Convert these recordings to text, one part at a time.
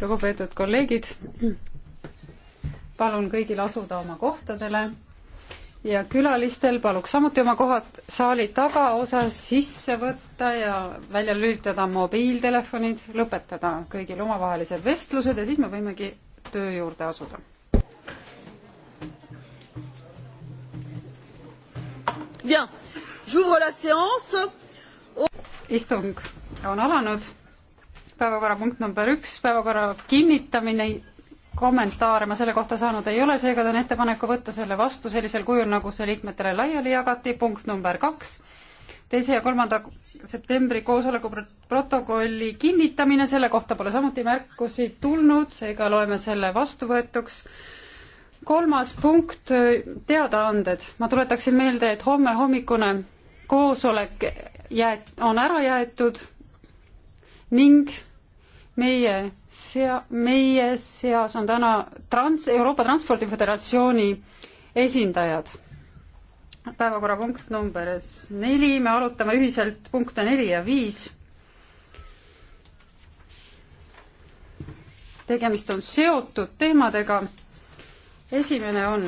lugupeetud kolleegid, palun kõigil asuda oma kohtadele ja külalistel paluks samuti oma kohad saali tagaosas sisse võtta ja välja lülitada mobiiltelefonid, lõpetada kõigil omavahelised vestlused ja siis me võimegi töö juurde asuda Bien, j'ouvre la séance. Istung on alanud päevakorrapunkt number üks, päevakorra kinnitamine, kommentaare ma selle kohta saanud ei ole, seega teen ettepaneku võtta selle vastu sellisel kujul, nagu see liikmetele laiali jagati, punkt number kaks, teise ja kolmanda septembri koosoleku protokolli kinnitamine, selle kohta pole samuti märkusi tulnud, seega loeme selle vastuvõetuks. kolmas punkt, teadaanded. ma tuletaksin meelde, et homme hommikune koosolek jäet-, on ära jäetud ning meie sea-, meie seas on täna trans-, Euroopa Transpordi Föderatsiooni esindajad. päevakorrapunkt number neli, me arutame ühiselt punkte neli ja viis. tegemist on seotud teemadega. esimene on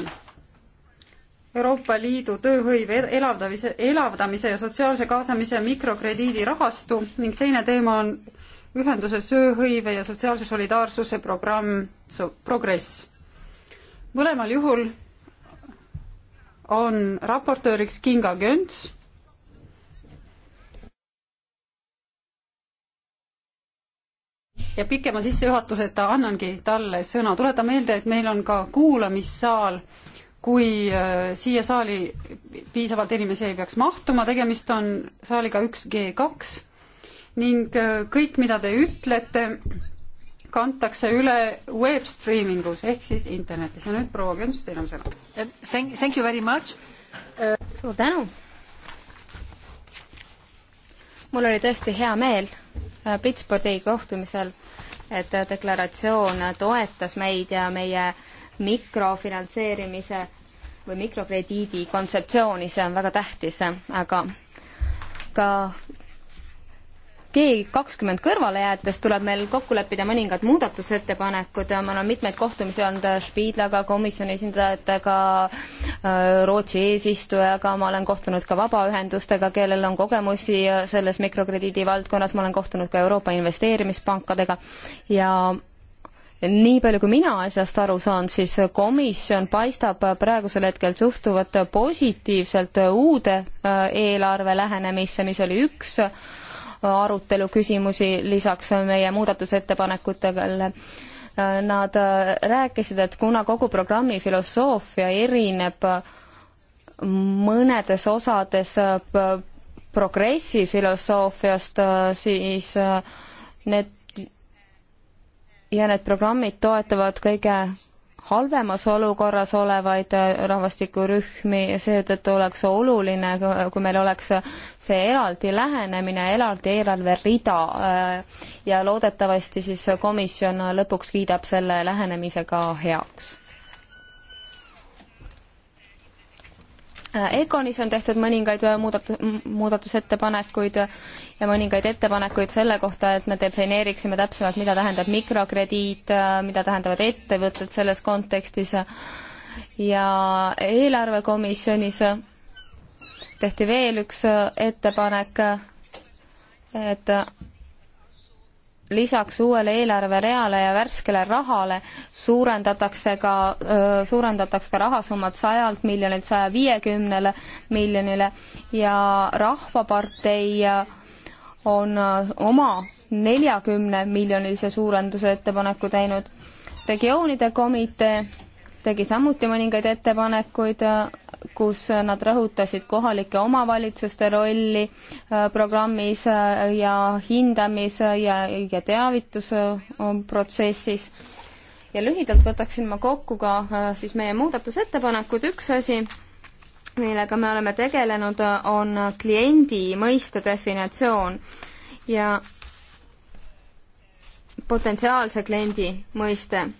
Euroopa Liidu tööhõive elavdamise, elavdamise ja sotsiaalse kaasamise mikrokrediidi rahastu ning teine teema on ühenduse sööhõive ja sotsiaalse solidaarsuse programm so, Progress. mõlemal juhul on raportööriks Kinga Gönts ja pikema sissejuhatuseta annangi talle sõna. tuletan meelde, et meil on ka kuulamissaal kui äh, siia saali piisavalt inimesi ei peaks mahtuma, tegemist on saaliga üks G kaks ning äh, kõik, mida te ütlete, kantakse üle web streaming us ehk siis internetis ja nüüd proua Künst, teil on sõna. Uh, thank you very much uh.... suur tänu. mul oli tõesti hea meel äh, Pittsburghi kohtumisel, et deklaratsioon toetas meid ja meie mikrofinantseerimise või mikrokrediidi kontseptsiooni, see on väga tähtis, aga ka G kakskümmend kõrvale jäetes tuleb meil kokku leppida mõningad muudatusettepanekud, ma olen mitmeid kohtumisi olnud Spiidlaga, komisjoni esindajatega, Rootsi eesistujaga, ma olen kohtunud ka vabaühendustega, kellel on kogemusi selles mikrokrediidi valdkonnas, ma olen kohtunud ka Euroopa investeerimispankadega ja nii palju, kui mina asjast aru saan, siis komisjon paistab praegusel hetkel suhtuvat positiivselt uude äh, eelarve lähenemisse, mis oli üks äh, arutelu küsimusi lisaks meie muudatusettepanekutele. Äh, nad rääkisid, et kuna kogu programmi filosoofia erineb mõnedes osades progressi filosoofiast, siis need ja need programmid toetavad kõige halvemas olukorras olevaid äh, rahvastikurühmi ja seetõttu oleks oluline, kui meil oleks see eraldi lähenemine, eraldi eelarverida äh, ja loodetavasti siis komisjon lõpuks kiidab selle lähenemise ka heaks. Äh, Econis on tehtud mõningaid äh, muudatus, muudatusettepanekuid äh, ja mõningaid ettepanekuid selle kohta, et me defineeriksime täpsemalt, mida tähendab mikrokrediit, mida tähendavad ettevõtted selles kontekstis ja eelarvekomisjonis tehti veel üks ettepanek, et lisaks uuele eelarvereale ja värskele rahale suurendatakse ka, suurendatakse ka rahasummad sajalt miljonilt saja viiekümnele miljonile ja Rahvapartei on oma neljakümne miljonilise suurenduse ettepaneku teinud. regioonide komitee tegi samuti mõningaid ettepanekuid kus nad rõhutasid kohalike omavalitsuste rolli äh, programmis äh, ja hindamise ja, ja teavitusprotsessis. ja lühidalt võtaksin ma kokku ka äh, siis meie muudatusettepanekud, üks asi, millega me oleme tegelenud, on kliendi mõiste definitsioon ja potentsiaalse kliendi mõiste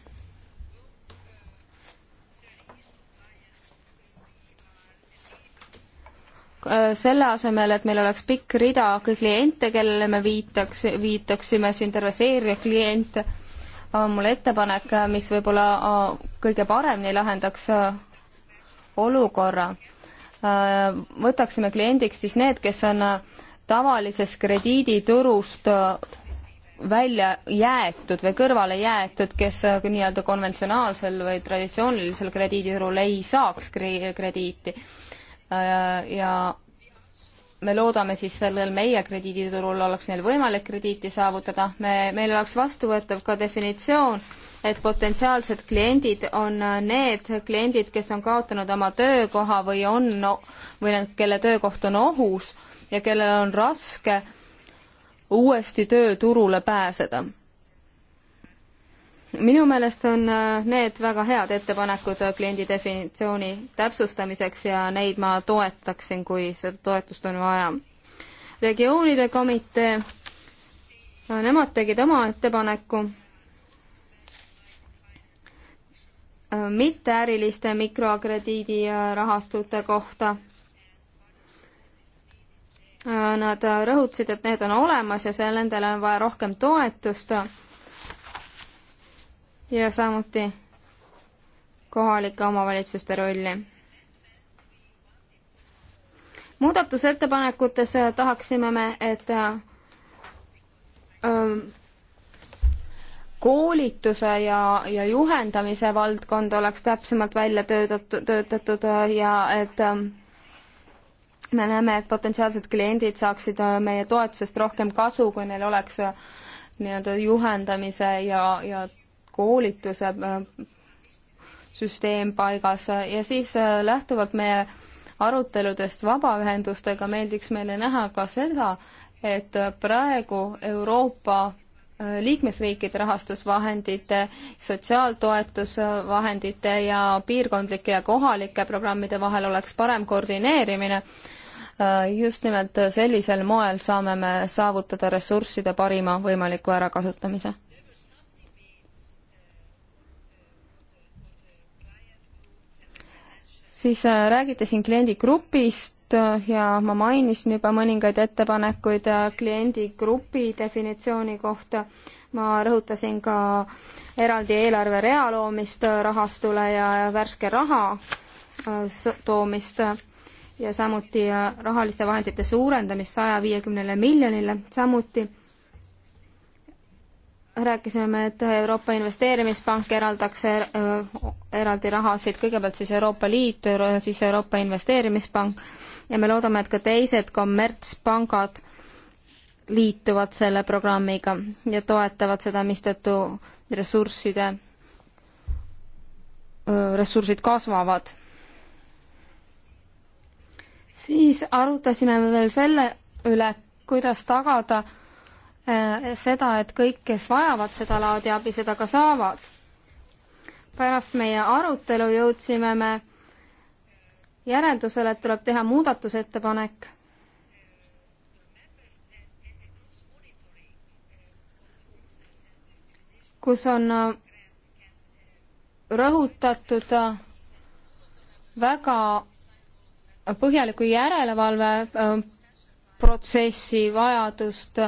Äh, selle asemel, et meil oleks pikk rida kliente, kellele me viitaks, viitaksime siin terve seeria kliente, on mul ettepanek, mis võib-olla äh, kõige paremini lahendaks äh, olukorra. võtaksime kliendiks siis need, kes on tavalisest krediiditurust välja jäetud või kõrvale jäetud, kes nii-öelda konventsionaalsel või traditsioonilisel krediiditurul ei saaks krediiti Äh, ja me loodame siis sellel meie krediiditurul oleks neil võimalik krediiti saavutada, me, meil oleks vastuvõetav ka definitsioon, et potentsiaalsed kliendid on äh, need kliendid, kes on kaotanud oma töökoha või on no,, või need, kelle töökoht on ohus ja kellel on raske uuesti tööturule pääseda minu meelest on äh, need väga head ettepanekud äh, kliendi definitsiooni täpsustamiseks ja neid ma toetaksin, kui seda toetust on vaja. regioonide komitee, äh, nemad tegid oma ettepaneku mitteäriliste mikrokrediidi rahastute kohta. Nad rõhutasid, et need on olemas ja nendele on vaja rohkem toetust ja samuti kohalike omavalitsuste rolli. muudatusettepanekutes tahaksime me, et ähm, koolituse ja, ja juhendamise valdkond oleks täpsemalt välja töötatud, töötatud äh, ja et ähm, me näeme, et potentsiaalsed kliendid saaksid äh, meie toetusest rohkem kasu, kui neil oleks äh, nii-öelda juhendamise ja, ja koolituse äh, süsteem paigas ja siis äh, lähtuvalt meie aruteludest vabaühendustega meeldiks meile näha ka seda, et praegu Euroopa äh, liikmesriikide rahastusvahendite, sotsiaaltoetusvahendite ja piirkondlike ja kohalike programmide vahel oleks parem koordineerimine. just nimelt sellisel moel saame me saavutada ressursside parima võimaliku ärakasutamise siis äh, räägite siin kliendigrupist äh, ja ma mainisin juba mõningaid ettepanekuid äh, kliendigrupi definitsiooni kohta. ma rõhutasin ka eraldi eelarverea loomist rahastule ja värske raha toomist ja samuti rahaliste vahendite suurendamist saja viiekümnele miljonile, samuti rääkisime, et Euroopa Investeerimispank eraldaks er, äh, eraldi rahasid, kõigepealt siis Euroopa Liit, siis Euroopa Investeerimispank ja me loodame, et ka teised kommertspangad liituvad selle programmiga ja toetavad seda, mistõttu ressursside, äh, ressursid kasvavad. siis arutasime veel selle üle, kuidas tagada Äh, seda, et kõik, kes vajavad seda laadi abi, seda ka saavad. pärast meie arutelu jõudsime me järeldusele, et tuleb teha muudatusettepanek. kus on äh, rõhutatud äh, väga põhjaliku järelevalve protsessi vajadust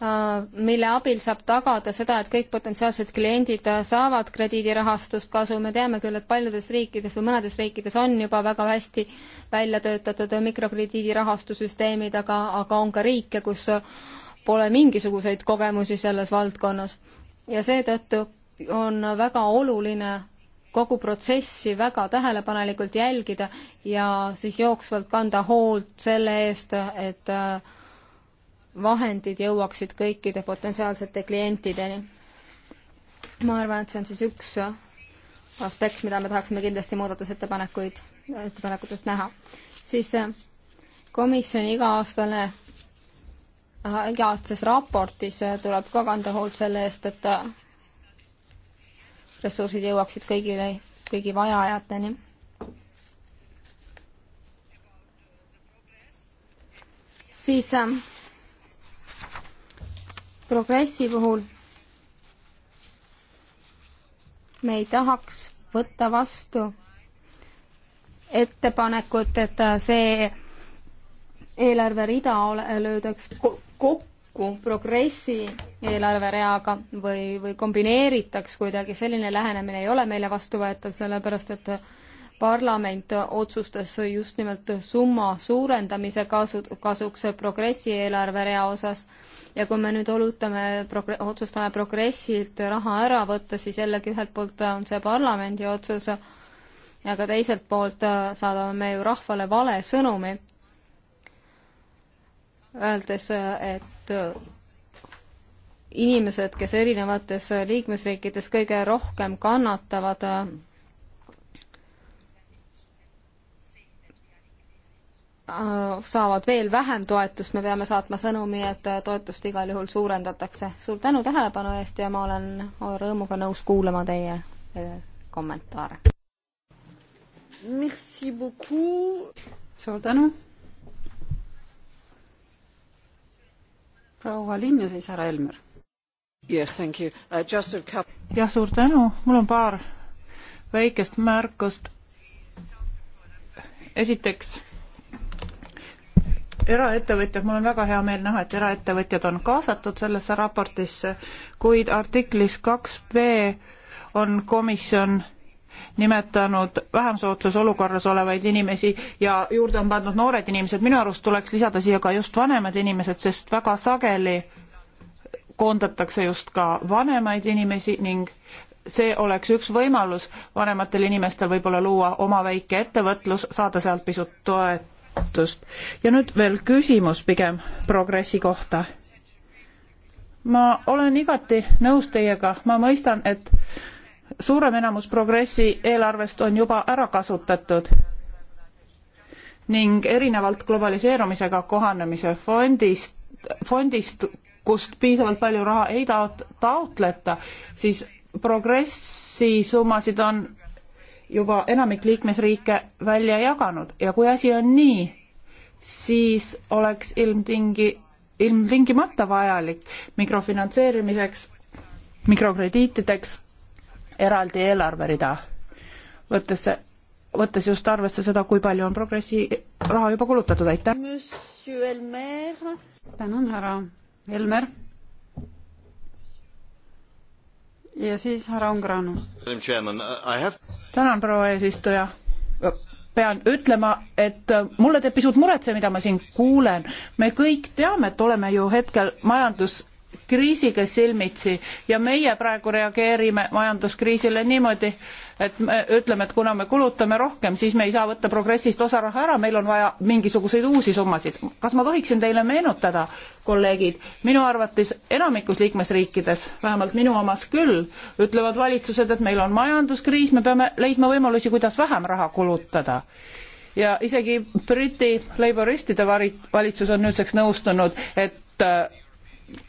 Äh, mille abil saab tagada seda, et kõik potentsiaalsed kliendid äh, saavad krediidirahastust kasu, me teame küll, et paljudes riikides või mõnedes riikides on juba väga hästi välja töötatud äh, mikrokrediidirahastusüsteemid, aga, aga on ka riike, kus pole mingisuguseid kogemusi selles valdkonnas. ja seetõttu on väga oluline kogu protsessi väga tähelepanelikult jälgida ja siis jooksvalt kanda hoolt selle eest, et äh, vahendid jõuaksid kõikide potentsiaalsete klientideni. ma arvan, et see on siis üks aspekt, mida me tahaksime kindlasti muudatusettepanekuid, ettepanekutest näha. siis äh, komisjoni iga-aastane, äh, iga-aastases raportis äh, tuleb ka kanda hoolt selle eest, et ressursid jõuaksid kõigile, kõigi vajajateni siis progressi puhul me ei tahaks võtta vastu ettepanekut, et see eelarverida löödaks kokku progressi eelarvereaga või, või kombineeritaks kuidagi, selline lähenemine ei ole meile vastuvõetav, sellepärast et parlament otsustas just nimelt summa suurendamise kasu, kasuks progressi eelarverea osas ja kui me nüüd olutame, otsustame progressilt raha ära võtta, siis jällegi ühelt poolt on see parlamendi otsus, aga teiselt poolt saadame me ju rahvale vale sõnumi, öeldes, et inimesed, kes erinevates liikmesriikides kõige rohkem kannatavad, Äh, saavad veel vähem toetust, me peame saatma sõnumi, et äh, toetust igal juhul suurendatakse. suur tänu tähelepanu eest ja ma olen rõõmuga nõus kuulama teie äh, kommentaare. suur tänu. proua Linn ja siis härra Helmer. Uh, jah, suur tänu, mul on paar väikest märkust. esiteks eraettevõtjad, mul on väga hea meel näha, et eraettevõtjad on kaasatud sellesse raportisse, kuid artiklis kaks B on komisjon nimetanud vähem soodsas olukorras olevaid inimesi ja juurde on pandud noored inimesed, minu arust tuleks lisada siia ka just vanemad inimesed, sest väga sageli koondatakse just ka vanemaid inimesi ning see oleks üks võimalus vanematel inimestel võib-olla luua oma väike ettevõtlus, saada sealt pisut toet väärtust. ja nüüd veel küsimus pigem progressi kohta. ma olen igati nõus teiega, ma mõistan, et suurem enamus progressi eelarvest on juba ära kasutatud ning erinevalt globaliseerumisega kohanemise fondist, fondist, kust piisavalt palju raha ei taot-, taotleta, siis progressi summasid on juba enamik liikmesriike välja jaganud ja kui asi on nii, siis oleks ilmtingi, ilmtingimata vajalik mikrofinantseerimiseks, mikrokrediitideks eraldi eelarverida, võttes, võttes just arvesse seda, kui palju on progressi raha juba kulutatud, aitäh! tänan, härra Helmer! ja siis härra Ungran. tänan, proua eesistuja. pean ütlema, et äh, mulle teeb pisut muret see, mida ma siin kuulen. me kõik teame, et oleme ju hetkel majandus kriisiga silmitsi ja meie praegu reageerime majanduskriisile niimoodi, et me ütleme, et kuna me kulutame rohkem, siis me ei saa võtta progressist osa raha ära, meil on vaja mingisuguseid uusi summasid. kas ma tohiksin teile meenutada, kolleegid, minu arvates enamikus liikmesriikides, vähemalt minu omas küll, ütlevad valitsused, et meil on majanduskriis, me peame leidma võimalusi, kuidas vähem raha kulutada ja isegi Briti laboristide valitsus on nüüdseks nõustunud, et äh,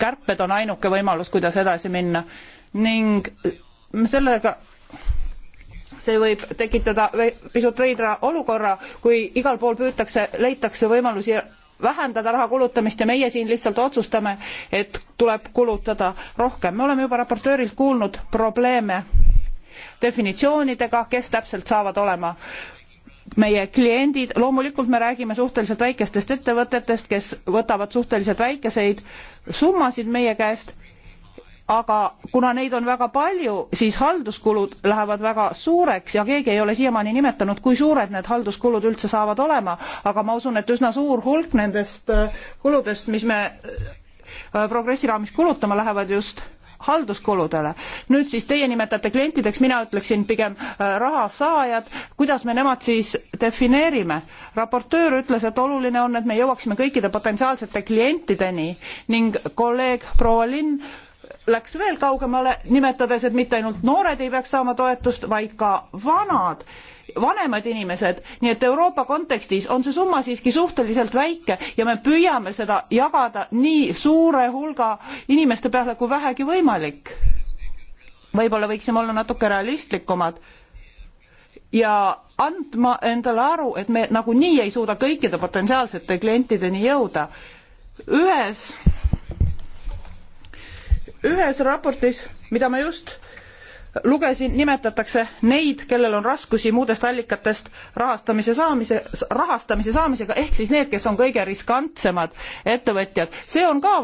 kärped on ainuke võimalus, kuidas edasi minna ning sellega see võib tekitada pisut veidra olukorra, kui igal pool püütakse, leitakse võimalusi vähendada raha kulutamist ja meie siin lihtsalt otsustame, et tuleb kulutada rohkem. me oleme juba raportöörilt kuulnud probleeme definitsioonidega, kes täpselt saavad olema meie kliendid, loomulikult me räägime suhteliselt väikestest ettevõtetest, kes võtavad suhteliselt väikeseid summasid meie käest, aga kuna neid on väga palju, siis halduskulud lähevad väga suureks ja keegi ei ole siiamaani nimetanud, kui suured need halduskulud üldse saavad olema, aga ma usun, et üsna suur hulk nendest äh, kuludest, mis me äh, progressi raamis kulutama lähevad just halduskuludele. nüüd siis teie nimetate klientideks, mina ütleksin pigem äh, rahasaajad, kuidas me nemad siis defineerime? raportöör ütles, et oluline on, et me jõuaksime kõikide potentsiaalsete klientideni ning kolleeg proua Linn läks veel kaugemale, nimetades, et mitte ainult noored ei peaks saama toetust, vaid ka vanad vanemad inimesed nii et euroopa kontekstis on see summa siiski suhteliselt väike ja me püüame seda jagada nii suure hulga inimeste peale kui vähegi võimalik võib-olla võiksime olla natuke realistlikumad ja andma endale aru et me nagunii ei suuda kõikide potentsiaalsete klientideni jõuda ühes ühes raportis mida ma just lugesin nimetatakse neid kellel on raskusi muudest allikatest rahastamise saamise rahastamise saamisega ehk siis need kes on kõige riskantsemad ettevõtjad see on ka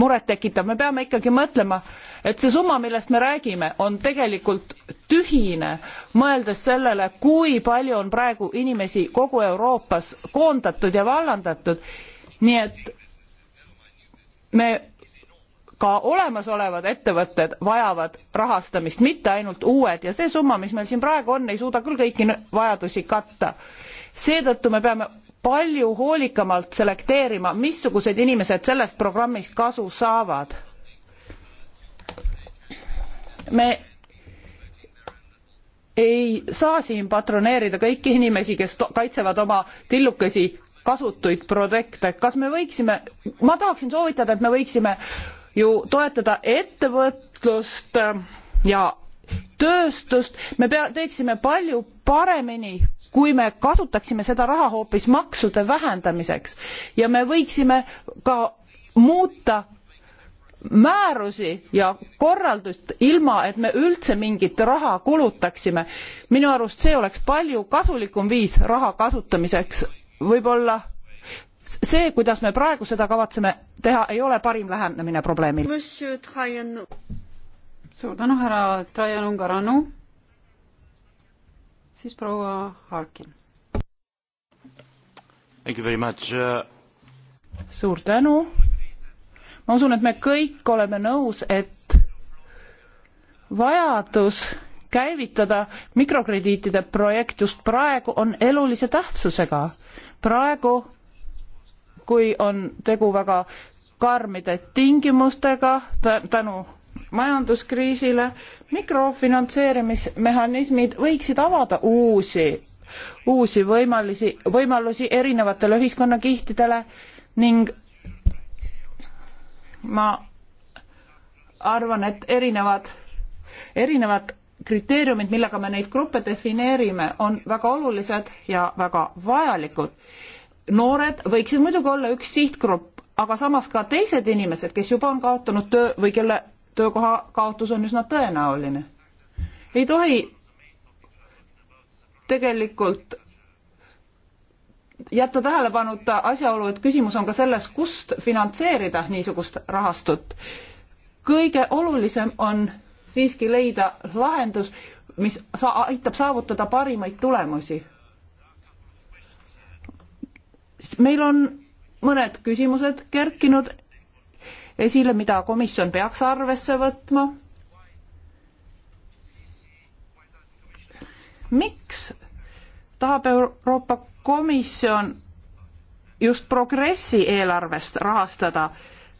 murettekitav me peame ikkagi mõtlema et see summa millest me räägime on tegelikult tühine mõeldes sellele kui palju on praegu inimesi kogu euroopas koondatud ja vallandatud nii et me ka olemasolevad ettevõtted vajavad rahastamist, mitte ainult uued ja see summa, mis meil siin praegu on, ei suuda küll kõiki vajadusi katta. seetõttu me peame palju hoolikamalt selekteerima, missugused inimesed sellest programmist kasu saavad. me ei saa siin patroneerida kõiki inimesi, kes kaitsevad oma tillukesi kasutuid projekte, kas me võiksime, ma tahaksin soovitada, et me võiksime ju toetada ettevõtlust ja tööstust, me pea-, teeksime palju paremini, kui me kasutaksime seda raha hoopis maksude vähendamiseks ja me võiksime ka muuta määrusi ja korraldust ilma et me üldse mingit raha kulutaksime minu arust see oleks palju kasulikum viis raha kasutamiseks võib-olla see, kuidas me praegu seda kavatseme teha, ei ole parim lähenemine probleemile. suur tänu, härra Trajan Ungaranu. siis proua Harkin. Uh, suur tänu. ma usun, et me kõik oleme nõus, et vajadus käivitada mikrokrediitide projekt just praegu on elulise tähtsusega. praegu kui on tegu väga karmide tingimustega tänu majanduskriisile, mikrofinantseerimismehhanismid võiksid avada uusi, uusi võimalusi, võimalusi erinevatele ühiskonnakihtidele ning ma arvan, et erinevad, erinevad kriteeriumid, millega me neid gruppe defineerime, on väga olulised ja väga vajalikud noored võiksid muidugi olla üks sihtgrupp, aga samas ka teised inimesed, kes juba on kaotanud töö või kelle töökoha kaotus on üsna tõenäoline. ei tohi tegelikult jätta tähelepanuta asjaolu, et küsimus on ka selles, kust finantseerida niisugust rahastut. kõige olulisem on siiski leida lahendus, mis sa-, aitab saavutada parimaid tulemusi meil on mõned küsimused kerkinud esile, mida komisjon peaks arvesse võtma. miks tahab Euroopa Komisjon just progressi eelarvest rahastada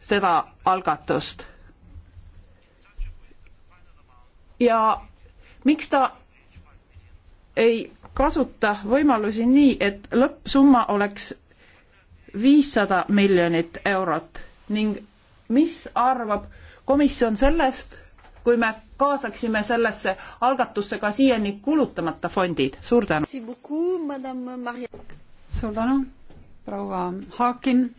seda algatust? ja miks ta ei kasuta võimalusi nii, et lõppsumma oleks viissada miljonit eurot ning mis arvab komisjon sellest, kui me kaasaksime sellesse algatusse ka siiani kulutamata fondid, suur tänu. suur tänu, proua Haakin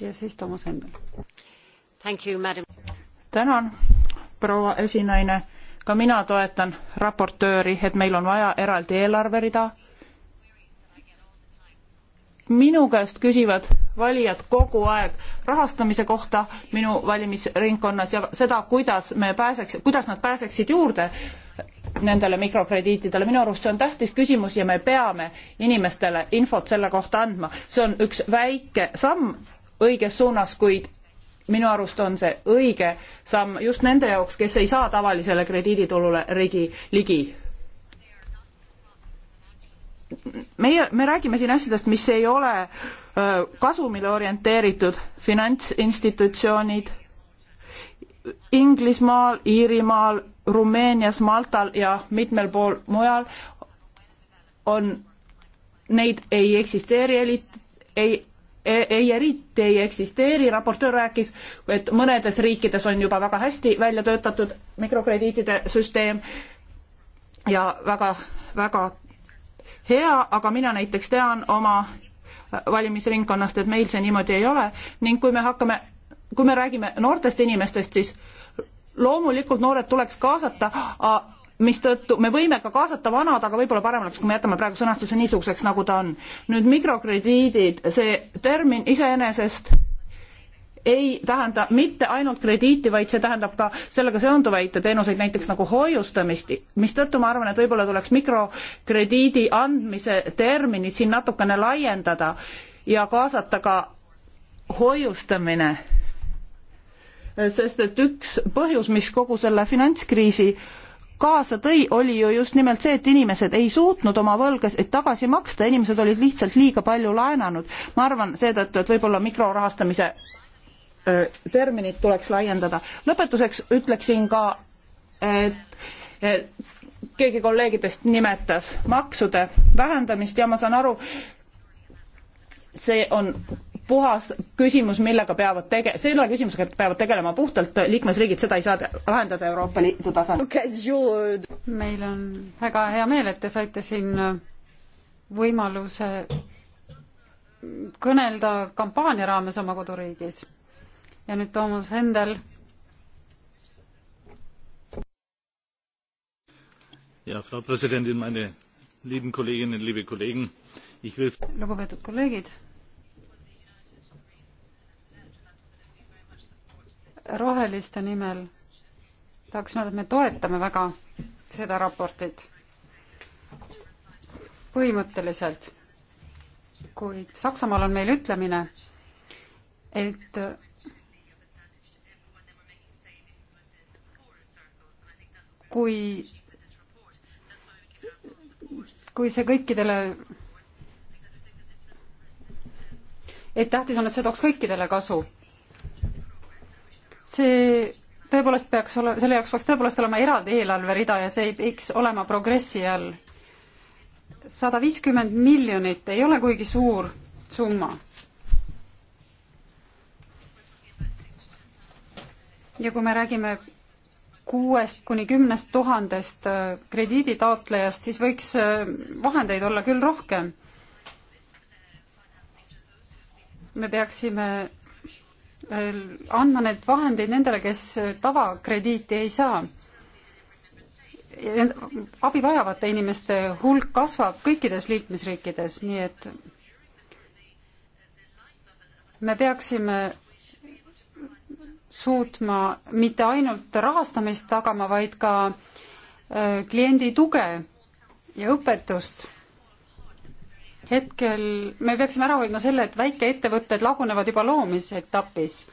ja siis Toomas Hendel. tänan, proua esinaine, ka mina toetan raportööri, et meil on vaja eraldi eelarverida minu käest küsivad valijad kogu aeg rahastamise kohta minu valimisringkonnas ja seda, kuidas me pääseks, kuidas nad pääseksid juurde nendele mikrokrediitidele, minu arust see on tähtis küsimus ja me peame inimestele infot selle kohta andma. see on üks väike samm õiges suunas, kuid minu arust on see õige samm just nende jaoks, kes ei saa tavalisele krediiditurule ligi, ligi meie, me räägime siin asjadest, mis ei ole kasumile orienteeritud, finantsinstitutsioonid Inglismaal, Iirimaal, Rumeenias, Maltal ja mitmel pool mujal on, neid ei eksisteeri, ei, e, ei, eriti ei eksisteeri, raportöör rääkis, et mõnedes riikides on juba väga hästi välja töötatud mikrokrediitide süsteem ja väga, väga hea, aga mina näiteks tean oma valimisringkonnast, et meil see niimoodi ei ole ning kui me hakkame, kui me räägime noortest inimestest, siis loomulikult noored tuleks kaasata, mistõttu me võime ka kaasata vanad, aga võib-olla parem oleks, kui me jätame praegu sõnastuse niisuguseks, nagu ta on. nüüd mikrokrediidid, see termin iseenesest ei tähenda mitte ainult krediiti, vaid see tähendab ka sellega seonduvaid teenuseid, näiteks nagu hoiustamist, mistõttu ma arvan, et võib-olla tuleks mikrokrediidi andmise terminid siin natukene laiendada ja kaasata ka hoiustamine. sest et üks põhjus, mis kogu selle finantskriisi kaasa tõi, oli ju just nimelt see, et inimesed ei suutnud oma võlgasid tagasi maksta, inimesed olid lihtsalt liiga palju laenanud. ma arvan seetõttu, et võib-olla mikrorahastamise terminit tuleks laiendada. lõpetuseks ütleksin ka, et keegi kolleegidest nimetas maksude vähendamist ja ma saan aru, see on puhas küsimus, millega peavad tege-, selle küsimusega peavad tegelema puhtalt liikmesriigid, seda ei saa lahendada Euroopa Liidu tasandil. Euh, meil on väga hea meel, et te saite siin euh, võimaluse kõnelda kampaania raames oma koduriigis ja nüüd Toomas Hendel. ja, Frau Präsidentin, meine lieben Kolleginnen, liebe Kollegen, ich will. lugupeetud kolleegid. roheliste nimel tahaks öelda, et me toetame väga seda raportit põhimõtteliselt, kuid Saksamaal on meil ütlemine, et kui, kui see kõikidele, et tähtis on, et see tooks kõikidele kasu. see tõepoolest peaks olema, selle jaoks peaks tõepoolest olema eraldi eelarverida ja see ei peaks olema progressi all. sada viiskümmend miljonit ei ole kuigi suur summa ja kui me räägime kuuest kuni kümnest tuhandest äh, krediiditaotlejast, siis võiks äh, vahendeid olla küll rohkem. me peaksime äh, andma need vahendeid nendele, kes tavakrediiti ei saa. abi vajavate inimeste hulk kasvab kõikides liikmesriikides, nii et me peaksime suutma mitte ainult rahastamist tagama, vaid ka äh, kliendi tuge ja õpetust. hetkel me peaksime ära hoidma selle, et väikeettevõtted lagunevad juba loomise etapis.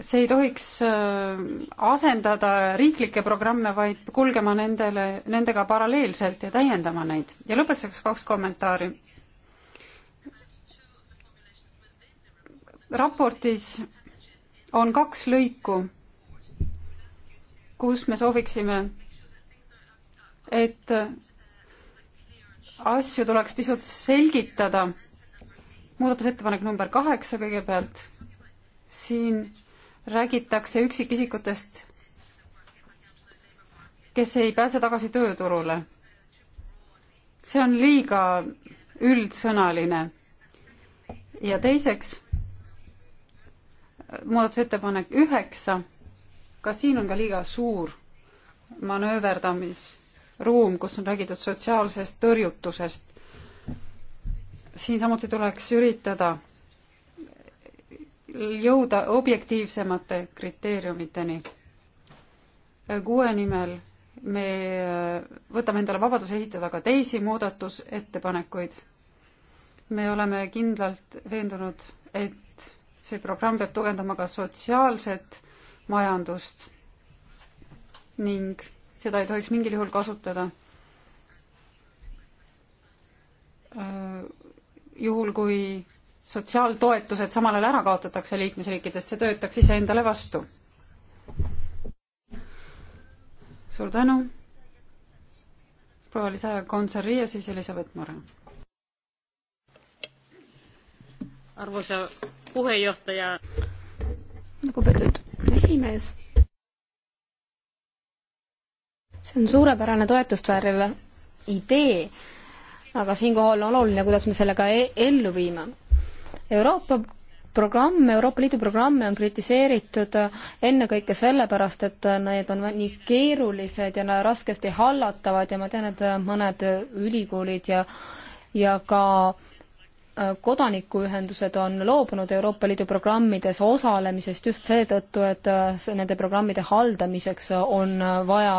see ei tohiks äh, asendada riiklikke programme, vaid kulgema nendele, nendega paralleelselt ja täiendama neid. ja lõpetuseks kaks kommentaari raportis on kaks lõiku, kus me sooviksime, et asju tuleks pisut selgitada. muudatusettepanek number kaheksa kõigepealt. siin räägitakse üksikisikutest, kes ei pääse tagasi tööturule. see on liiga üldsõnaline. ja teiseks muudatusettepanek üheksa, ka siin on ka liiga suur manööverdamisruum, kus on räägitud sotsiaalsest tõrjutusest. siin samuti tuleks üritada jõuda objektiivsemate kriteeriumiteni. kuue nimel me võtame endale vabaduse esitada ka teisi muudatusettepanekuid. me oleme kindlalt veendunud, et see programm peab tugevdama ka sotsiaalset majandust ning seda ei tohiks mingil juhul kasutada juhul, kui sotsiaaltoetused samal ajal ära kaotatakse liikmesriikidest, see töötaks iseendale vastu. suur tänu. proua Liisa Gonsaria, siis Elizabeth Mure arvoisa puheenjohtaja. lugupeetud esimees. see on suurepärane toetust vääriv idee, aga siinkohal on oluline, kuidas me sellega e ellu viime. Euroopa programme, Euroopa Liidu programme on kritiseeritud ennekõike sellepärast, et need on nii keerulised ja raskesti hallatavad ja ma tean, et mõned ülikoolid ja, ja ka kodanikuühendused on loobunud Euroopa Liidu programmides osalemisest just seetõttu, et äh, nende programmide haldamiseks on äh, vaja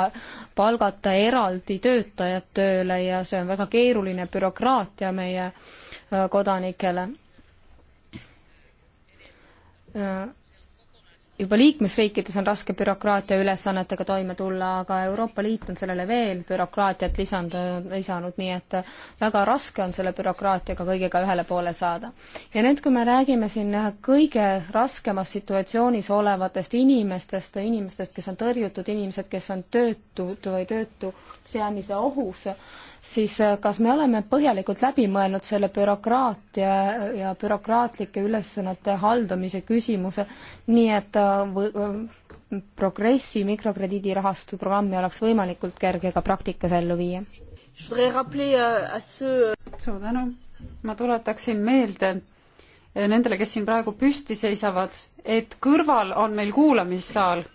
palgata eraldi töötajad tööle ja see on väga keeruline bürokraatia meie äh, kodanikele juba liikmesriikides on raske bürokraatia ülesannetega toime tulla, aga Euroopa Liit on sellele veel bürokraatiat lisanud, lisanud, nii et väga raske on selle bürokraatiaga kõigega ühele poole saada. ja nüüd, kui me räägime siin kõige raskemas situatsioonis olevatest inimestest, inimestest, kes on tõrjutud, inimesed, kes on töötud või töötu seamise ohus, siis äh, kas me oleme põhjalikult läbi mõelnud selle bürokraatia ja bürokraatlike ülesannete haldamise küsimuse, nii et äh, äh, progressi mikrokrediidirahastu programmi oleks võimalikult kerge ka praktikas ellu viia? Euh, suur tänu, ma tuletaksin meelde nendele, kes siin praegu püsti seisavad, et kõrval on meil kuulamissaal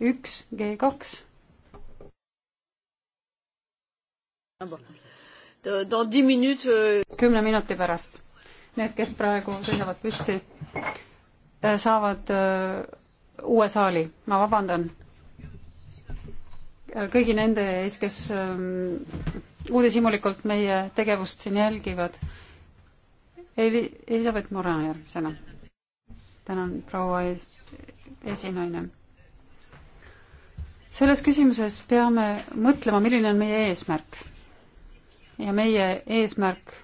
üks G kaks Ah euh, kümne minuti pärast. Need, kes praegu seisavad püsti, äh, saavad äh, uue saali, ma vabandan äh, kõigi nende ees, kes ähm, uudishimulikult meie tegevust siin jälgivad. Eli-, Elizabeth Moran järgmisena. tänan, proua es-, esinaine selles küsimuses peame mõtlema, milline on meie eesmärk ja meie eesmärk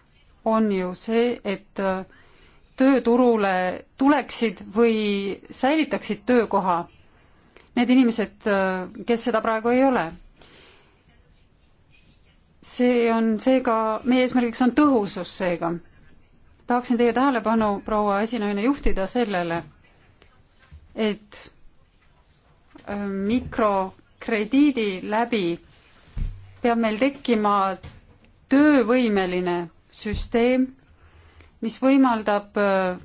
on ju see, et äh, tööturule tuleksid või säilitaksid töökoha need inimesed, äh, kes seda praegu ei ole. see on seega, meie eesmärgiks on tõhusus seega. tahaksin teie tähelepanu, proua esinaine, juhtida sellele, et äh, mikrokrediidi läbi peab meil tekkima töövõimeline süsteem, mis võimaldab äh,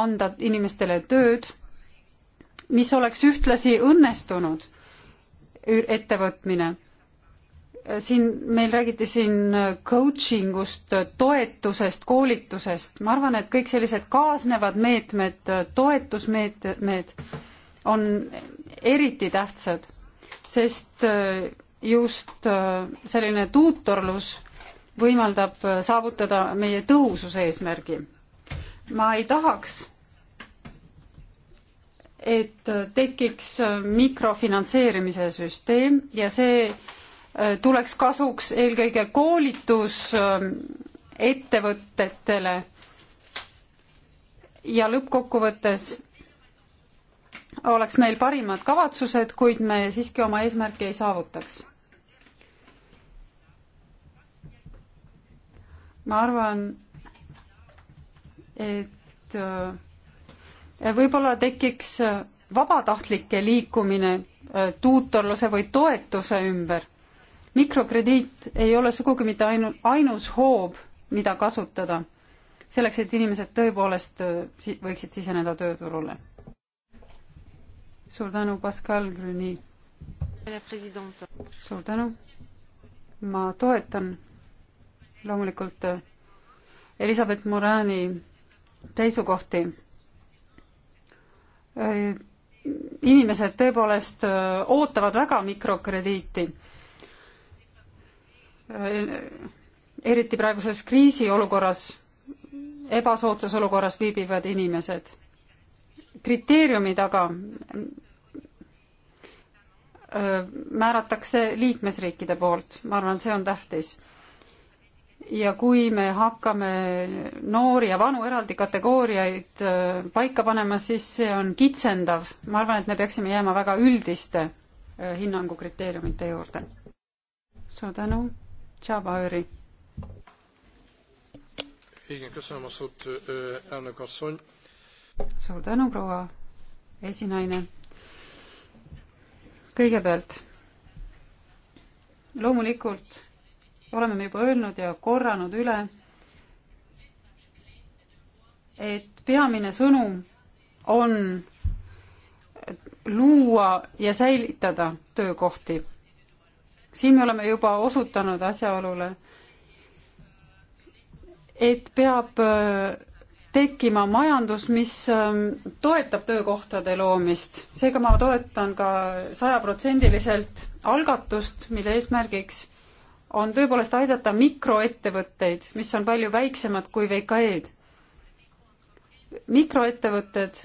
anda inimestele tööd, mis oleks ühtlasi õnnestunud ettevõtmine. siin meil räägiti siin äh, coaching ust, äh, toetusest, koolitusest, ma arvan, et kõik sellised kaasnevad meetmed, toetusmeetmed on eriti tähtsad, sest just äh, selline tuutorlus võimaldab äh, saavutada meie tõhususe eesmärgi. ma ei tahaks, et äh, tekiks mikrofinantseerimise süsteem ja see tuleks kasuks eelkõige koolitusettevõtetele ähm, ja lõppkokkuvõttes oleks meil parimad kavatsused, kuid me siiski oma eesmärki ei saavutaks ma arvan, et äh, võib-olla tekiks äh, vabatahtlike liikumine äh, tuutorluse või toetuse ümber. mikrokrediit ei ole sugugi mitte ainu-, ainus hoob, mida kasutada selleks, et inimesed tõepoolest võiksid siseneda tööturule. suur tänu, Pascal Grüni. suur tänu. ma toetan loomulikult äh, Elizabeth Morani seisukohti. Äh, inimesed tõepoolest äh, ootavad väga mikrokrediiti. eriti praeguses kriisiolukorras, ebasoodsas olukorras viibivad inimesed. kriteeriumid aga määratakse liikmesriikide poolt, ma arvan, see on tähtis ja kui me hakkame noori ja vanu eraldi kategooriaid äh, paika panema, siis see on kitsendav. ma arvan, et me peaksime jääma väga üldiste äh, hinnangukriteeriumite juurde. suur tänu, Tšabaõri. suur tänu, proua esinaine. kõigepealt loomulikult oleme me juba öelnud ja korranud üle, et peamine sõnum on luua ja säilitada töökohti. siin me oleme juba osutanud asjaolule, et peab äh, tekkima majandus, mis ähm, toetab töökohtade loomist. seega ma toetan ka sajaprotsendiliselt algatust, mille eesmärgiks on tõepoolest aidata mikroettevõtteid, mis on palju väiksemad kui VKE-d. mikroettevõtted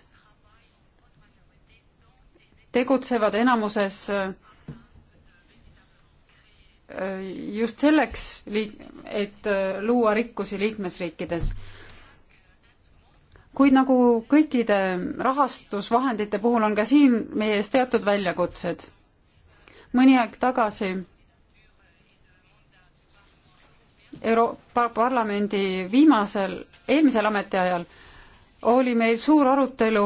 tegutsevad enamuses äh, just selleks, et äh, luua rikkusi liikmesriikides. kuid nagu kõikide rahastusvahendite puhul on ka siin meie ees teatud väljakutsed. mõni aeg tagasi Euroopa Parlamendi viimasel, eelmisel ametiajal oli meil suur arutelu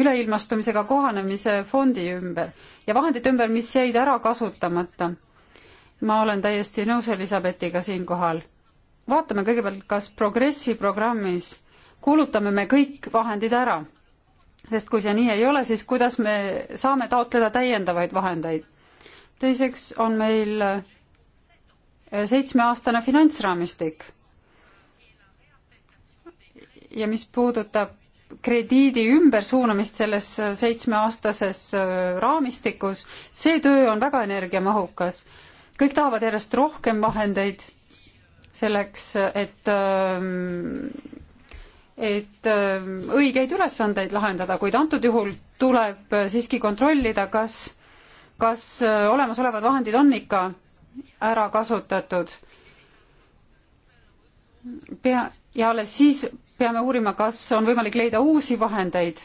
üleilmastumisega kohanemise fondi ümber ja vahendite ümber, mis jäid ära kasutamata. ma olen täiesti nõus Elizabethiga siinkohal. vaatame kõigepealt, kas Progressi programmis kulutame me kõik vahendid ära. sest kui see nii ei ole, siis kuidas me saame taotleda täiendavaid vahendeid? teiseks on meil seitsmeaastane finantsraamistik. ja mis puudutab krediidi ümbersuunamist selles seitsmeaastases äh, raamistikus, see töö on väga energiamahukas. kõik tahavad järjest rohkem vahendeid selleks, et ähm, et ähm, õigeid ülesandeid lahendada, kuid antud juhul tuleb äh, siiski kontrollida, kas, kas äh, olemasolevad vahendid on ikka ära kasutatud. pea, ja alles siis peame uurima, kas on võimalik leida uusi vahendeid.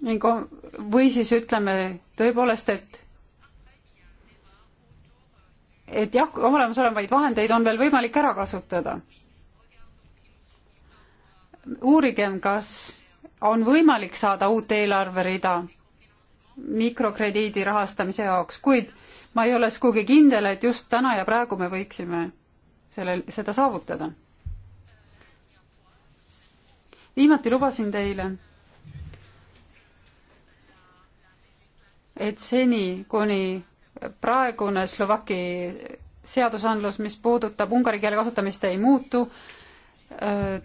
ning või siis ütleme tõepoolest, et et jah, olemasolevaid vahendeid on veel võimalik ära kasutada. uurigem, kas on võimalik saada uut eelarverida mikrokrediidi rahastamise jaoks, kuid ma ei ole sugugi kindel, et just täna ja praegu me võiksime sellel, seda saavutada. viimati lubasin teile, et seni, kuni praegune Slovaki seadusandlus, mis puudutab ungari keele kasutamist, ei muutu,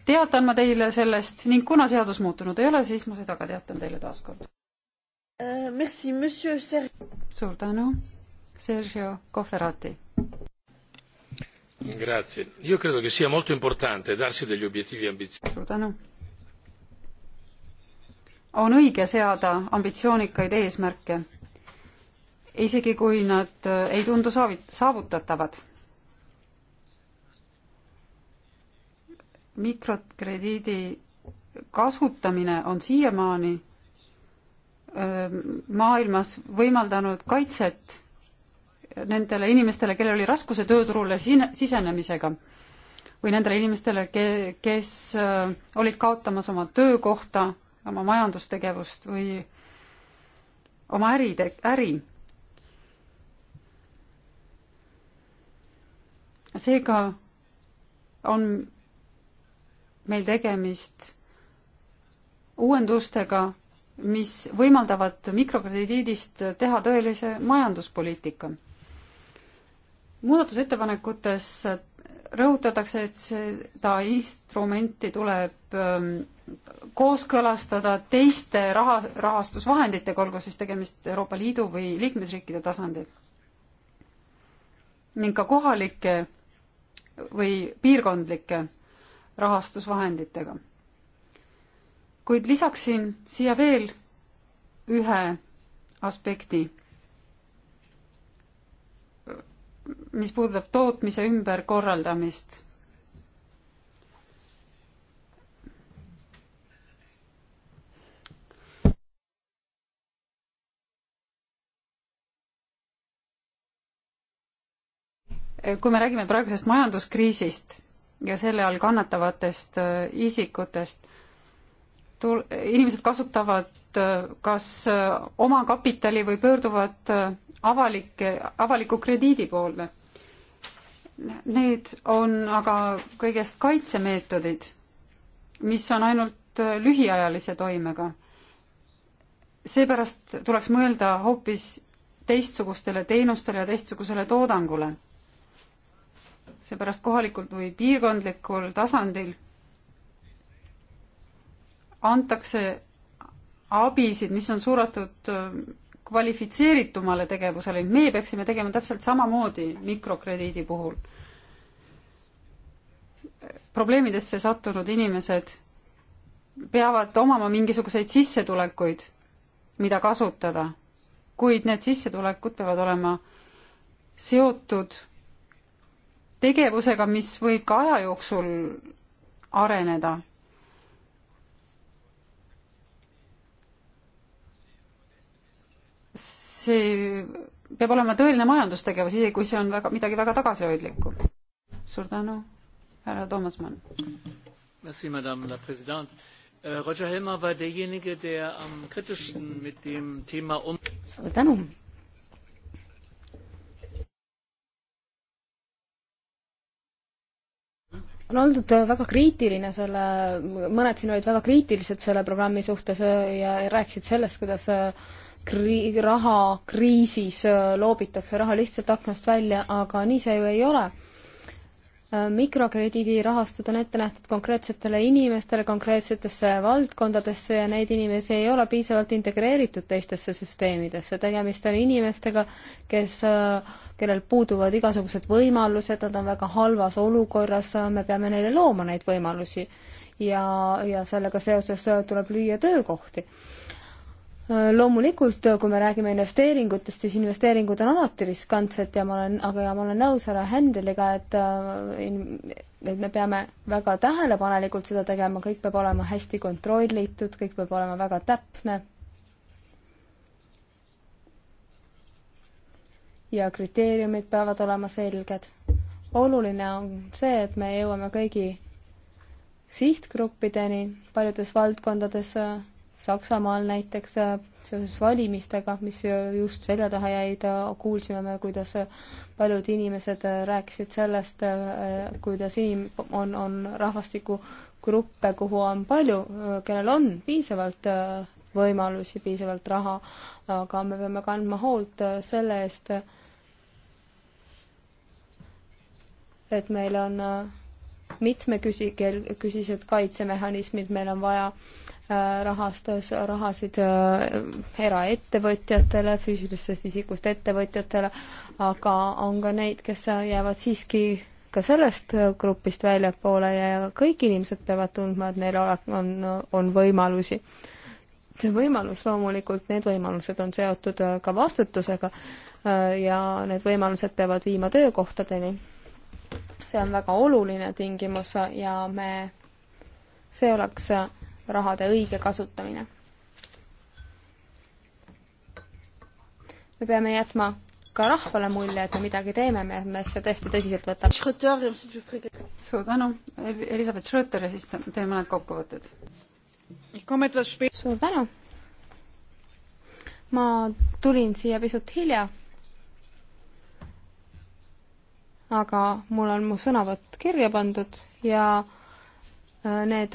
teatan ma teile sellest ning kuna seadus muutunud ei ole, siis ma seda ka teatan teile taaskord. Uh, merci, monsieur Sergio. suur tänu, Sergio Cofferati. Grazie. Io credo che sia molto importante darsi degli obiettivi ambiziosi. suur tänu. on õige seada ambitsioonikaid eesmärke, isegi kui nad äh, ei tundu saavit-, saavutatavad mikrokrediidi kasutamine on siiamaani Ähm, maailmas võimaldanud kaitset nendele inimestele, kellel oli raskuse tööturule sin-, sisenemisega või nendele inimestele, ke-, kes äh, olid kaotamas oma töökohta, oma majandustegevust või oma äride, äri. seega on meil tegemist uuendustega, mis võimaldavad mikrokrediidist teha tõelise majanduspoliitika. muudatusettepanekutes rõhutatakse, et seda instrumenti tuleb ähm, kooskõlastada teiste raha, rahastusvahenditega, olgu siis tegemist Euroopa Liidu või liikmesriikide tasandil. ning ka kohalike või piirkondlike rahastusvahenditega kuid lisaksin siia veel ühe aspekti, mis puudutab tootmise ümberkorraldamist. kui me räägime praegusest majanduskriisist ja selle all kannatavatest äh, isikutest tul-, inimesed kasutavad äh, kas äh, omakapitali või pöörduvad äh, avalike, avaliku krediidi poole. Need on aga kõigest kaitsemeetodid, mis on ainult lühiajalise toimega. seepärast tuleks mõelda hoopis teistsugustele teenustele ja teistsugusele toodangule. seepärast kohalikul või piirkondlikul tasandil antakse abisid, mis on suunatud äh, kvalifitseeritumale tegevusele, meie peaksime tegema täpselt samamoodi mikrokrediidi puhul. probleemidesse sattunud inimesed peavad omama mingisuguseid sissetulekuid, mida kasutada, kuid need sissetulekud peavad olema seotud tegevusega, mis võib ka aja jooksul areneda see peab olema tõeline majandustegevus, isegi kui see on väga, midagi väga tagasihoidlikku. suur tänu, härra Toomas Mann. Merci, madame la president. Euh, Roger Helmer war derjenige, euh, der am kritischsten mit dem Thema um. Suur tänu. on oldud väga kriitiline selle, mõned siin olid väga kriitilised selle programmi suhtes äh, ja rääkisid sellest, kuidas äh, kri-, raha kriisis äh, loobitakse raha lihtsalt aknast välja, aga nii see ju ei ole. Äh, mikrokrediidirahastud on ette nähtud konkreetsetele inimestele, konkreetsetesse valdkondadesse ja neid inimesi ei ole piisavalt integreeritud teistesse süsteemidesse, tegemist on inimestega, kes äh, kellel puuduvad igasugused võimalused, nad on väga halvas olukorras, me peame neile looma neid võimalusi. ja, ja sellega seoses tuleb lüüa töökohti loomulikult, kui me räägime investeeringutest, siis investeeringud on alati riskantsed ja ma olen, aga ja ma olen nõus härra Händeliga, et äh, et me peame väga tähelepanelikult seda tegema, kõik peab olema hästi kontrollitud, kõik peab olema väga täpne. ja kriteeriumid peavad olema selged. oluline on see, et me jõuame kõigi sihtgruppideni paljudes valdkondades äh, Saksamaal näiteks äh, seoses valimistega, mis just selja taha jäid, äh, kuulsime me, kuidas äh, paljud inimesed rääkisid sellest, kuidas inim-, on, on rahvastikugruppe, kuhu on palju, kellel on piisavalt võimalusi, piisavalt raha, aga me peame kandma hoolt selle eest, et meil on mitmeküsi-, küsised kaitsemehhanismid, meil on vaja äh, rahastus, rahasid äh, eraettevõtjatele, füüsilistest isikust ettevõtjatele, aga on ka neid, kes jäävad siiski ka sellest grupist väljapoole ja kõik inimesed peavad tundma, et neil on, on võimalusi. see võimalus loomulikult, need võimalused on seotud äh, ka vastutusega äh, ja need võimalused peavad viima töökohtadeni. see on väga oluline tingimus ja me, see oleks rahade õige kasutamine. me peame jätma ka rahvale mulje, et me midagi teeme, me, me seda tõesti tõsiselt võtame. suur tänu, Elizabeth Schröter ja siis teen mõned kokkuvõtted. suur tänu. ma tulin siia pisut hilja. aga mul on mu sõnavõtt kirja pandud ja äh, need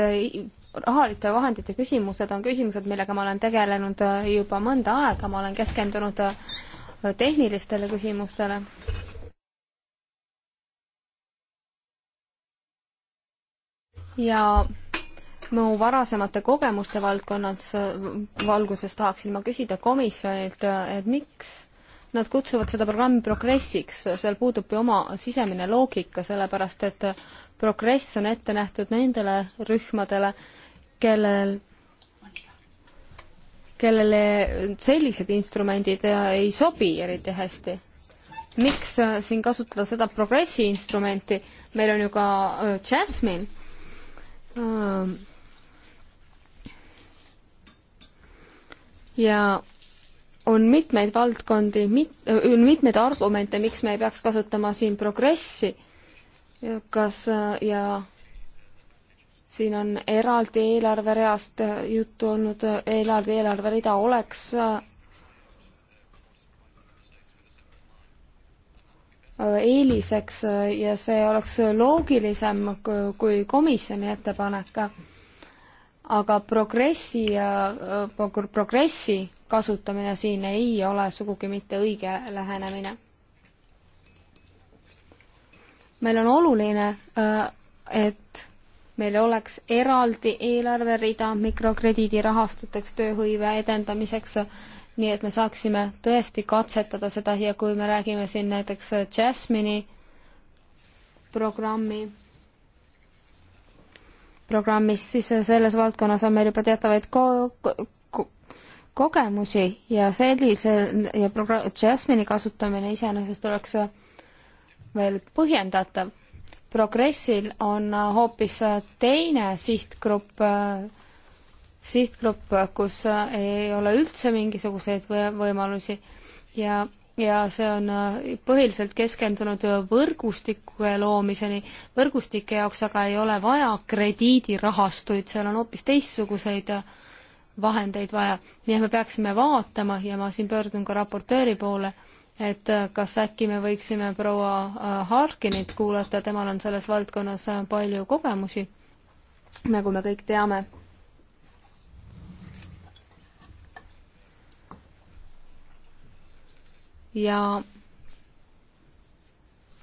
rahaliste vahendite küsimused on küsimused, millega ma olen tegelenud äh, juba mõnda aega, ma olen keskendunud äh, tehnilistele küsimustele. ja mu varasemate kogemuste valdkonnas, äh, valguses tahaksin ma küsida komisjonilt, et miks nad kutsuvad seda programmi progressiks, seal puudub ju oma sisemine loogika, sellepärast et progress on ette nähtud nendele rühmadele, kellel, kellele sellised instrumendid äh, ei sobi eriti hästi. miks äh, siin kasutada seda progressi instrumenti, meil on ju ka džäsmin äh,. Ähm. ja on mitmeid valdkondi, mit-, äh, on mitmeid argumente, miks me ei peaks kasutama siin progressi, kas ja siin on eraldi eelarvereast juttu olnud, eraldi eelarverida oleks äh, eeliseks ja see oleks loogilisem kui komisjoni ettepanek. aga progressi ja äh, progressi kasutamine siin ei ole sugugi mitte õige lähenemine. meil on oluline, äh, et meil oleks eraldi eelarverida mikrokrediidirahastuteks, tööhõive edendamiseks, nii et me saaksime tõesti katsetada seda ja kui me räägime siin näiteks Jasmine'i programmi, programmis, siis selles valdkonnas on meil juba teatavaid ko-, ko-, ko kogemusi ja sellise ja progra-, Jasmine'i kasutamine iseenesest oleks veel põhjendatav progressil on hoopis teine sihtgrupp, sihtgrupp, kus ei ole üldse mingisuguseid võimalusi ja, ja see on põhiliselt keskendunud võrgustike loomiseni. võrgustike jaoks aga ei ole vaja krediidirahastuid, seal on hoopis teistsuguseid vahendeid vaja. nii et me peaksime vaatama ja ma siin pöördun ka raportööri poole et äh, kas äkki me võiksime proua äh, Harkinit kuulata, temal on selles valdkonnas äh, palju kogemusi, nagu me kõik teame. ja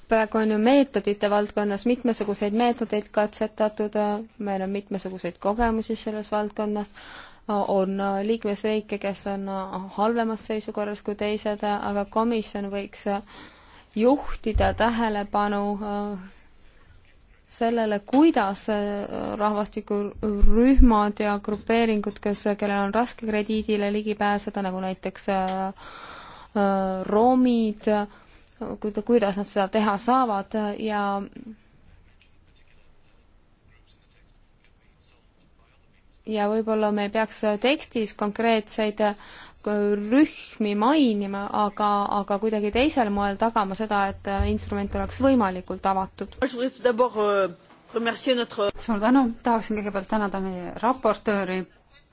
praegu on ju meetodite valdkonnas mitmesuguseid meetodeid katsetatud, meil on mitmesuguseid kogemusi selles valdkonnas on liikmesriike, kes on halvemas seisukorras kui teised, aga komisjon võiks juhtida tähelepanu äh, sellele, kuidas äh, rahvastikurühmad ja grupeeringud, kes, kellel on raske krediidile ligi pääseda, nagu näiteks äh, roomid, kuidas nad seda teha saavad ja ja võib-olla me ei peaks tekstis konkreetseid äh, rühmi mainima, aga, aga kuidagi teisel moel tagama seda, et äh, instrument oleks võimalikult avatud. Euh, suur tänu, tahaksin kõigepealt tänada meie raportööri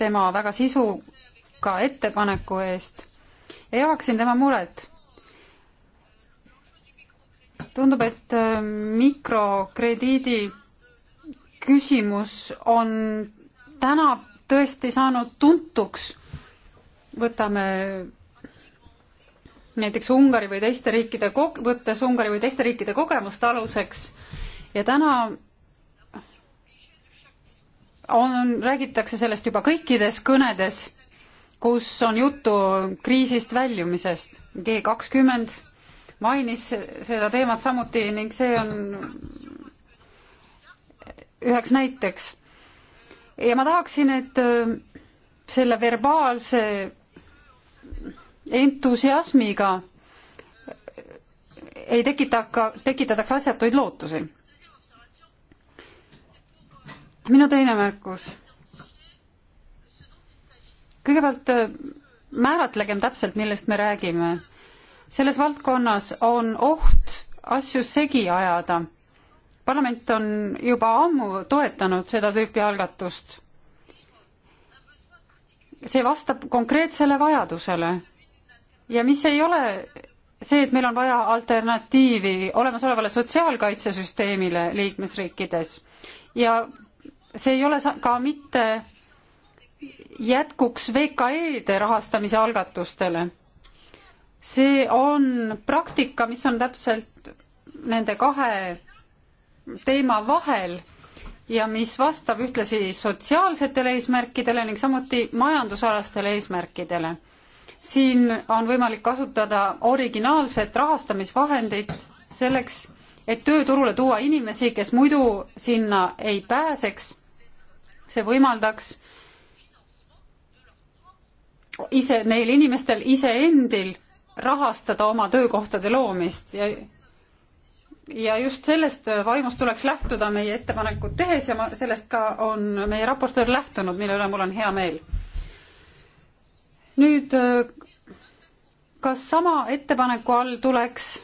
tema väga sisuka ettepaneku eest ja jagaksin tema muret. tundub, et äh, mikrokrediidi küsimus on täna tõesti saanud tuntuks, võtame näiteks Ungari või teiste riikide, võttes Ungari või teiste riikide kogemust aluseks ja täna on, räägitakse sellest juba kõikides kõnedes, kus on juttu kriisist väljumisest. G kakskümmend mainis seda teemat samuti ning see on üheks näiteks ja ma tahaksin, et äh, selle verbaalse entusiasmiga äh, ei tekita ka, tekitataks asjatuid lootusi. minu teine märkus. kõigepealt äh, määratlegem täpselt, millest me räägime. selles valdkonnas on oht asju segi ajada parlament on juba ammu toetanud seda tüüpi algatust. see vastab konkreetsele vajadusele ja mis ei ole see, et meil on vaja alternatiivi olemasolevale sotsiaalkaitsesüsteemile liikmesriikides ja see ei ole ka mitte jätkuks VKE-de rahastamise algatustele. see on praktika, mis on täpselt nende kahe teema vahel ja mis vastab ühtlasi sotsiaalsetele eesmärkidele ning samuti majandusalastele eesmärkidele. siin on võimalik kasutada originaalset rahastamisvahendit selleks, et tööturule tuua inimesi, kes muidu sinna ei pääseks. see võimaldaks ise, neil inimestel ise endil rahastada oma töökohtade loomist ja ja just sellest vaimust tuleks lähtuda meie ettepanekut tehes ja ma, sellest ka on meie raportöör lähtunud, mille üle mul on hea meel. nüüd, kas sama ettepaneku all tuleks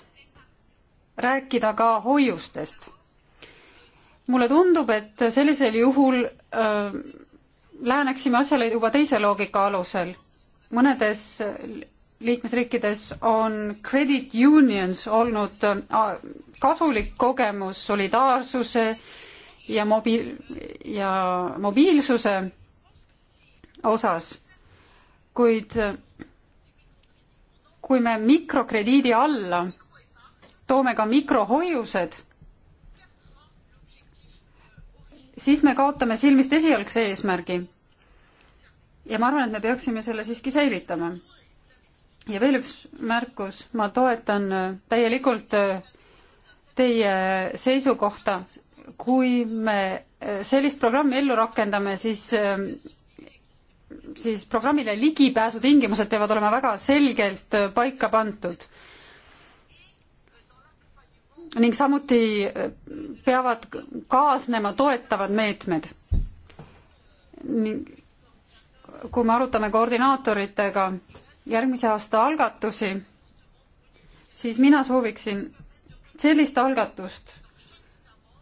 rääkida ka hoiustest? mulle tundub, et sellisel juhul öö, läheneksime asjale juba teise loogika alusel. mõnedes liikmesriikides on credit unions olnud kasulik kogemus solidaarsuse ja mobiil- ja mobiilsuse osas, kuid kui me mikrokrediidi alla toome ka mikrohoiused, siis me kaotame silmist esialgse eesmärgi. ja ma arvan, et me peaksime selle siiski säilitama. ja veel üks märkus, ma toetan täielikult teie seisukohta, kui me eh, sellist programmi ellu rakendame, siis eh, siis programmile ligipääsu tingimused peavad olema väga selgelt eh, paika pandud. ning samuti peavad kaasnema toetavad meetmed. ning kui me arutame koordinaatoritega järgmise aasta algatusi, siis mina sooviksin sellist algatust,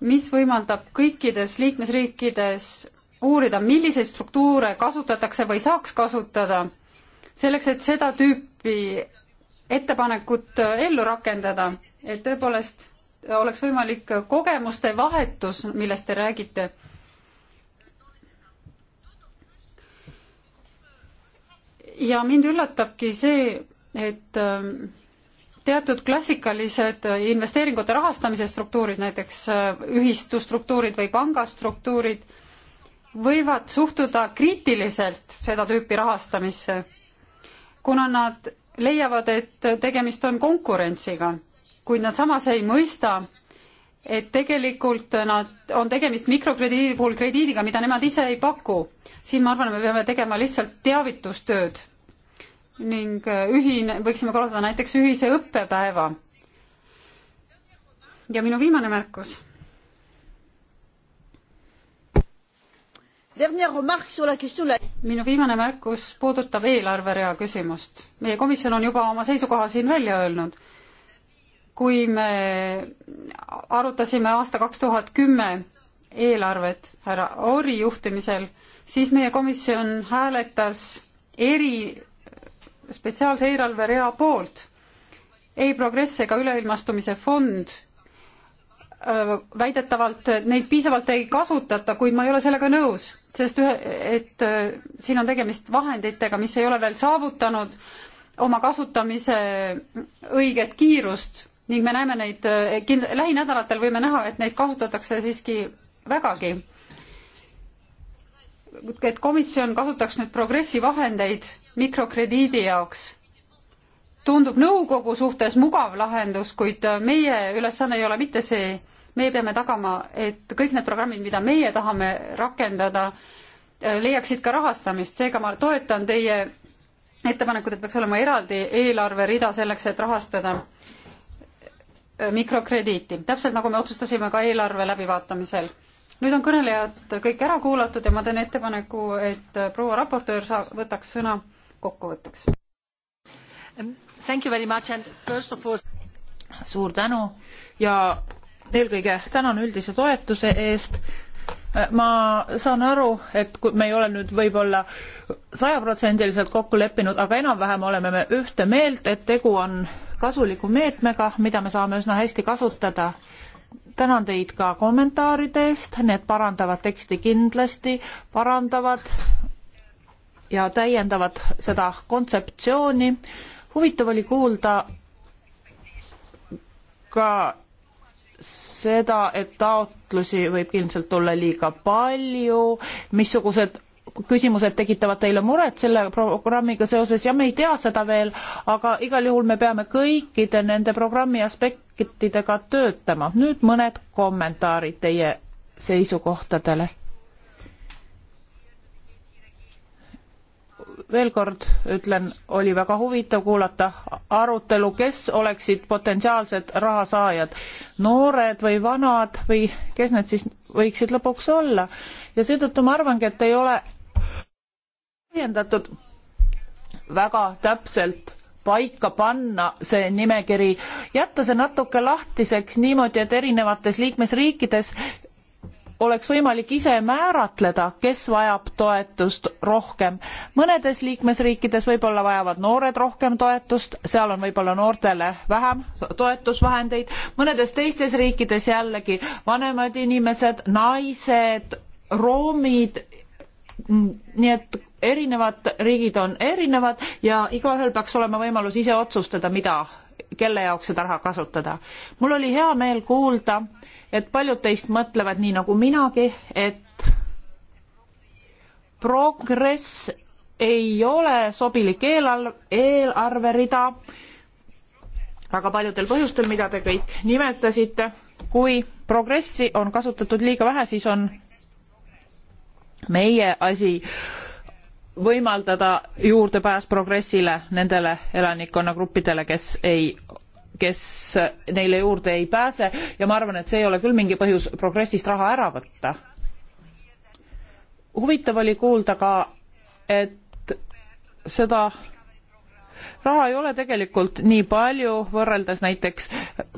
mis võimaldab kõikides liikmesriikides uurida, milliseid struktuure kasutatakse või saaks kasutada selleks, et seda tüüpi ettepanekut ellu rakendada, et tõepoolest oleks võimalik kogemuste vahetus, millest te räägite. ja mind üllatabki see, et ähm, teatud klassikalised investeeringute rahastamise struktuurid, näiteks äh, ühistustruktuurid või pangastruktuurid, võivad suhtuda kriitiliselt seda tüüpi rahastamisse, kuna nad leiavad, et tegemist on konkurentsiga, kuid nad samas ei mõista, et tegelikult nad, on tegemist mikrokrediidi puhul krediidiga, mida nemad ise ei paku. siin ma arvan, me peame tegema lihtsalt teavitustööd ning äh, ühine, võiksime korraldada näiteks ühise õppepäeva. ja minu viimane märkus. minu viimane märkus puudutab eelarverea küsimust. meie komisjon on juba oma seisukoha siin välja öelnud. kui me arutasime aasta kaks tuhat kümme eelarvet härra Ori juhtimisel, siis meie komisjon hääletas eri spetsiaalse eelarverea poolt. ei progress ega üleilmastumise fond väidetavalt neid piisavalt ei kasutata, kuid ma ei ole sellega nõus, sest ühe, et siin on tegemist vahenditega, mis ei ole veel saavutanud oma kasutamise õiget kiirust ning me näeme neid, lähinädalatel võime näha, et neid kasutatakse siiski vägagi et komisjon kasutaks nüüd progressi vahendeid mikrokrediidi jaoks. tundub nõukogu suhtes mugav lahendus, kuid meie ülesanne ei ole mitte see, meie peame tagama, et kõik need programmid, mida meie tahame rakendada, leiaksid ka rahastamist, seega ma toetan teie ettepanekut, et peaks olema eraldi eelarverida selleks, et rahastada äh, mikrokrediiti, täpselt nagu me otsustasime ka eelarve läbivaatamisel nüüd on kõnelejad kõik ära kuulatud ja ma teen ettepaneku, et äh, proua raportöör saa-, võtaks sõna kokkuvõtteks. Um, all... suur tänu ja eelkõige tänan üldise toetuse eest äh, ma saan aru et me ei ole nüüd võib-olla sajaprotsendiliselt kokku leppinud aga enam-vähem oleme me ühte meelt et tegu on kasuliku meetmega mida me saame üsna hästi kasutada tänan teid ka kommentaaride eest, need parandavad teksti kindlasti, parandavad ja täiendavad seda kontseptsiooni. huvitav oli kuulda ka seda, et taotlusi võib ilmselt olla liiga palju, missugused küsimused tekitavad teile muret selle programmiga seoses ja me ei tea seda veel, aga igal juhul me peame kõikide nende programmi aspektidega töötama. nüüd mõned kommentaarid teie seisukohtadele. veel kord ütlen, oli väga huvitav kuulata arutelu, kes oleksid potentsiaalsed rahasaajad, noored või vanad või kes need siis võiksid lõpuks olla ja seetõttu ma arvangi, et ei ole põhjendatud väga täpselt paika panna see nimekiri, jätta see natuke lahtiseks niimoodi, et erinevates liikmesriikides oleks võimalik ise määratleda, kes vajab toetust rohkem. mõnedes liikmesriikides võib-olla vajavad noored rohkem toetust, seal on võib-olla noortele vähem toetusvahendeid, mõnedes teistes riikides jällegi vanemad inimesed, naised, roomid, nii et erinevad riigid on erinevad ja igaühel peaks olema võimalus ise otsustada, mida, kelle jaoks seda raha kasutada. mul oli hea meel kuulda, et paljud teist mõtlevad nii nagu minagi, et progress ei ole sobilik eelarve, eelarverida väga paljudel põhjustel, mida te kõik nimetasite. kui progressi on kasutatud liiga vähe, siis on meie asi võimaldada juurdepääs progressile nendele elanikkonnagruppidele kes ei kes neile juurde ei pääse ja ma arvan et see ei ole küll mingi põhjus progressist raha ära võtta huvitav oli kuulda ka et seda raha ei ole tegelikult nii palju võrreldes näiteks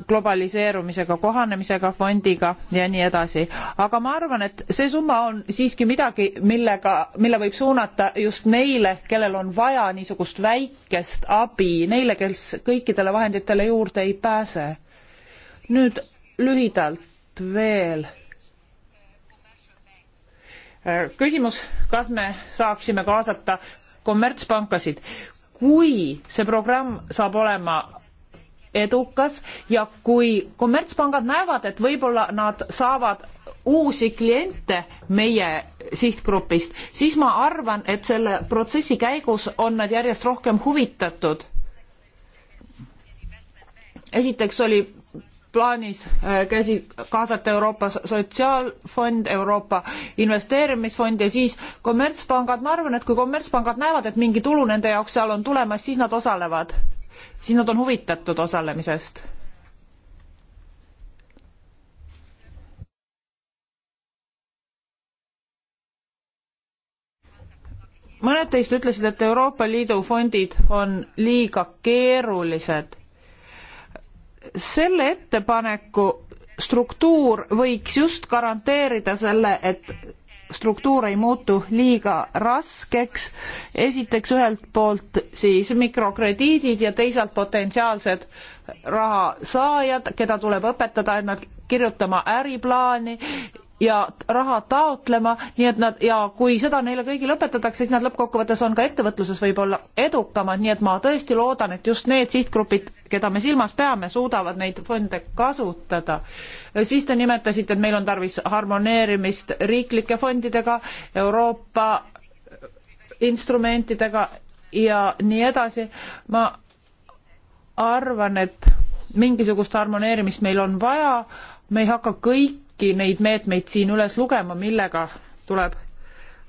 globaliseerumisega, kohanemisega, fondiga ja nii edasi. aga ma arvan, et see summa on siiski midagi, millega, mille võib suunata just neile, kellel on vaja niisugust väikest abi, neile, kes kõikidele vahenditele juurde ei pääse. nüüd lühidalt veel äh, küsimus kas me saaksime kaasata kommertspankasid kui see programm saab olema edukas ja kui kommertspangad näevad, et võib-olla nad saavad uusi kliente meie sihtgrupist, siis ma arvan, et selle protsessi käigus on nad järjest rohkem huvitatud. esiteks oli plaanis äh, käsi, kaasata Euroopa Sotsiaalfond, Euroopa Investeerimisfond ja siis kommertspangad, ma arvan, et kui kommertspangad näevad, et mingi tulu nende jaoks seal on tulemas, siis nad osalevad. siis nad on huvitatud osalemisest. mõned teist ütlesid, et Euroopa Liidu fondid on liiga keerulised selle ettepaneku struktuur võiks just garanteerida selle, et struktuur ei muutu liiga raskeks. esiteks ühelt poolt siis mikrokrediidid ja teisalt potentsiaalsed rahasaajad, keda tuleb õpetada, et nad kirjutama äriplaani ja raha taotlema, nii et nad ja kui seda neile kõigile õpetatakse, siis nad lõppkokkuvõttes on ka ettevõtluses võib-olla edukamad, nii et ma tõesti loodan, et just need sihtgrupid, keda me silmas peame, suudavad neid fonde kasutada. siis te nimetasite, et meil on tarvis harmoneerimist riiklike fondidega, Euroopa äh, instrumentidega ja nii edasi. ma arvan, et mingisugust harmoneerimist meil on vaja, me ei hakka kõik kõiki neid meetmeid siin üles lugema, millega tuleb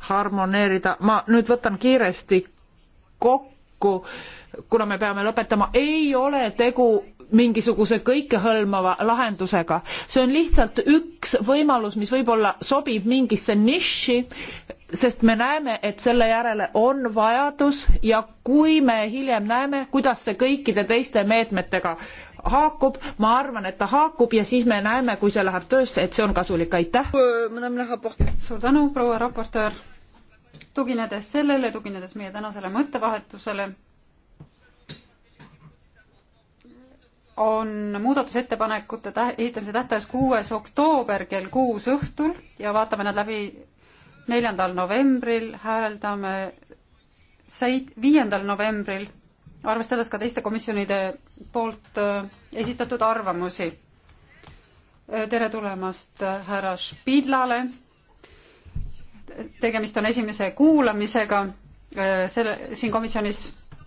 harmoneerida. ma nüüd võtan kiiresti kokku, kuna me peame lõpetama, ei ole tegu mingisuguse kõikehõlmava lahendusega. see on lihtsalt üks võimalus, mis võib-olla sobib mingisse nišši, sest me näeme, et selle järele on vajadus ja kui me hiljem näeme, kuidas see kõikide teiste meetmetega haakub, ma arvan, et ta haakub ja siis me näeme, kui see läheb töösse, et see on kasulik, aitäh. suur tänu, proua raportöör. tuginedes sellele, tuginedes meie tänasele mõttevahetusele, on muudatusettepanekute täh-, esitamise tähtaeg kuues oktoober kell kuus õhtul ja vaatame nad läbi neljandal novembril, hääldame seit-, viiendal novembril arvestades ka teiste komisjonide poolt äh, esitatud arvamusi. Äh, tere tulemast äh, härra Spidlale. tegemist on esimese kuulamisega selle, siin komisjonis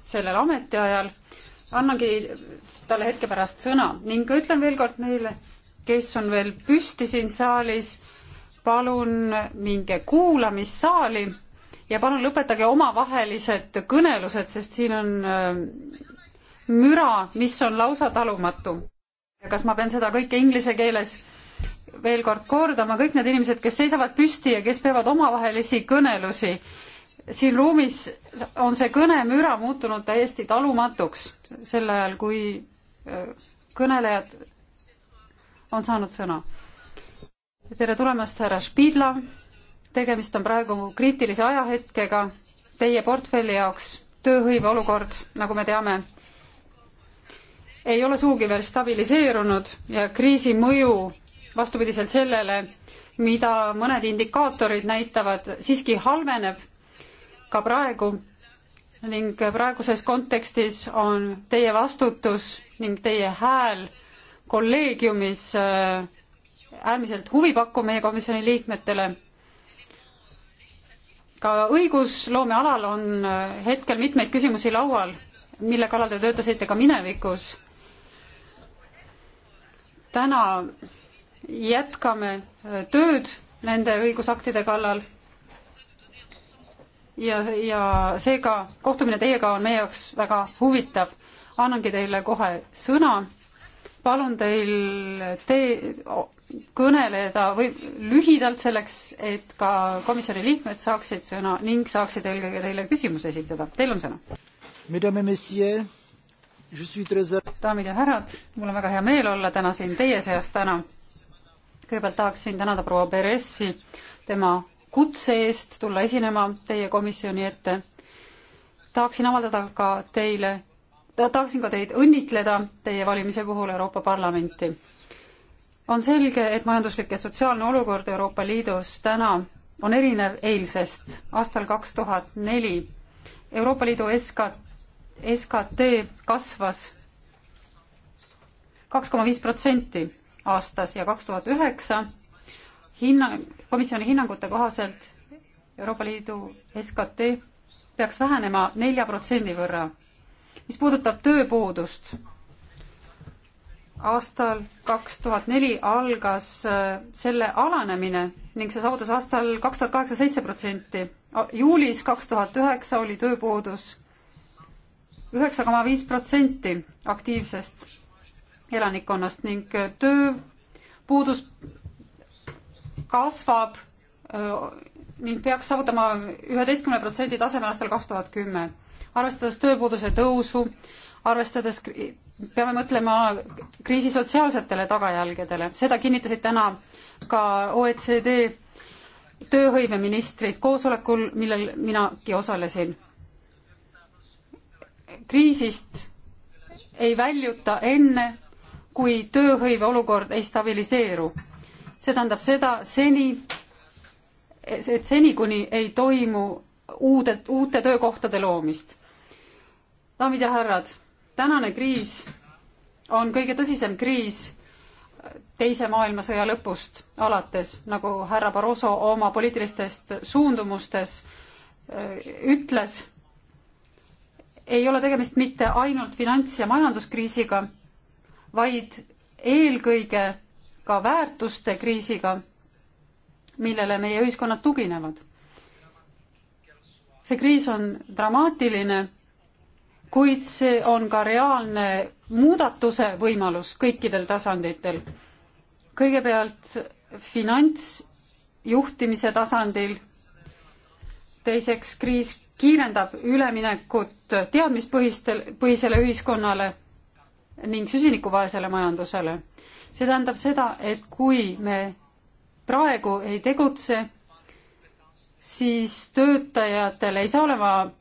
sellel ametiajal. annangi talle hetke pärast sõna ning ütlen veel kord neile, kes on veel püsti siin saalis, palun minge kuulamissaali ja palun lõpetage omavahelised kõnelused, sest siin on äh, müra, mis on lausa talumatu. kas ma pean seda kõike inglise keeles veel kord kordama, kõik need inimesed, kes seisavad püsti ja kes peavad omavahelisi kõnelusi, siin ruumis on see kõnemüra muutunud täiesti talumatuks sel ajal, kui äh, kõnelejad on saanud sõna. tere tulemast, härra Špidla tegemist on praegu kriitilise ajahetkega teie portfelli jaoks, tööhõive olukord, nagu me teame, ei ole sugugi veel stabiliseerunud ja kriisi mõju vastupidiselt sellele, mida mõned indikaatorid näitavad, siiski halveneb ka praegu ning praeguses kontekstis on teie vastutus ning teie hääl kolleegiumis äh, äärmiselt huvipakkuv meie komisjoni liikmetele ka õigusloome alal on äh, hetkel mitmeid küsimusi laual, mille kallal te töötasite ka minevikus. täna jätkame äh, tööd nende õigusaktide kallal. ja, ja seega kohtumine teiega on meie jaoks väga huvitav. annangi teile kohe sõna. palun teil tee, kõneleda või lühidalt selleks, et ka komisjoni liikmed saaksid sõna ning saaksid eelkõige teile küsimusi esitada. Teil on sõna. daamid ja härrad, mul on väga hea meel olla täna siin teie seas täna. kõigepealt tahaksin tänada proua Peressi tema kutse eest tulla esinema teie komisjoni ette. tahaksin avaldada ka teile, tahaksin ka teid õnnitleda teie valimise puhul Euroopa Parlamenti on selge, et majanduslik ja sotsiaalne olukord Euroopa Liidus täna on erinev eilsest. aastal kaks tuhat neli Euroopa Liidu SK, SKT kasvas kaks koma viis protsenti aastas ja kaks tuhat üheksa hinna, komisjoni hinnangute kohaselt Euroopa Liidu SKT peaks vähenema nelja protsendi võrra. mis puudutab tööpuudust, aastal kaks tuhat neli algas äh, selle alanemine ning see saavutas aastal kaks tuhat kaheksa seitse protsenti. juulis kaks tuhat üheksa oli tööpuudus üheksa koma viis protsenti aktiivsest elanikkonnast ning äh, tööpuudus kasvab äh, ning peaks saavutama üheteistkümne protsendi tasemel aastal kaks tuhat kümme. arvestades tööpuuduse tõusu, arvestades peame mõtlema kriisi sotsiaalsetele tagajälgedele, seda kinnitasid täna ka OECD tööhõiveministrid koosolekul, millel minagi osalesin. kriisist ei väljuta enne, kui tööhõive olukord ei stabiliseeru. see tähendab seda seni, et seni, kuni ei toimu uude, uute töökohtade loomist. daamid ja härrad tänane kriis on kõige tõsisem kriis teise maailmasõja lõpust alates, nagu härra Barroso oma poliitilistest suundumustes äh, ütles, ei ole tegemist mitte ainult finants- ja majanduskriisiga, vaid eelkõige ka väärtuste kriisiga, millele meie ühiskonnad tuginevad. see kriis on dramaatiline kuid see on ka reaalne muudatuse võimalus kõikidel tasanditel. kõigepealt finantsjuhtimise tasandil, teiseks kriis kiirendab üleminekut teadmispõhistel, põhisele ühiskonnale ning süsinikuvaesele majandusele. see tähendab seda, et kui me praegu ei tegutse, siis töötajatel ei saa olema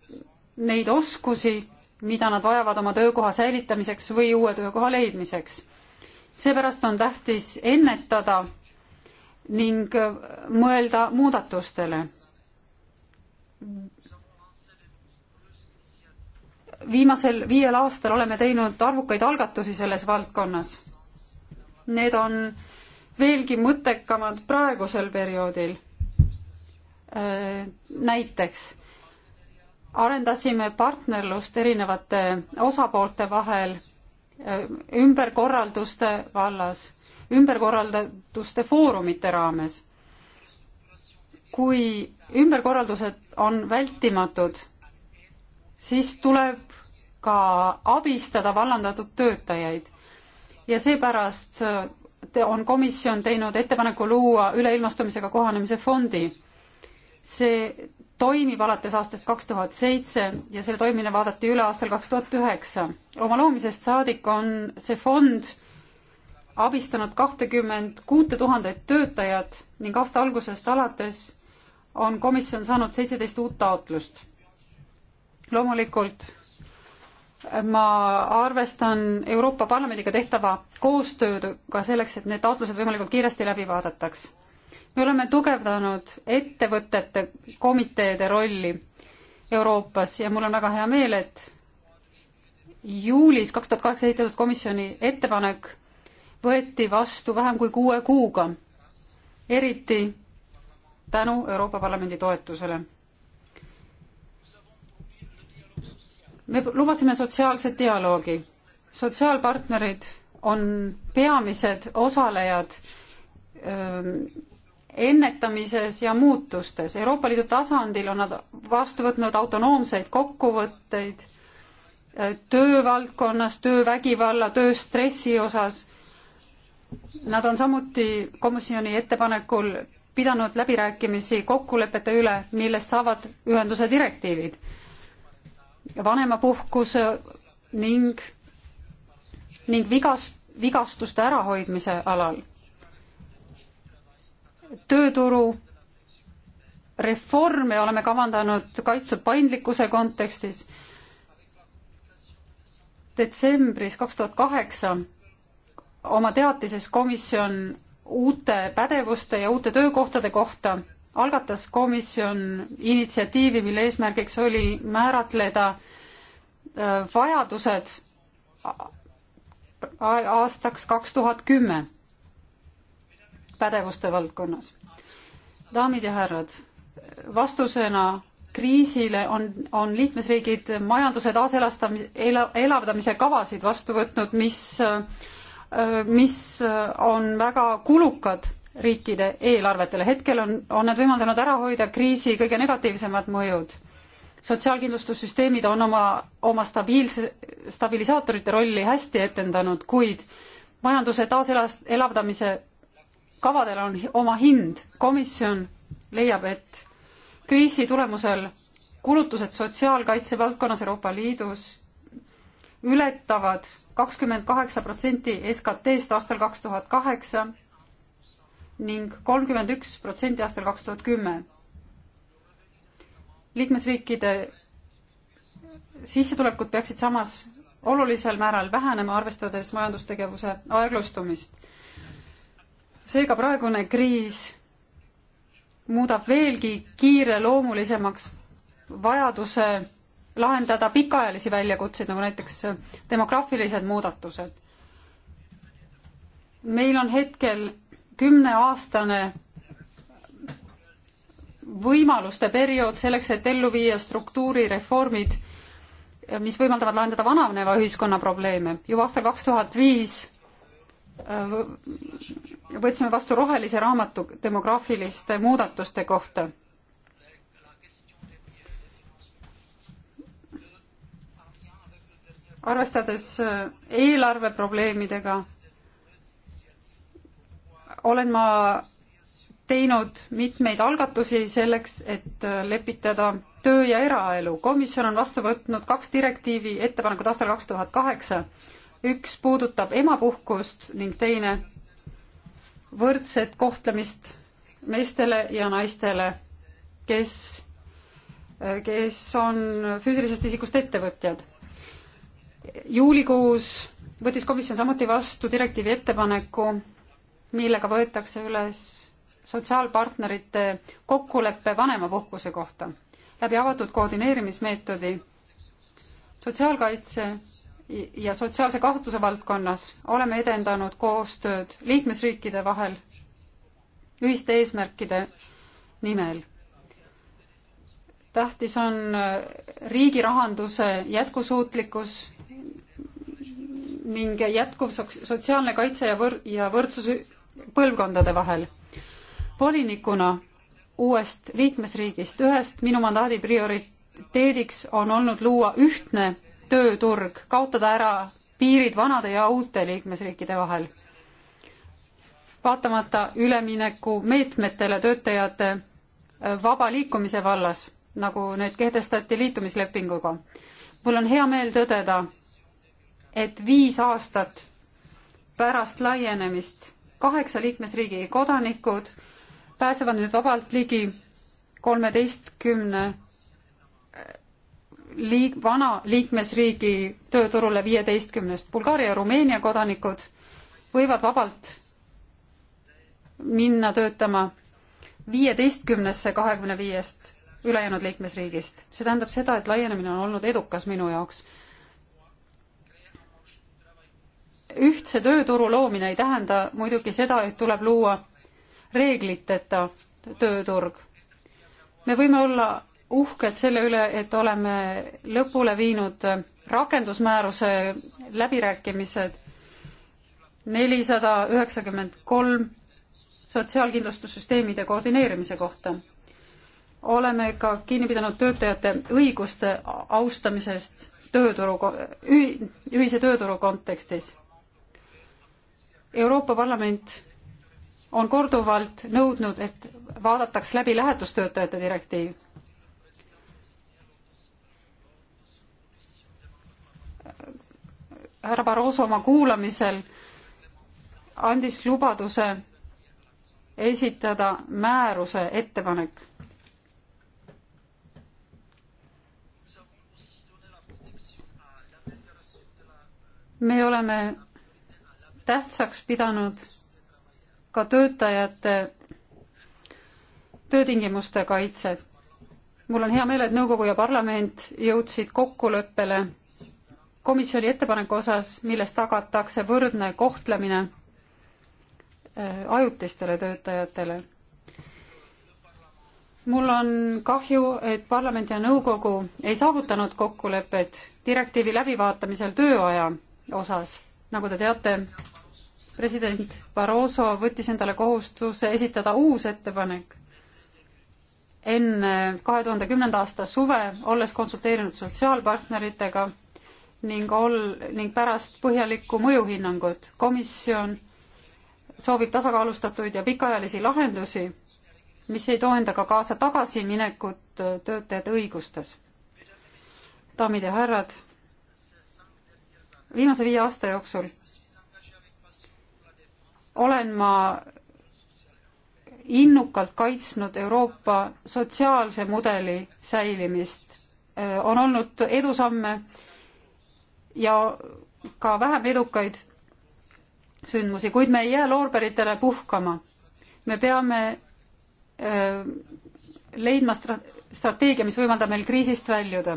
neid oskusi, mida nad vajavad oma töökoha säilitamiseks või uue töökoha leidmiseks. seepärast on tähtis ennetada ning mõelda muudatustele. viimasel viiel aastal oleme teinud arvukaid algatusi selles valdkonnas. Need on veelgi mõttekamad praegusel perioodil. Äh, näiteks arendasime partnerlust erinevate osapoolte vahel eh, ümberkorralduste vallas, ümberkorralduste foorumite raames. kui ümberkorraldused on vältimatud, siis tuleb ka abistada vallandatud töötajaid ja seepärast eh, on komisjon teinud ettepaneku luua üleilmastumisega kohanemise fondi. see toimib alates aastast kaks tuhat seitse ja selle toimimine vaadati üle aastal kaks tuhat üheksa. oma loomisest saadik on see fond abistanud kahtekümmend kuute tuhandet töötajat ning aasta algusest alates on komisjon saanud seitseteist uut taotlust. loomulikult äh, ma arvestan Euroopa Parlamendiga tehtava koostööga selleks, et need taotlused võimalikult kiiresti läbi vaadataks me oleme tugevdanud ettevõtete komiteede rolli Euroopas ja mul on väga hea meel, et juulis kaks tuhat kaheksa esitatud komisjoni ettepanek võeti vastu vähem kui kuue kuuga, eriti tänu Euroopa Parlamendi toetusele. me lubasime sotsiaalset dialoogi. sotsiaalpartnerid on peamised osalejad öö, ähm, ennetamises ja muutustes. Euroopa Liidu tasandil on nad vastu võtnud autonoomseid kokkuvõtteid äh, töövaldkonnas, töövägivalla, tööstressi osas. Nad on samuti komisjoni ettepanekul pidanud läbirääkimisi kokkulepete üle, millest saavad ühenduse direktiivid, vanemapuhkus ning, ning vigast, vigastuste ärahoidmise alal tööturu reforme oleme kavandanud kaitstud paindlikkuse kontekstis. detsembris kaks tuhat kaheksa oma teatises komisjon uute pädevuste ja uute töökohtade kohta algatas komisjon initsiatiivi, mille eesmärgiks oli määratleda äh, vajadused aastaks kaks tuhat kümme pädevuste valdkonnas. daamid ja härrad, vastusena kriisile on, on liikmesriigid majanduse taaselastamise, elavdamise kavasid vastu võtnud, mis, mis on väga kulukad riikide eelarvetele. hetkel on, on need võimaldanud ära hoida kriisi kõige negatiivsemad mõjud. sotsiaalkindlustussüsteemid on oma, oma stabiilse, stabilisaatorite rolli hästi etendanud, kuid majanduse taaselas-, elavdamise kavadel on oma hind. komisjon leiab, et kriisi tulemusel kulutused sotsiaalkaitse valdkonnas Euroopa Liidus ületavad kakskümmend kaheksa protsenti SKT-st aastal kaks tuhat kaheksa ning kolmkümmend üks protsenti aastal kaks tuhat kümme. liikmesriikide sissetulekud peaksid samas olulisel määral vähenema, arvestades majandustegevuse aeglustumist seega praegune kriis muudab veelgi kiireloomulisemaks vajaduse lahendada pikaajalisi väljakutseid, nagu näiteks demograafilised muudatused. meil on hetkel kümneaastane võimaluste periood selleks, et ellu viia struktuurireformid, mis võimaldavad lahendada vananeva ühiskonna probleeme. juba aastal kaks tuhat viis äh, võtsime vastu rohelise raamatu demograafiliste muudatuste kohta. arvestades äh, eelarveprobleemidega, olen ma teinud mitmeid algatusi selleks, et äh, lepitada töö ja eraelu. komisjon on vastu võtnud kaks direktiivi ettepanekut aastal kaks tuhat kaheksa. üks puudutab emapuhkust ning teine võrdset kohtlemist meestele ja naistele, kes, kes on füüsilisest isikust ettevõtjad. juulikuus võttis komisjon samuti vastu direktiivi ettepaneku, millega võetakse üles sotsiaalpartnerite kokkulepe vanemapuhkuse kohta. läbi avatud koordineerimismeetodi sotsiaalkaitse ja sotsiaalse kasvatuse valdkonnas oleme edendanud koostööd liikmesriikide vahel ühiste eesmärkide nimel. tähtis on äh, riigi rahanduse jätkusuutlikkus ning jätkuv sotsiaalne kaitse ja võr-, ja võrdsus põlvkondade vahel. volinikuna uuest liikmesriigist ühest minu mandaadi prioriteediks on olnud luua ühtne tööturg, kaotada ära piirid vanade ja uute liikmesriikide vahel. vaatamata ülemineku meetmetele töötajate äh, vaba liikumise vallas, nagu need kehtestati liitumislepinguga. mul on hea meel tõdeda, et viis aastat pärast laienemist kaheksa liikmesriigi kodanikud pääsevad nüüd vabalt ligi kolmeteistkümne liik-, vana liikmesriigi tööturule viieteistkümnest. Bulgaaria ja Rumeenia kodanikud võivad vabalt minna töötama viieteistkümnesse kahekümne viiest ülejäänud liikmesriigist. see tähendab seda, et laienemine on olnud edukas minu jaoks. ühtse tööturu loomine ei tähenda muidugi seda, et tuleb luua reegliteta tööturg. me võime olla uhked selle üle, et oleme lõpule viinud rakendusmääruse läbirääkimised nelisada üheksakümmend kolm sotsiaalkindlustussüsteemide koordineerimise kohta. oleme ka kinni pidanud töötajate õiguste austamisest tööturu, ühise tööturu kontekstis. Euroopa Parlament on korduvalt nõudnud, et vaadataks läbi lähetustöötajate direktiiv härra Barroso oma kuulamisel andis lubaduse esitada määruse ettepanek. me oleme tähtsaks pidanud ka töötajate töötingimuste kaitset. mul on hea meel, et nõukogu ja parlament jõudsid kokkuleppele komisjoni ettepaneku osas, milles tagatakse võrdne kohtlemine äh, ajutistele töötajatele. mul on kahju, et parlament ja nõukogu ei saavutanud kokkulepet direktiivi läbivaatamisel tööaja osas. nagu te teate, president Barroso võttis endale kohustuse esitada uus ettepanek enne kahe tuhande kümnenda aasta suve, olles konsulteerinud sotsiaalpartneritega ning ol-, ning pärast põhjalikku mõjuhinnangut. komisjon soovib tasakaalustatuid ja pikaajalisi lahendusi, mis ei too endaga kaasa tagasiminekut töötajate õigustes. daamid ja härrad, viimase viie aasta jooksul olen ma innukalt kaitsnud Euroopa sotsiaalse mudeli säilimist. on olnud edusamme ja ka vähem edukaid sündmusi, kuid me ei jää loorberitele puhkama. me peame öö, äh, leidma stra-, strateegia, mis võimaldab meil kriisist väljuda.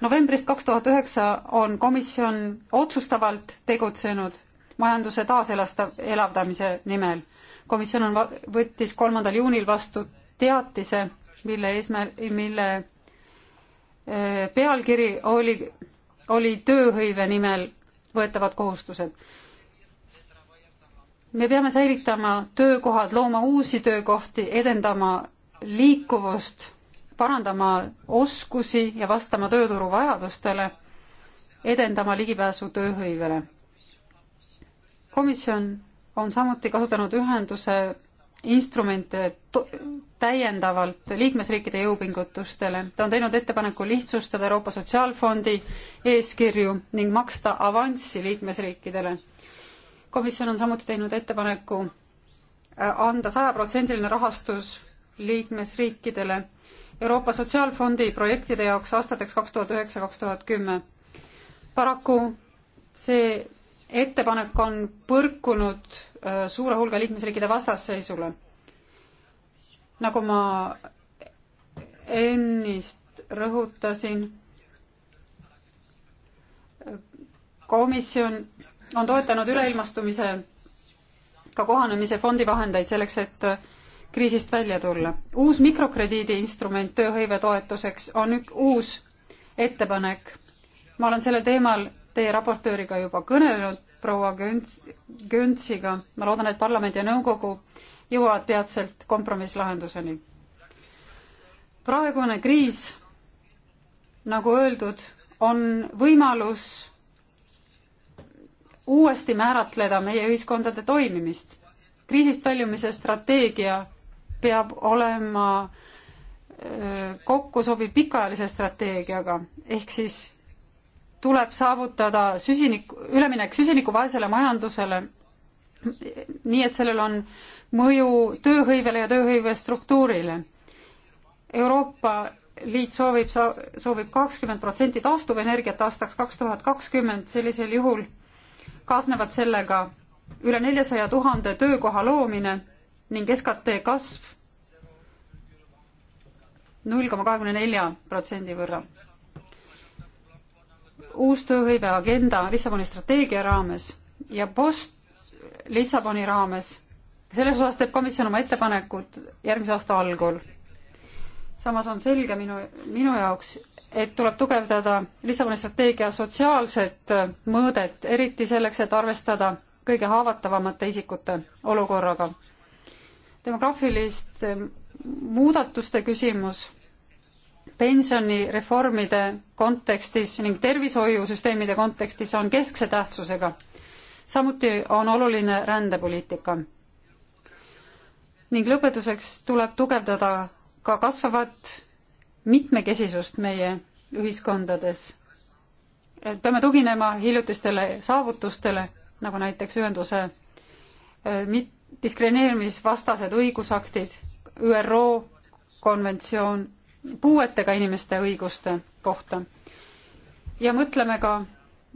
novembrist kaks tuhat üheksa on komisjon otsustavalt tegutsenud majanduse taaselasta-, elavdamise nimel. komisjon on va-, võttis kolmandal juunil vastu teatise, mille eesmär-, mille öö, äh, pealkiri oli oli tööhõive nimel võetavad kohustused. me peame säilitama töökohad, looma uusi töökohti, edendama liikuvust, parandama oskusi ja vastama tööturu vajadustele, edendama ligipääsu tööhõivele. komisjon on samuti kasutanud ühenduse instrumente täiendavalt liikmesriikide jõupingutustele. ta on teinud ettepaneku lihtsustada Euroopa Sotsiaalfondi eeskirju ning maksta avanssi liikmesriikidele. komisjon on samuti teinud ettepaneku äh, anda sajaprotsendiline rahastus liikmesriikidele Euroopa Sotsiaalfondi projektide jaoks aastateks kaks tuhat üheksa, kaks tuhat kümme. paraku see ettepanek on põrkunud äh, suure hulga liikmesriikide vastasseisule nagu ma ennist rõhutasin, komisjon on toetanud üleilmastumisega kohanemise fondi vahendeid selleks, et kriisist välja tulla. uus mikrokrediidiinstrument tööhõive toetuseks on ük-, uus ettepanek. ma olen sellel teemal teie raportööriga juba kõnelenud, proua Günts-, Güntsiga, ma loodan, et parlament ja nõukogu jõuavad peatselt kompromisslahenduseni. praegune kriis, nagu öeldud, on võimalus uuesti määratleda meie ühiskondade toimimist. kriisist väljumise strateegia peab olema kokku sobib pikaajalise strateegiaga, ehk siis tuleb saavutada süsinik, üleminek süsinikuvaesele majandusele nii et sellel on mõju tööhõivele ja tööhõive struktuurile. Euroopa Liit soovib, soovib kakskümmend protsenti taastuvenergiat aastaks kaks tuhat kakskümmend, sellisel juhul kaasnevad sellega üle neljasaja tuhande töökoha loomine ning SKT kasv null koma kahekümne nelja protsendi võrra. uus tööhõive agenda Lissaboni strateegia raames ja post Lissaboni raames. selles osas teeb komisjon oma ettepanekud järgmise aasta algul. samas on selge minu, minu jaoks, et tuleb tugevdada Lissaboni strateegia sotsiaalset mõõdet, eriti selleks, et arvestada kõige haavatavamate isikute olukorraga. demograafiliste eh, muudatuste küsimus pensionireformide kontekstis ning tervishoiusüsteemide kontekstis on keskse tähtsusega samuti on oluline rändepoliitika. ning lõpetuseks tuleb tugevdada ka kasvavat mitmekesisust meie ühiskondades. et peame tuginema hiljutistele saavutustele, nagu näiteks ühenduse äh, mit-, diskrimineerimisvastased õigusaktid, ÜRO konventsioon puuetega inimeste õiguste kohta. ja mõtleme ka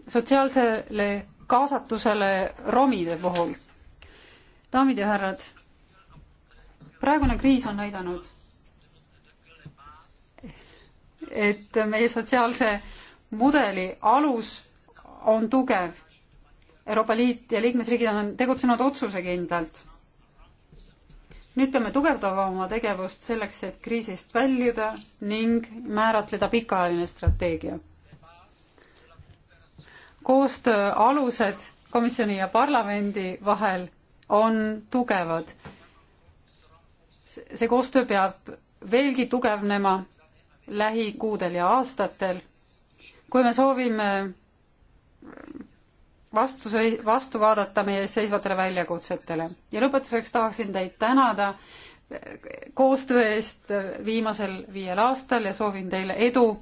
sotsiaalsele kaasatusele romide puhul. daamid ja härrad, praegune kriis on näidanud, et meie sotsiaalse mudeli alus on tugev. Euroopa Liit ja liikmesriigid on tegutsenud otsusekindlalt. nüüd peame tugevdama oma tegevust selleks, et kriisist väljuda ning määratleda pikaajaline strateegia koostöö alused komisjoni ja parlamendi vahel on tugevad. see koostöö peab veelgi tugevnema lähikuudel ja aastatel. kui me soovime vastu, vastu vaadata meie ees seisvatele väljakutsetele. ja lõpetuseks tahaksin teid tänada koostöö eest viimasel viiel aastal ja soovin teile edu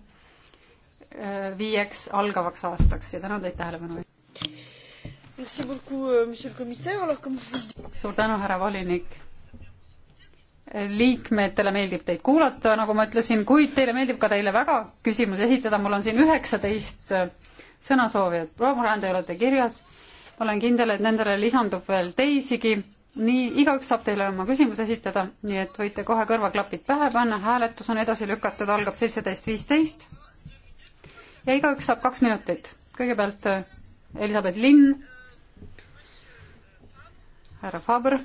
viieks algavaks aastaks ja tänan teid tähelepanu eest. Euh, suur tänu, härra volinik. liikmetele meeldib teid kuulata, nagu ma ütlesin, kuid teile meeldib ka teile väga küsimusi esitada, mul on siin üheksateist äh, sõnasoovijat, loomulikult te olete kirjas. ma olen kindel, et nendele lisandub veel teisigi nii, igaüks saab teile oma küsimuse esitada, nii et võite kohe kõrvaklapid pähe panna, hääletus on edasi lükatud, algab seitseteist viisteist ja igaüks saab kaks minutit. kõigepealt äh, Elizabeth Linn, härra Faber,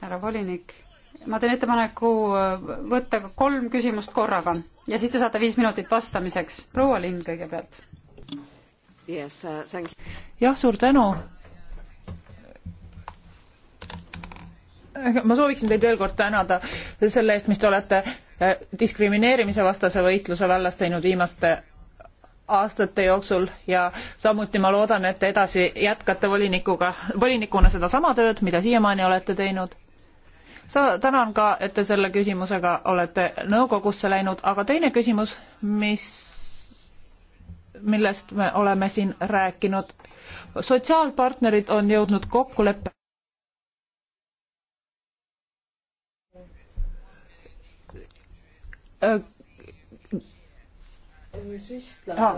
härra volinik. ma teen ettepaneku äh, võtta kolm küsimust korraga ja siis te saate viis minutit vastamiseks. proua Linn kõigepealt. Uh, jah, suur tänu ma sooviksin teid veel kord tänada selle eest, mis te olete äh, diskrimineerimise vastase võitluse vallas teinud viimaste aastate jooksul ja samuti ma loodan, et te edasi jätkate volinikuga, volinikuna sedasama tööd, mida siiamaani olete teinud. sa, tänan ka, et te selle küsimusega olete nõukogusse läinud, aga teine küsimus, mis, millest me oleme siin rääkinud, sotsiaalpartnerid on jõudnud kokkuleppe süstlane ah.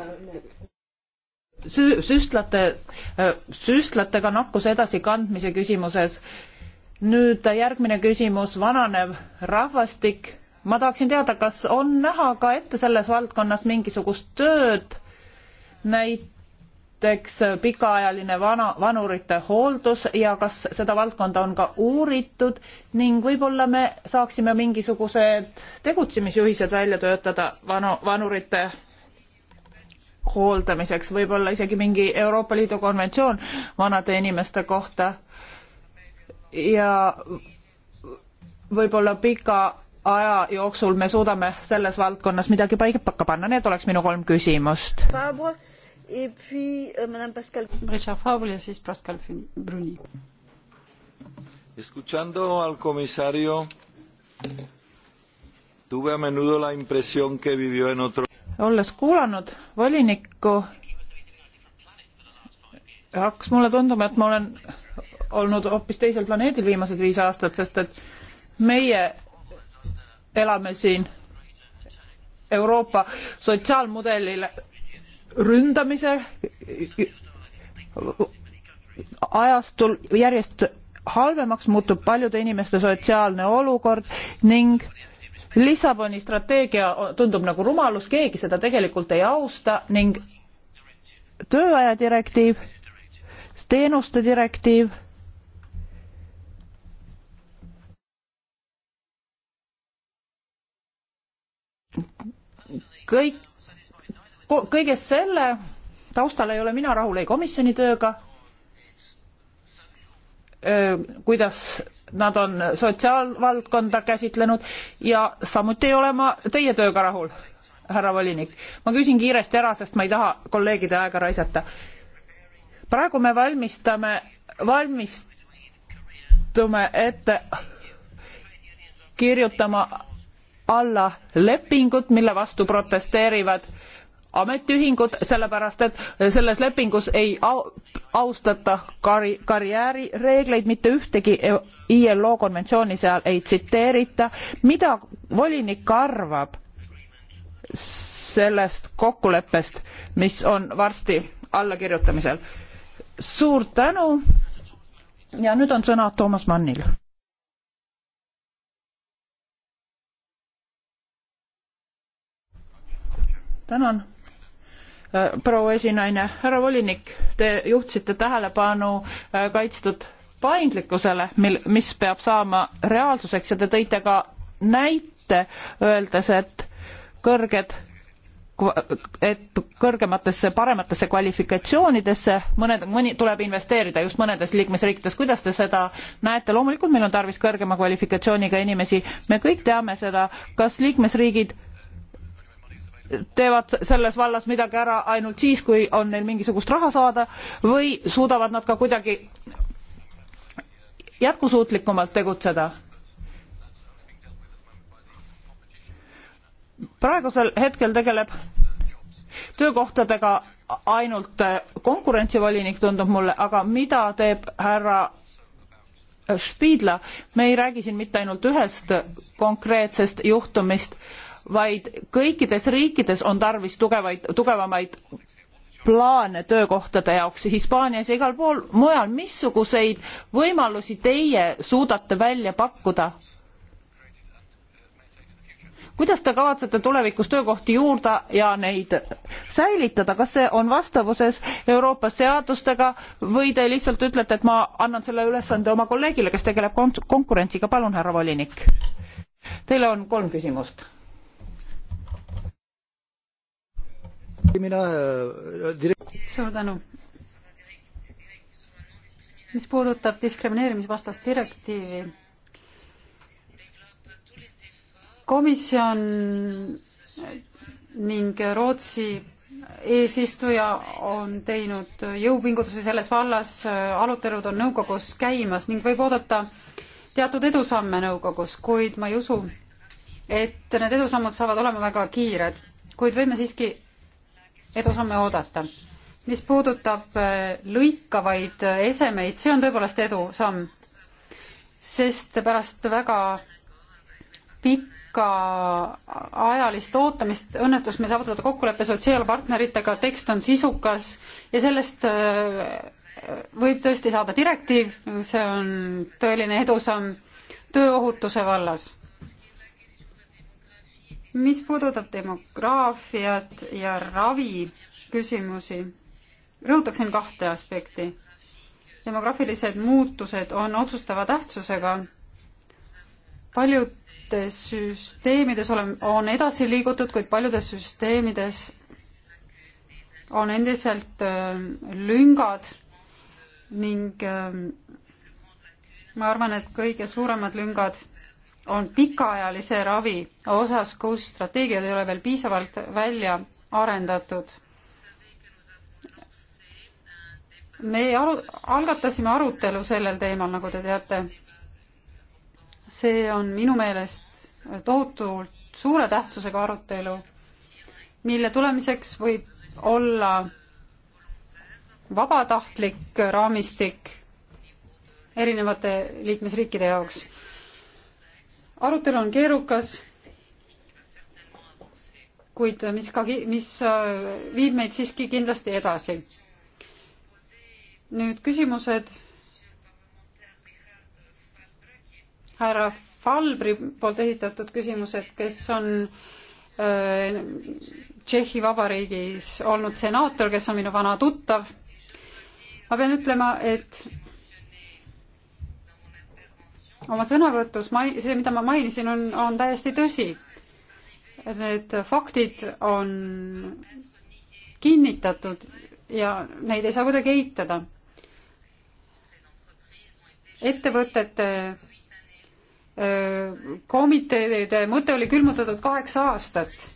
sü-, süstlate, äh, süstlatega nakkuse edasikandmise küsimuses. nüüd järgmine küsimus, vananev rahvastik. ma tahaksin teada, kas on näha ka ette selles valdkonnas mingisugust tööd, näiteks pikaajaline vana, vanurite hooldus ja kas seda valdkonda on ka uuritud ning võib-olla me saaksime mingisugused tegutsemisjuhised välja töötada vanu, vanurite hooldamiseks, võib-olla isegi mingi Euroopa Liidu konventsioon vanade inimeste kohta ja võib-olla pika aja jooksul me suudame selles valdkonnas midagi paika panna, need oleks minu kolm küsimust. Euh, Richard Fabre ja siis Pascal Bruni. Escuchando al comisario, tuve a menudo la impresión que vivió en otro olles kuulanud volinikku, hakkas mulle tunduma, et ma olen olnud hoopis teisel planeedil viimased viis aastat, sest et meie elame siin Euroopa sotsiaalmudelile ründamise ajastul järjest halvemaks muutub paljude inimeste sotsiaalne olukord ning Lissaboni strateegia tundub nagu rumalus, keegi seda tegelikult ei austa ning tööaja direktiiv, teenuste direktiiv, kõik, kõige selle taustal ei ole mina rahul ei komisjoni tööga, kuidas nad on sotsiaalvaldkonda käsitlenud ja samuti ei ole ma teie tööga rahul, härra volinik. ma küsin kiiresti ära, sest ma ei taha kolleegide aega raisata. praegu me valmistame, valmistume ette kirjutama alla lepingut, mille vastu protesteerivad ametiühingud sellepärast et selles lepingus ei au, austata kari, karjäärireegleid mitte ühtegi e-, ilo konventsiooni seal ei tsiteerita mida volinik arvab sellest kokkuleppest mis on varsti allakirjutamisel suur tänu ja nüüd on sõna Toomas Mannil tänan Äh, proua esinaine, härra volinik, te juhtisite tähelepanu äh, kaitstud paindlikkusele, mil, mis peab saama reaalsuseks ja te tõite ka näite, öeldes, et kõrged et kõrgematesse, parematesse kvalifikatsioonidesse mõned, mõni tuleb investeerida just mõnedes liikmesriikides. kuidas te seda näete? loomulikult meil on tarvis kõrgema kvalifikatsiooniga inimesi, me kõik teame seda. kas liikmesriigid teevad selles vallas midagi ära ainult siis, kui on neil mingisugust raha saada või suudavad nad ka kuidagi jätkusuutlikumalt tegutseda. praegusel hetkel tegeleb töökohtadega ainult konkurentsivolinik, tundub mulle, aga mida teeb härra Spiidla, me ei räägi siin mitte ainult ühest konkreetsest juhtumist, vaid kõikides riikides on tarvis tugevaid, tugevamaid plaane töökohtade jaoks Hispaanias ja igal pool mujal. missuguseid võimalusi teie suudate välja pakkuda? kuidas te kavatsete tulevikus töökohti juurde ja neid säilitada, kas see on vastavuses Euroopa seadustega või te lihtsalt ütlete, et ma annan selle ülesande oma kolleegile, kes tegeleb konkurentsiga, palun, härra volinik. Teile on kolm küsimust Äh, suur tänu. mis puudutab diskrimineerimisvastast direktiivi, komisjon ning Rootsi eesistuja on teinud jõupingutusi selles vallas, arutelud on nõukogus käimas ning võib oodata teatud edusamme nõukogus, kuid ma ei usu, et need edusammud saavad olema väga kiired, kuid võime siiski edu saame oodata. mis puudutab äh, lõikavaid äh, esemeid, see on tõepoolest edusamm, sest pärast väga pikka ajalist ootamist õnnetus meil saavutada kokkulepe sotsiaalpartneritega, tekst on sisukas ja sellest äh, võib tõesti saada direktiiv, see on tõeline edusamm tööohutuse vallas mis puudutab demograafiat ja ravi küsimusi, rõhutaksin kahte aspekti. demograafilised muutused on otsustava tähtsusega. paljudes süsteemides ole, on edasi liigutud, kuid paljudes süsteemides on endiselt äh, lüngad ning äh, ma arvan, et kõige suuremad lüngad on pikaajalise ravi osas, kus strateegiad ei ole veel piisavalt välja arendatud. me alu-, algatasime arutelu sellel teemal, nagu te teate. see on minu meelest tohutult suure tähtsusega arutelu, mille tulemiseks võib olla vabatahtlik raamistik erinevate liikmesriikide jaoks arutelu on keerukas, kuid mis ka, mis äh, viib meid siiski kindlasti edasi. nüüd küsimused härra Falbri poolt esitatud küsimused, kes on äh, Tšehhi Vabariigis olnud senaator, kes on minu vana tuttav. ma pean ütlema, et oma sõnavõtus, see, mida ma mainisin, on, on täiesti tõsi. Need faktid on kinnitatud ja neid ei saa kuidagi eitada. ettevõtete komiteede mõte oli külmutatud kaheksa aastat.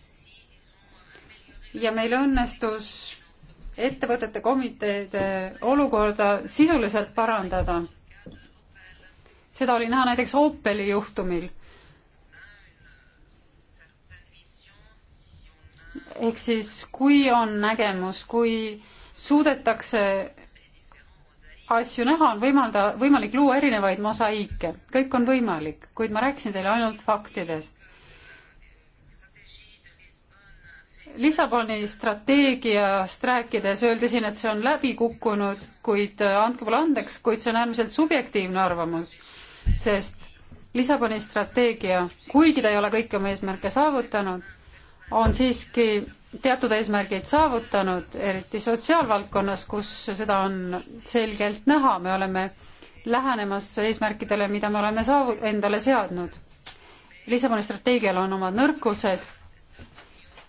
ja meil õnnestus ettevõtete komiteede olukorda sisuliselt parandada seda oli näha näiteks Opeli juhtumil. ehk siis, kui on nägemus, kui suudetakse asju näha, on võimalda, võimalik luua erinevaid mosaiike, kõik on võimalik, kuid ma rääkisin teile ainult faktidest. Lissaboni strateegiast rääkides öeldi siin, et see on läbi kukkunud, kuid andke mulle andeks, kuid see on äärmiselt subjektiivne arvamus sest Lissaboni strateegia, kuigi ta ei ole kõiki oma eesmärke saavutanud, on siiski teatud eesmärgid saavutanud, eriti sotsiaalvaldkonnas, kus seda on selgelt näha, me oleme lähenemas eesmärkidele, mida me oleme saavu-, endale seadnud. Lissaboni strateegial on omad nõrkused,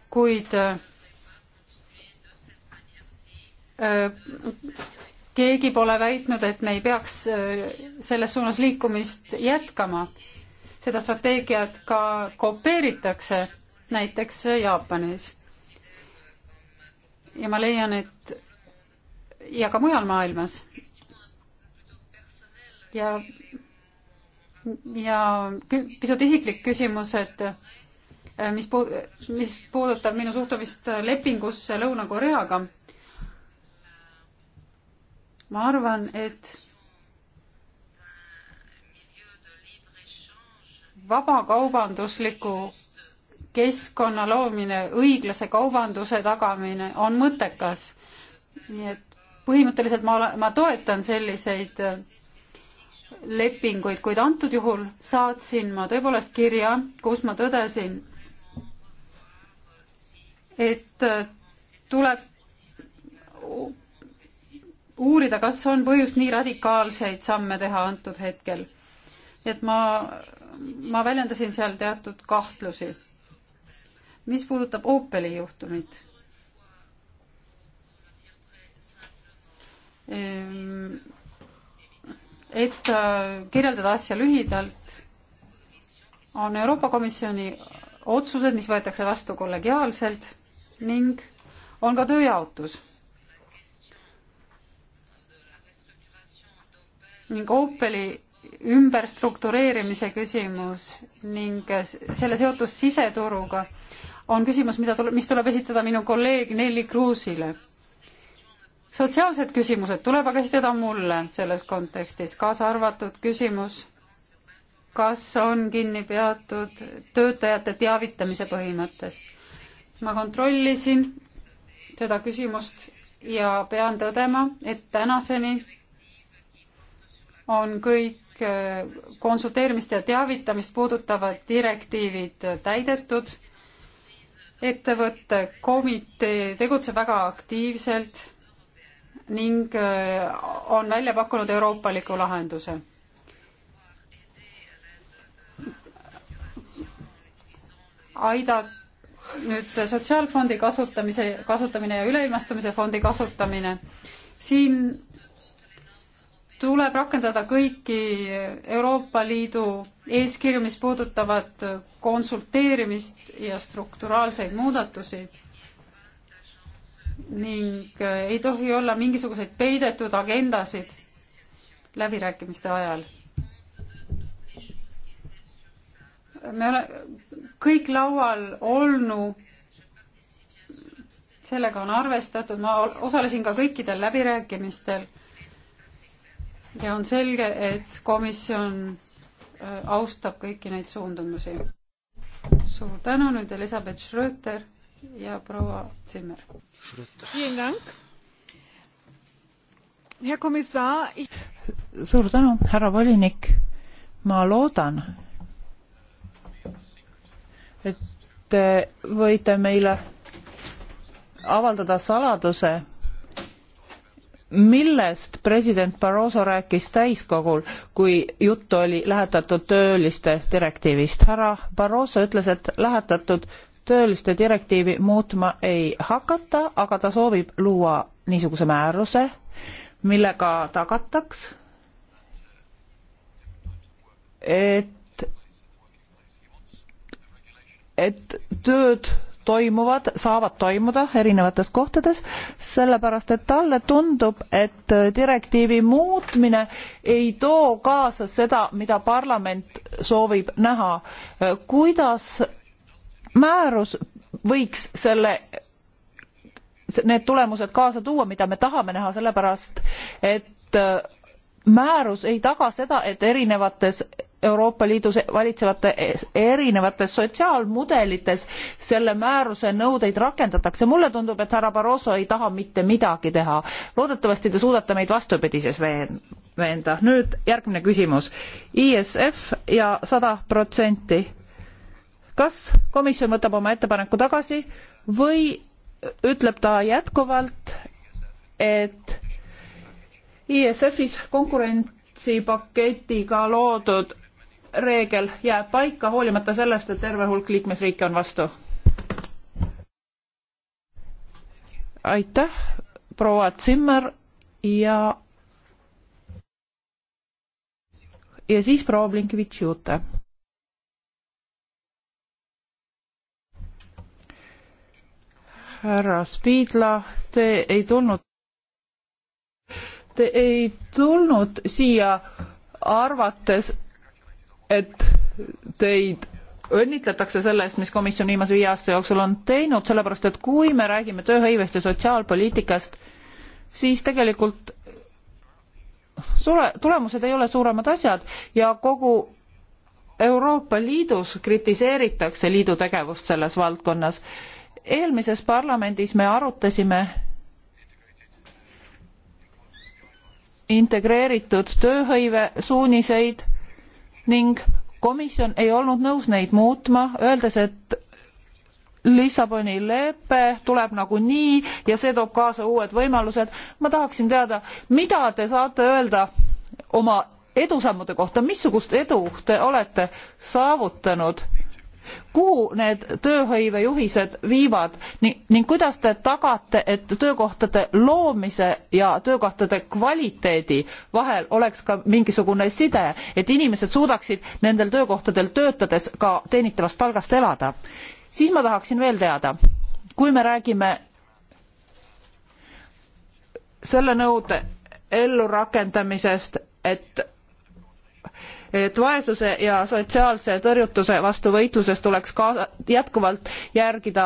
kuid öö, äh, keegi pole väitnud, et me ei peaks äh, selles suunas liikumist jätkama. seda strateegiat ka kopeeritakse näiteks Jaapanis. ja ma leian, et ja ka mujal maailmas. ja, ja pisut isiklik küsimus, et äh, mis puud-, mis puudutab minu suhtumist lepingusse Lõuna-Koreaga ma arvan, et vabakaubandusliku keskkonna loomine, õiglase kaubanduse tagamine on mõttekas. nii et põhimõtteliselt ma olen, ma toetan selliseid lepinguid, kuid antud juhul saatsin ma tõepoolest kirja, kus ma tõdesin, et tuleb uurida, kas on põhjust nii radikaalseid samme teha antud hetkel. et ma, ma väljendasin seal teatud kahtlusi. mis puudutab Opeli juhtumit, et äh, kirjeldada asja lühidalt, on Euroopa Komisjoni otsused, mis võetakse vastu kollegiaalselt ning on ka tööjaotus ning Opeli ümberstruktureerimise küsimus ning selle seotus siseturuga on küsimus, mida tuleb, mis tuleb esitada minu kolleeg Nelli Kruusile. sotsiaalsed küsimused tuleb aga esitada mulle selles kontekstis, kaasa arvatud küsimus, kas on kinni peatud töötajate teavitamise põhimõttest. ma kontrollisin seda küsimust ja pean tõdema, et tänaseni on kõik eh, konsulteerimist ja teavitamist puudutavad direktiivid täidetud. ettevõtte komitee tegutseb väga aktiivselt ning eh, on välja pakkunud euroopaliku lahenduse. aida nüüd sotsiaalfondi kasutamise, kasutamine ja üleilmastumise fondi kasutamine. siin tuleb rakendada kõiki Euroopa Liidu eeskirju, mis puudutavad konsulteerimist ja strukturaalseid muudatusi ning eh, ei tohi olla mingisuguseid peidetud agendasid läbirääkimiste ajal. me ole, kõik laual olnu, sellega on arvestatud, ma osalesin ka kõikidel läbirääkimistel ja on selge, et komisjon äh, austab kõiki neid suundumusi. suur tänu nüüd Elizabeth Schröter ja proua Zimmer. suur tänu, härra volinik. ma loodan, et te võite meile avaldada saladuse millest president Barroso rääkis täiskogul, kui jutt oli lähetatud tööliste direktiivist. härra Barroso ütles, et lähetatud tööliste direktiivi muutma ei hakata, aga ta soovib luua niisuguse määruse, millega tagataks, et, et tööd toimuvad, saavad toimuda erinevates kohtades, sellepärast et talle tundub, et direktiivi muutmine ei too kaasa seda, mida parlament soovib näha. kuidas määrus võiks selle need tulemused kaasa tuua mida me tahame näha sellepärast et määrus ei taga seda et erinevates Euroopa Liidus valitsevate erinevates sotsiaalmudelites selle määruse nõudeid rakendatakse. mulle tundub, et härra Barroso ei taha mitte midagi teha. loodetavasti te suudate meid vastupidises veen-, veenda. nüüd järgmine küsimus. ISF ja sada protsenti. kas komisjon võtab oma ettepaneku tagasi või ütleb ta jätkuvalt, et ISF-is konkurentsipaketiga loodud reegel jääb paika, hoolimata sellest, et terve hulk liikmesriike on vastu. aitäh, proua Zimmer ja ja siis proua Blinkevitš-Jute. härra Spiidla, te ei tulnud, te ei tulnud siia arvates, et teid õnnitletakse selle eest, mis komisjon viimase viie aasta jooksul on teinud, sellepärast et kui me räägime tööhõivest ja sotsiaalpoliitikast, siis tegelikult sule-, tulemused ei ole suuremad asjad ja kogu Euroopa Liidus kritiseeritakse liidu tegevust selles valdkonnas. eelmises parlamendis me arutasime integreeritud tööhõive suuniseid ning komisjon ei olnud nõus neid muutma, öeldes, et Lissaboni lepe tuleb nagunii ja see toob kaasa uued võimalused. ma tahaksin teada, mida te saate öelda oma edusammude kohta, missugust edu te olete saavutanud kuhu need tööhõivejuhised viivad ning, ning kuidas te tagate, et töökohtade loomise ja töökohtade kvaliteedi vahel oleks ka mingisugune side, et inimesed suudaksid nendel töökohtadel töötades ka teenitavast palgast elada? siis ma tahaksin veel teada, kui me räägime selle nõude ellurakendamisest, et et vaesuse ja sotsiaalse tõrjutuse vastu võitluses tuleks kaasa, jätkuvalt järgida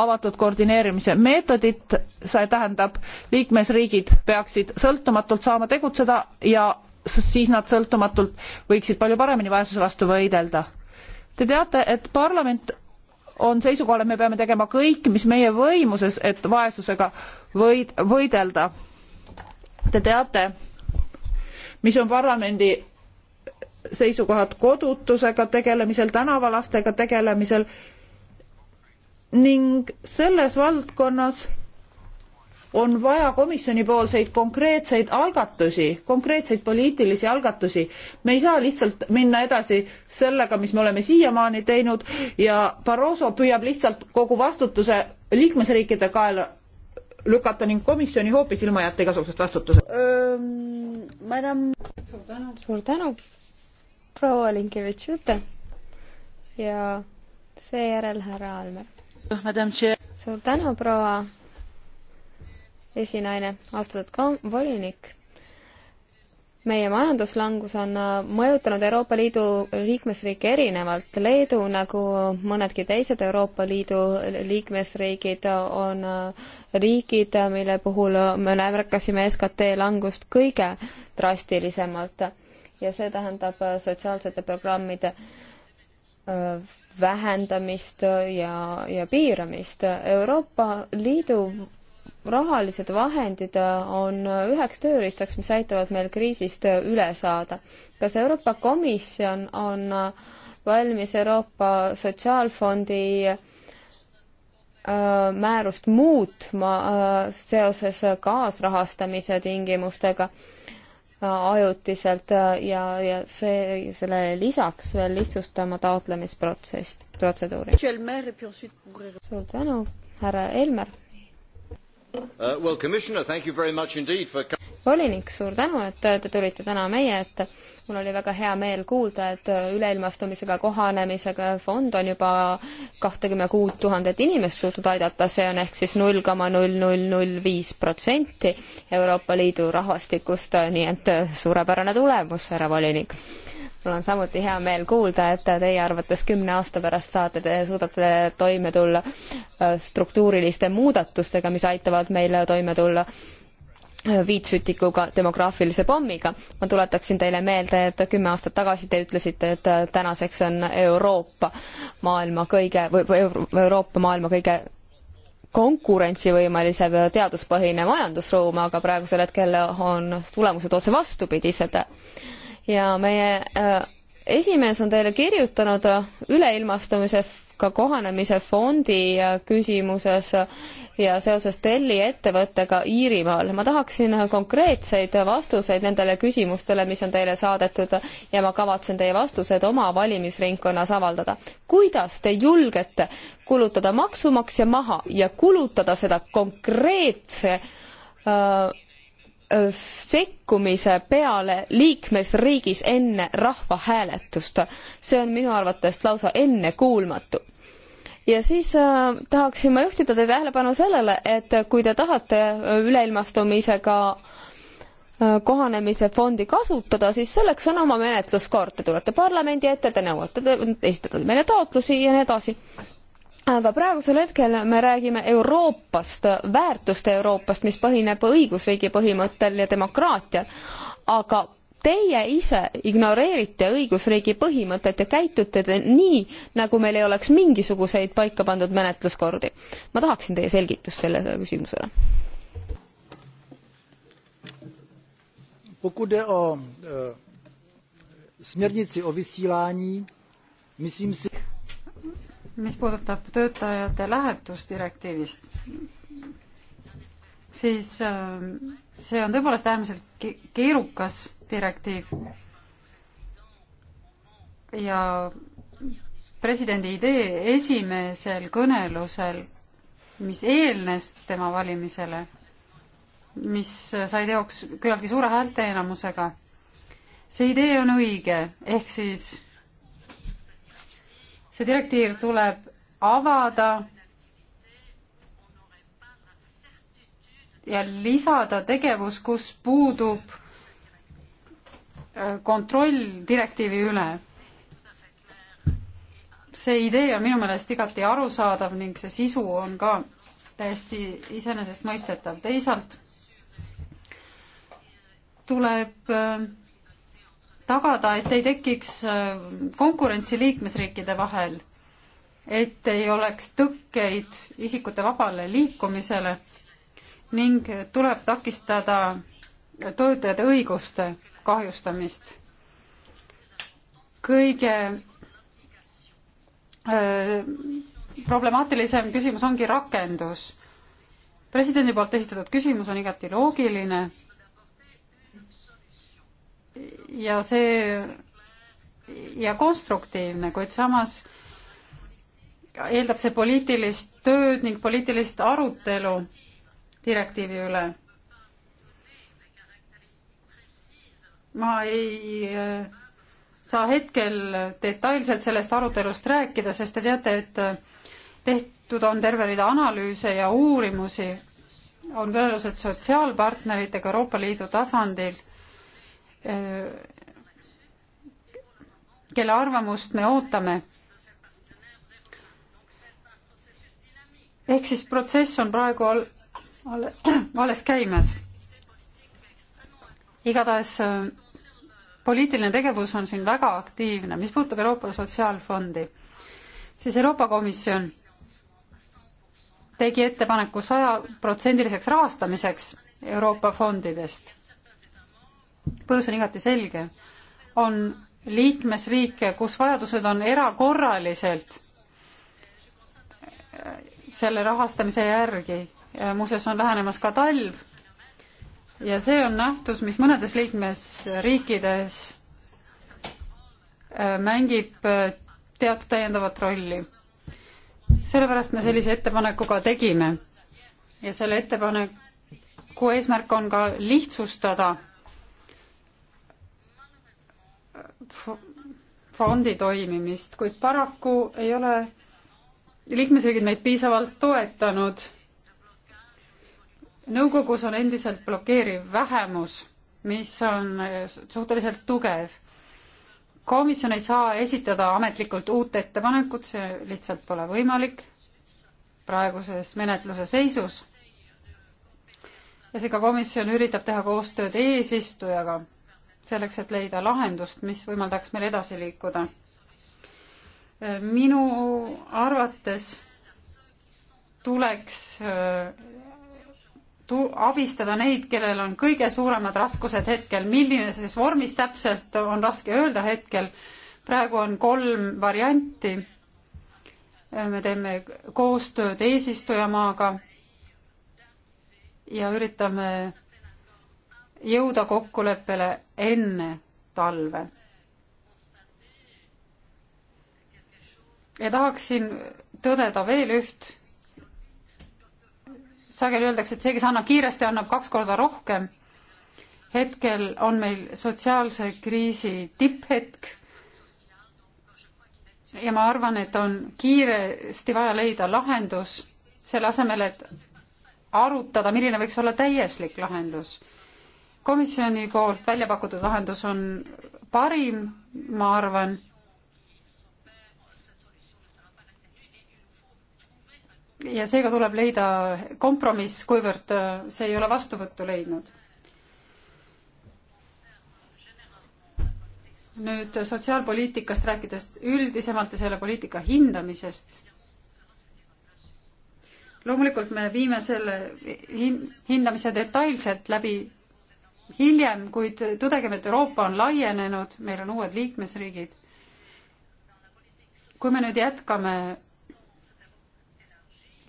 avatud koordineerimise meetodit, see tähendab, liikmesriigid peaksid sõltumatult saama tegutseda ja siis nad sõltumatult võiksid palju paremini vaesuse vastu võidelda. Te teate, et parlament on seisukohal, et me peame tegema kõik, mis meie võimuses, et vaesusega võid-, võidelda. Te teate, mis on parlamendi seisukohad kodutusega tegelemisel, tänavalastega tegelemisel ning selles valdkonnas on vaja komisjonipoolseid konkreetseid algatusi, konkreetseid poliitilisi algatusi. me ei saa lihtsalt minna edasi sellega, mis me oleme siiamaani teinud ja Barroso püüab lihtsalt kogu vastutuse liikmesriikide kaela lükata ning komisjoni hoopis ilma jätta igasugusest vastutusest ähm,. Madam. suur tänu. suur tänu proua Linkevitš-Jute ja seejärel härra Almer. suur tänu, proua esinaine, austatud volinik. meie majanduslangus on äh, mõjutanud Euroopa Liidu liikmesriike erinevalt. Leedu, nagu mõnedki teised Euroopa Liidu liikmesriigid, on äh, riigid, mille puhul me märkasime SKT langust kõige drastilisemalt ja see tähendab äh, sotsiaalsete programmide äh, vähendamist äh, ja, ja piiramist. Euroopa Liidu rahalised vahendid on üheks tööriistaks, mis aitavad meil kriisist üle saada. kas Euroopa Komisjon on valmis Euroopa Sotsiaalfondi määrust muutma seoses kaasrahastamise tingimustega Äh, ajutiselt äh, ja, ja see, sellele lisaks veel lihtsustama taotlemisprotsess, protseduuri. suur tänu, härra Helmer. Uh, well, Commissioner, thank you very much indeed for volinik, suur tänu, et te tulite täna meie ette. mul oli väga hea meel kuulda, et üleilmastumisega kohanemisega fond on juba kahtekümmend kuut tuhandet inimest suutnud aidata, see on ehk siis null koma null null null viis protsenti Euroopa Liidu rahvastikust, nii et suurepärane tulemus, härra volinik mul on samuti hea meel kuulda, et teie arvates kümne aasta pärast saate te, suudate toime tulla struktuuriliste muudatustega, mis aitavad meil toime tulla äh, viitsütikuga demograafilise pommiga. ma tuletaksin teile meelde, et kümme aastat tagasi te ütlesite, et tänaseks on Euroopa maailma kõige või Euroopa maailma kõige konkurentsivõimelisem teaduspõhine majandusruum, aga praegusel hetkel on tulemused otse vastupidised. ja meie äh, esimees on teile kirjutanud üleilmastumise ka kohanemise fondi äh, küsimuses ja seoses Telli ettevõttega Iirimaal. ma tahaksin konkreetseid vastuseid nendele küsimustele, mis on teile saadetud ja ma kavatsen teie vastused oma valimisringkonnas avaldada. kuidas te julgete kulutada maksumaksja maha ja kulutada seda konkreetse öö, äh, sekkumise peale liikmesriigis enne rahvahääletust. see on minu arvates lausa ennekuulmatu. ja siis äh, tahaksin ma juhtida teie tähelepanu sellele, et kui te tahate üleilmastumisega kohanemise fondi kasutada, siis selleks on oma menetluskord, te tulete parlamendi ette, te nõuate, esitate meile taotlusi ja nii edasi aga praegusel hetkel me räägime Euroopast, väärtuste Euroopast, mis põhineb õigusriigi põhimõttel ja demokraatial. aga teie ise ignoreerite õigusriigi põhimõtet ja käitute te nii, nagu meil ei oleks mingisuguseid paika pandud menetluskordi. ma tahaksin teie selgitust sellele küsimusele. Pokud jde o e, směrnici o vysílání, myslím si mis puudutab töötajate lähetusdirektiivist, siis äh, see on tõepoolest äärmiselt keerukas direktiiv ja presidendi idee esimesel kõnelusel, mis eelnes tema valimisele, mis sai teoks küllaltki suure häälteenamusega, see idee on õige, ehk siis see direktiiv tuleb avada ja lisada tegevus, kus puudub äh, kontroll direktiivi üle. see idee on minu meelest igati arusaadav ning see sisu on ka täiesti iseenesestmõistetav. teisalt tuleb äh, tagada, et ei tekiks äh, konkurentsi liikmesriikide vahel, et ei oleks tõkkeid isikute vabale liikumisele ning tuleb takistada töötajate õiguste kahjustamist. kõige öö, äh, problemaatilisem küsimus ongi rakendus. presidendi poolt esitatud küsimus on igati loogiline ja see ja konstruktiivne, kuid samas eeldab see poliitilist tööd ning poliitilist arutelu direktiivi üle. ma ei äh, saa hetkel detailselt sellest arutelust rääkida, sest te teate, et äh, tehtud on terve rida analüüse ja uurimusi, on kõnelused sotsiaalpartneritega Euroopa Liidu tasandil Äh, kelle arvamust me ootame. ehk siis protsess on praegu al-, al-, alles käimas. igatahes äh, poliitiline tegevus on siin väga aktiivne, mis puudutab Euroopa Sotsiaalfondi, siis Euroopa Komisjon tegi ettepaneku sajaprotsendiliseks rahastamiseks Euroopa fondidest põhjus on igati selge. on liikmesriike, kus vajadused on erakorraliselt selle rahastamise järgi. muuseas on lähenemas ka talv ja see on nähtus, mis mõnedes liikmesriikides äh, mängib äh, teatud täiendavat rolli. sellepärast me sellise ettepaneku ka tegime ja selle ettepaneku eesmärk on ka lihtsustada fondi toimimist, kuid paraku ei ole liikmesriigid meid piisavalt toetanud. nõukogus on endiselt blokeeriv vähemus, mis on suhteliselt tugev. komisjon ei saa esitada ametlikult uut ettepanekut, see lihtsalt pole võimalik praeguses menetluse seisus. ja seega komisjon üritab teha koostööd eesistujaga selleks, et leida lahendust, mis võimaldaks meil edasi liikuda. minu arvates tuleks tu-, abistada neid, kellel on kõige suuremad raskused hetkel, milline selles vormis täpselt, on raske öelda hetkel, praegu on kolm varianti, me teeme koostööd eesistujamaaga ja üritame jõuda kokkuleppele enne talve. ja tahaksin tõdeda veel üht. sageli öeldakse, et see, kes annab kiiresti, annab kaks korda rohkem. hetkel on meil sotsiaalse kriisi tipphetk. ja ma arvan, et on kiiresti vaja leida lahendus selle asemel, et arutada, milline võiks olla täieslik lahendus komisjoni poolt välja pakutud lahendus on parim, ma arvan. ja seega tuleb leida kompromiss, kuivõrd äh, see ei ole vastuvõttu leidnud. nüüd sotsiaalpoliitikast rääkides üldisemalt ja selle poliitika hindamisest loomulikult me viime selle hin-, hindamise detailselt läbi hiljem, kuid tõdegem, et Euroopa on laienenud, meil on uued liikmesriigid. kui me nüüd jätkame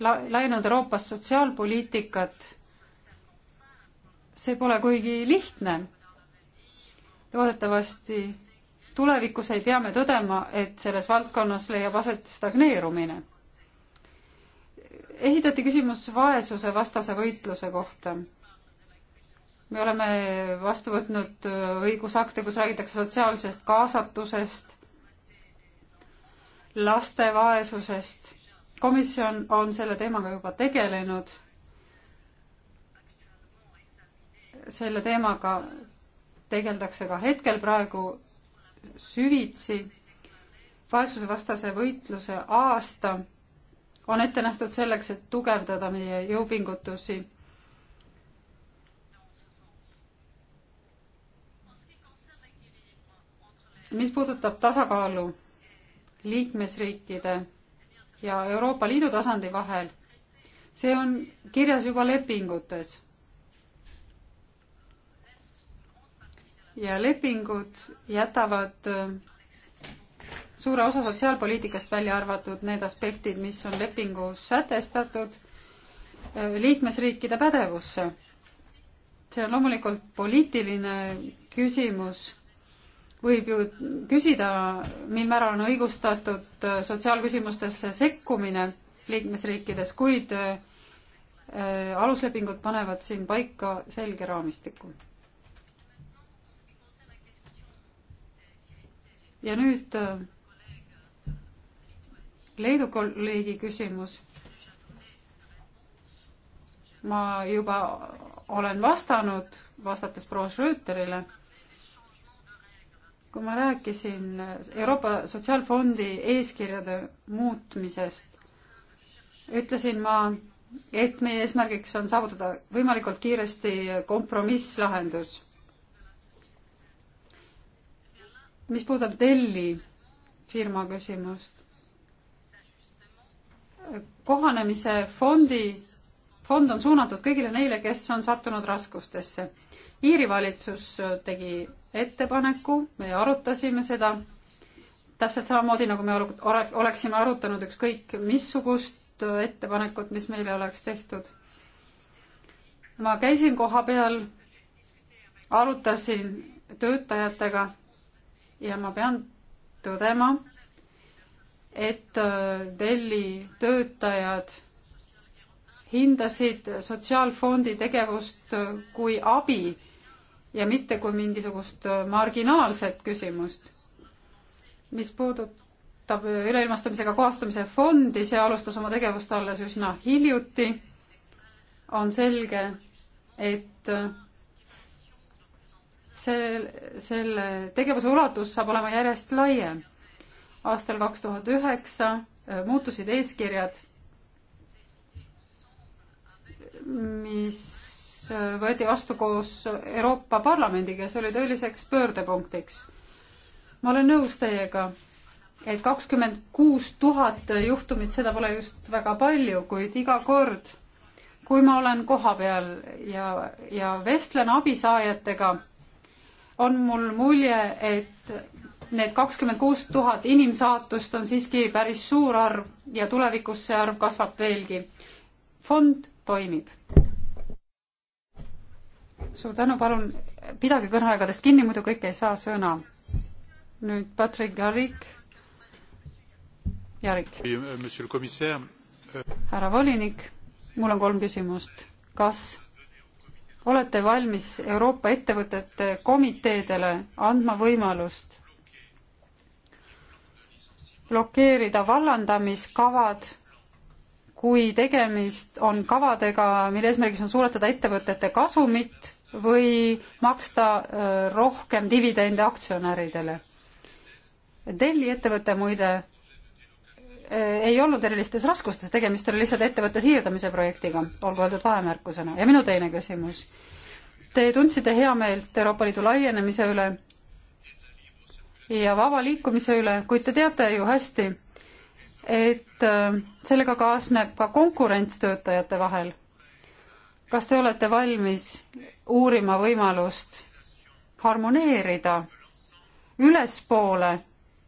la-, laienenud Euroopas sotsiaalpoliitikat, see pole kuigi lihtne. loodetavasti tulevikus ei pea me tõdema, et selles valdkonnas leiab aset stagneerumine. esitati küsimus vaesuse vastase võitluse kohta me oleme vastu võtnud äh, õigusakte, kus räägitakse sotsiaalsest kaasatusest, laste vaesusest. komisjon on selle teemaga juba tegelenud. selle teemaga tegeldakse ka hetkel praegu süvitsi. vaesusevastase võitluse aasta on ette nähtud selleks, et tugevdada meie jõupingutusi mis puudutab tasakaalu liikmesriikide ja Euroopa Liidu tasandi vahel, see on kirjas juba lepingutes ja lepingud jätavad äh, suure osa sotsiaalpoliitikast välja arvatud need aspektid, mis on lepingus sätestatud äh, liikmesriikide pädevusse. see on loomulikult poliitiline küsimus võib ju küsida, mil määral on õigustatud äh, sotsiaalküsimustesse sekkumine liikmesriikides, kuid äh, äh, aluslepingud panevad siin paika selge raamistiku. ja nüüd Leedu kolleegi küsimus. ma juba olen vastanud, vastates proua Schröterile kui ma rääkisin Euroopa Sotsiaalfondi eeskirjade muutmisest, ütlesin ma, et meie eesmärgiks on saavutada võimalikult kiiresti kompromisslahendus. mis puudutab Delli firma küsimust, kohanemise fondi, fond on suunatud kõigile neile, kes on sattunud raskustesse. Iiri valitsus tegi ettepaneku, me arutasime seda täpselt samamoodi, nagu me oleksime arutanud ükskõik missugust ettepanekut, mis meile oleks tehtud. ma käisin koha peal, arutasin töötajatega ja ma pean tõdema, et äh, Delli töötajad hindasid sotsiaalfondi tegevust äh, kui abi ja mitte kui mingisugust äh, marginaalset küsimust. mis puudutab äh, üleilmastumisega kohastumise fondi, see alustas oma tegevust alles üsna hiljuti, on selge, et äh, see, selle tegevuse ulatus saab olema järjest laiem. aastal kaks tuhat üheksa muutusid eeskirjad, mis võeti vastu koos Euroopa Parlamendiga ja see oli tõeliseks pöördepunktiks. ma olen nõus teiega, et kakskümmend kuus tuhat juhtumit, seda pole just väga palju, kuid iga kord, kui ma olen kohapeal ja, ja vestlen abisaajatega, on mul mulje, et need kakskümmend kuus tuhat inimsaatust on siiski päris suur arv ja tulevikus see arv kasvab veelgi. fond toimib suur tänu, palun pidage kõneaegadest kinni, muidu kõik ei saa sõna. nüüd Patrick Jarik. Jarik. Euh, euh, härra volinik, mul on kolm küsimust. kas olete valmis Euroopa ettevõtete komiteedele andma võimalust blokeerida vallandamiskavad, kui tegemist on kavadega, mille eesmärgiks on suuretada ettevõtete kasumit või maksta äh, rohkem dividende aktsionäridele. Delli ettevõte muide äh, ei olnud erilistes raskustes, tegemist oli lihtsalt ettevõtte siirdamise projektiga, olgu öeldud vahemärkusena. ja minu teine küsimus. Te tundsite heameelt Euroopa Liidu laienemise üle ja vaba liikumise üle, kuid te teate ju hästi, et äh, sellega kaasneb ka konkurents töötajate vahel kas te olete valmis uurima võimalust harmoneerida ülespoole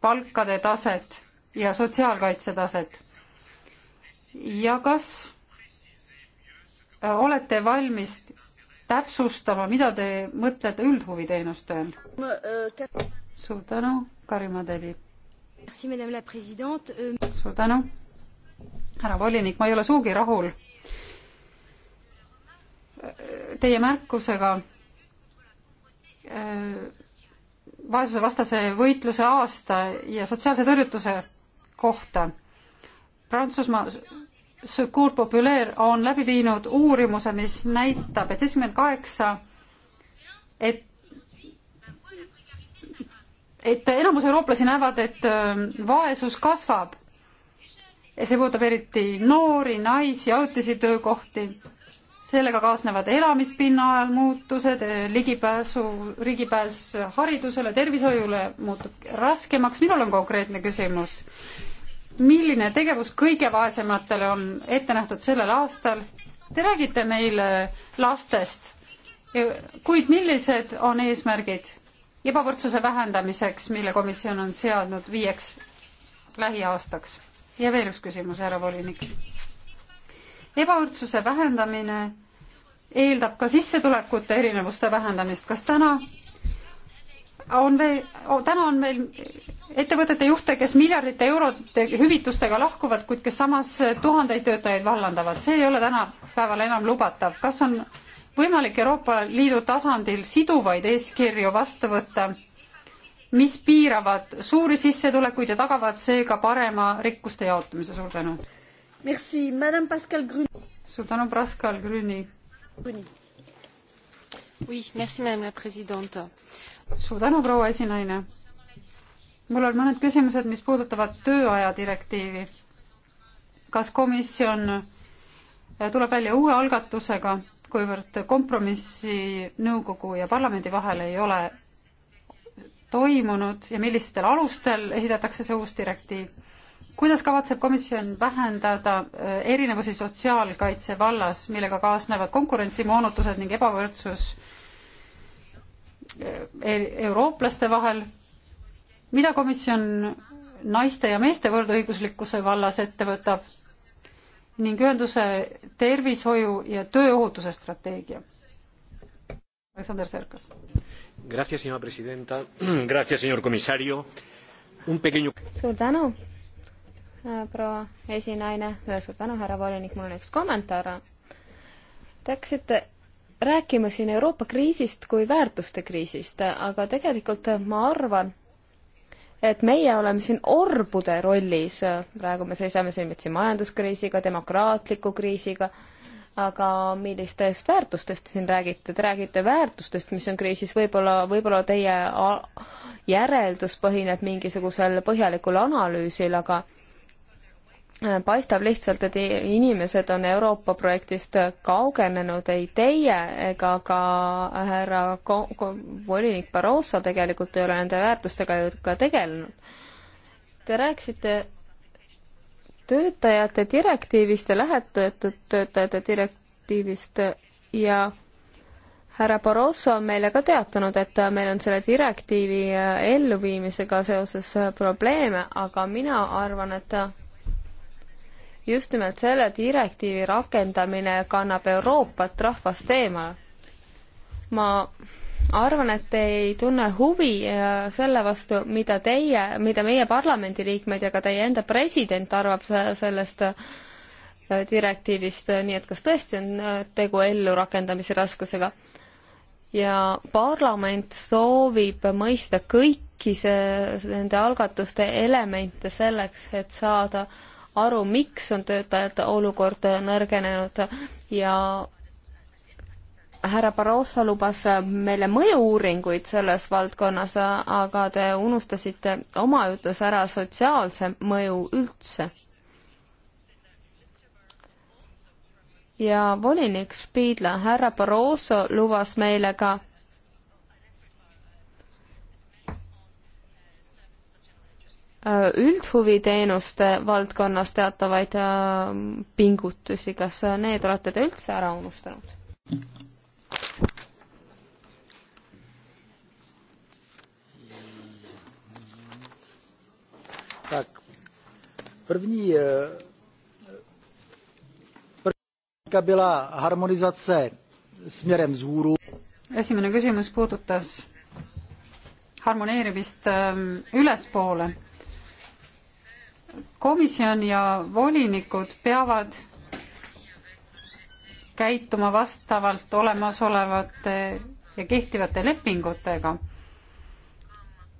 palkade taset ja sotsiaalkaitse taset? ja kas äh, olete valmis täpsustama, mida te mõtlete üldhuviteenuste all? suur tänu, Karima Teli. Euh, suur tänu, härra volinik, ma ei ole sugugi rahul teie märkusega vaesusevastase võitluse aasta ja sotsiaalse tõrjutuse kohta. Prantsusmaa Secours Populaire on läbi viinud uurimuse, mis näitab, et seitsekümmend kaheksa, et et enamus eurooplasi näevad, et äh, vaesus kasvab. ja see puudutab eriti noori, naisi, ajutisi töökohti sellega kaasnevad elamispinna muutused, ligipääsu, ligipääs haridusele, tervishoiule muutub raskemaks. minul on konkreetne küsimus. milline tegevus kõige vaesematele on ette nähtud sellel aastal? Te räägite meile lastest, kuid millised on eesmärgid ebavõrdsuse vähendamiseks, mille komisjon on seadnud viieks lähiaastaks? ja veel üks küsimus, härra volinik ebavõrdsuse vähendamine eeldab ka sissetulekute erinevuste vähendamist. kas täna on veel, täna on meil ettevõtete juhte, kes miljardite eurode hüvitustega lahkuvad, kuid kes samas tuhandeid töötajaid vallandavad. see ei ole tänapäeval enam lubatav. kas on võimalik Euroopa Liidu tasandil siduvaid eeskirju vastu võtta, mis piiravad suuri sissetulekuid ja tagavad seega parema rikkuste jaotamise? suur tänu Merci, madame Pascal Grün. suur tänu, Pascal Grüni. Oui, merci, madame la presidente. suur tänu, proua esinaine. mul on mõned küsimused, mis puudutavad tööaja direktiivi. kas komisjon tuleb välja uue algatusega, kuivõrd kompromissi nõukogu ja parlamendi vahel ei ole toimunud ja millistel alustel esitatakse see uus direktiiv? kuidas kavatseb komisjon vähendada äh, erinevusi sotsiaalkaitse vallas, millega kaasnevad konkurentsimoonutused ning ebavõrdsus äh, e-, eurooplaste vahel? mida komisjon naiste ja meeste võrdõiguslikkuse vallas ette võtab ning ühenduse tervishoiu ja tööohutuse strateegia? Alexander Serkas. Gracias, señora presidenta. Gracias, señor comisario. Un pequeño... Suur tänu Äh, proua esinaine, suur tänu, härra volinik, mul on üks kommentaar. Te hakkasite rääkima siin Euroopa kriisist kui väärtuste kriisist, aga tegelikult ma arvan, et meie oleme siin orbude rollis, praegu me seisame silmitsi majanduskriisiga, demokraatliku kriisiga, aga millistest väärtustest siin räägite, te räägite väärtustest, mis on kriisis, võib-olla, võib-olla teie järeldus põhineb mingisugusel põhjalikul analüüsil, aga Äh, paistab lihtsalt, et inimesed on Euroopa projektist äh, kaugenenud, ei teie ega ka äh, härra volinik Barroso tegelikult ei ole nende väärtustega ju ka tegelenud. Te rääkisite töötajate direktiivist ja lähetatud töötajate direktiivist ja härra Barroso on meile ka teatanud, et meil on selle direktiivi elluviimisega seoses probleeme, aga mina arvan, et just nimelt selle direktiivi rakendamine kannab Euroopat rahvast eemale. ma arvan, et te ei tunne huvi äh, selle vastu, mida teie, mida meie parlamendiliikmed ja ka teie enda president arvab sellest äh, direktiivist, nii et kas tõesti on äh, tegu ellurakendamise raskusega? ja parlament soovib mõista kõiki see, nende algatuste elemente selleks, et saada äh, aru, miks on töötajate olukord nõrgenenud ja härra Barroso lubas meile mõju-uuringuid selles valdkonnas, aga te unustasite oma jutus ära sotsiaalse mõju üldse. ja volinik Spiidla, härra Barroso lubas meile ka Äh, üldhuviteenuste valdkonnas teatavaid äh, pingutusi, kas äh, need olete te üldse ära unustanud? Tak, první eh, první byla harmonizace směrem zhůru. Esimene küsimus puudutas harmoneerimist ehm, ülespoole komisjon ja volinikud peavad käituma vastavalt olemasolevate ja kehtivate lepingutega.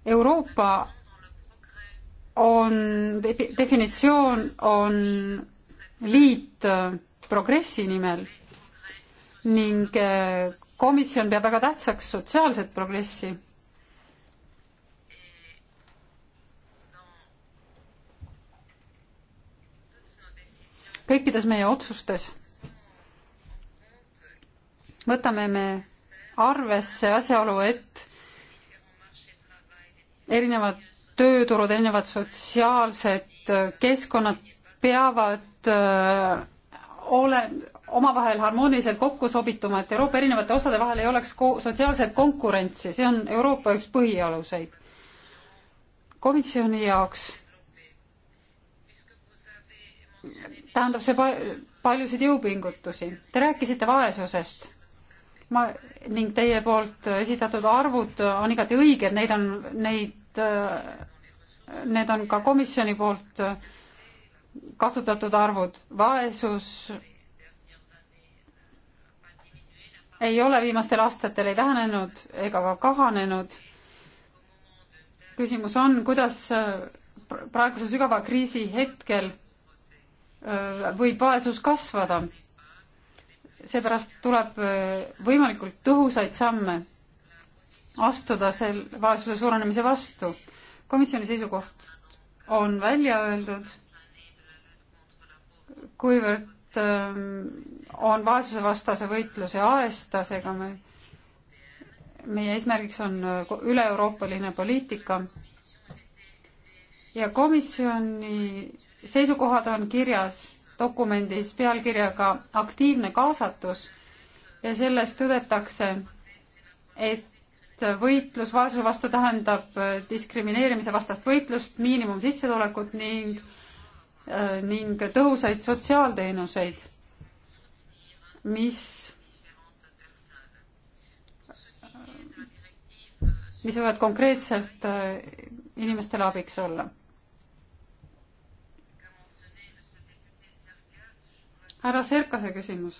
Euroopa on, definitsioon on liit äh, progressi nimel ning äh, komisjon peab väga tähtsaks sotsiaalset progressi kõikides meie otsustes võtame me arvesse asjaolu, et erinevad tööturud, erinevad sotsiaalsed keskkonnad peavad äh, ole, omavahel harmooniliselt kokku sobituma, et Euroopa erinevate osade vahel ei oleks ko-, sotsiaalset konkurentsi, see on Euroopa üks põhialuseid. komisjoni jaoks tähendab see paljusid jõupingutusi. Te rääkisite vaesusest. ma ning teie poolt esitatud arvud on igati õiged, neid on, neid, need on ka komisjoni poolt kasutatud arvud. vaesus ei ole viimastel aastatel ei vähenenud ega ka kahanenud. küsimus on, kuidas praeguse sügava kriisi hetkel Äh, võib vaesus kasvada. seepärast tuleb äh, võimalikult tõhusaid samme astuda sel vaesuse suurenemise vastu. komisjoni seisukoht on välja öeldud, kuivõrd ähm, on vaesusevastase võitluse aesta, seega me, meie eesmärgiks on äh, üle-euroopaline poliitika ja komisjoni seisukohad on kirjas dokumendis pealkirjaga Aktiivne kaasatus ja selles tõdetakse, et võitlus vaesuse vastu tähendab äh, diskrimineerimise vastast võitlust, miinimumsissetulekut ning, äh, ning tõhusaid sotsiaalteenuseid, mis, mis võivad konkreetselt äh, inimestele abiks olla härra Serkase küsimus.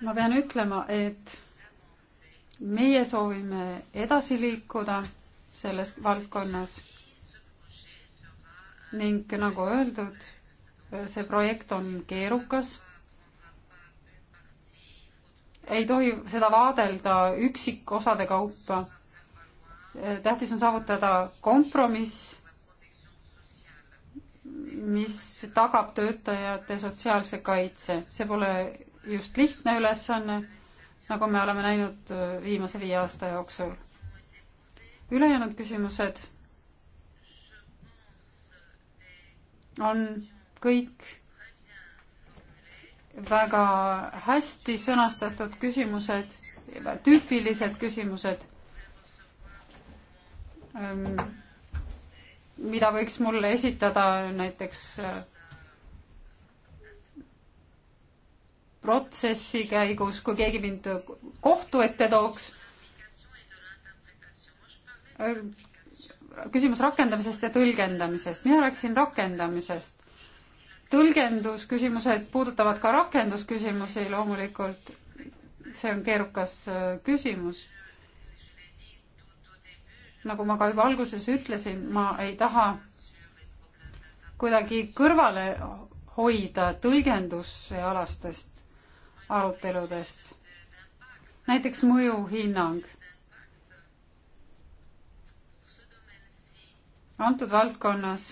ma pean ütlema, et meie soovime edasi liikuda selles valdkonnas ning nagu öeldud, see projekt on keerukas. ei tohi seda vaadelda üksikosade kaupa. tähtis on saavutada kompromiss mis tagab töötajate sotsiaalse kaitse. see pole just lihtne ülesanne, nagu me oleme näinud äh, viimase viie aasta jooksul. ülejäänud küsimused on kõik väga hästi sõnastatud küsimused, tüüpilised küsimused ehm, mida võiks mulle esitada näiteks äh, protsessi käigus, kui keegi mind kohtu ette tooks. Äh, küsimus rakendamisest ja tõlgendamisest, mina rääkisin rakendamisest. tõlgendusküsimused puudutavad ka rakendusküsimusi loomulikult. see on keerukas äh, küsimus nagu ma ka juba alguses ütlesin, ma ei taha kuidagi kõrvale hoida tõlgendusalastest aruteludest. näiteks mõjuhinnang. antud valdkonnas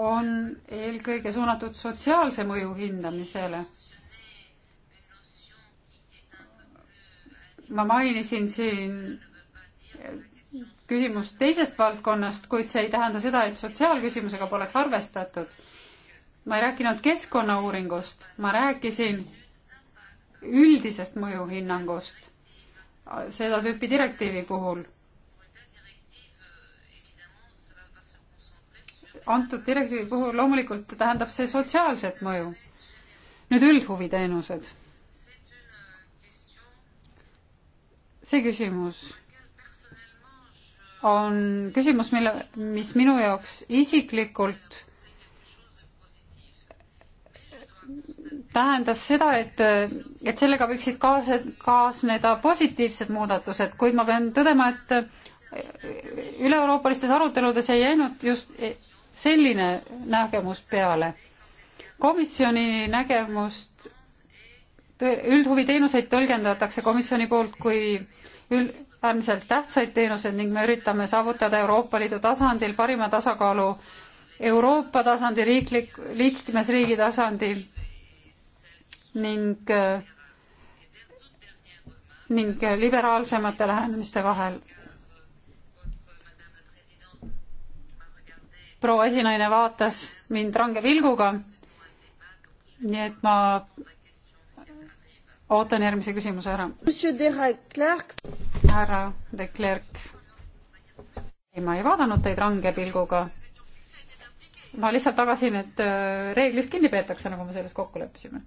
on eelkõige suunatud sotsiaalse mõju hindamisele. ma mainisin siin küsimus teisest valdkonnast, kuid see ei tähenda seda, et sotsiaalküsimusega poleks arvestatud. ma ei rääkinud keskkonnauuringust, ma rääkisin üldisest mõjuhinnangust seda tüüpi direktiivi puhul. antud direktiivi puhul loomulikult tähendab see sotsiaalset mõju. nüüd üldhuviteenused. see küsimus on küsimus, mille, mis minu jaoks isiklikult tähendas seda, et, et sellega võiksid kaasa, kaasneda positiivsed muudatused, kuid ma pean tõdema, et üle-euroopalistes aruteludes ei jäänud just selline nägemus peale. komisjoni nägemust, üldhuviteenuseid tõlgendatakse komisjoni poolt kui üld, äärmiselt tähtsaid teenuseid ning me üritame saavutada Euroopa Liidu tasandil parima tasakaalu Euroopa tasandi, riiklik, liikmesriigi tasandil ning, ning liberaalsemate lähenemiste vahel. proua esinaine vaatas mind range pilguga, nii et ma ootan järgmise küsimuse ära. härra de Klerk. ei, ma ei vaadanud teid range pilguga. ma lihtsalt tagasin, et äh, reeglist kinni peetakse, nagu me selles kokku leppisime.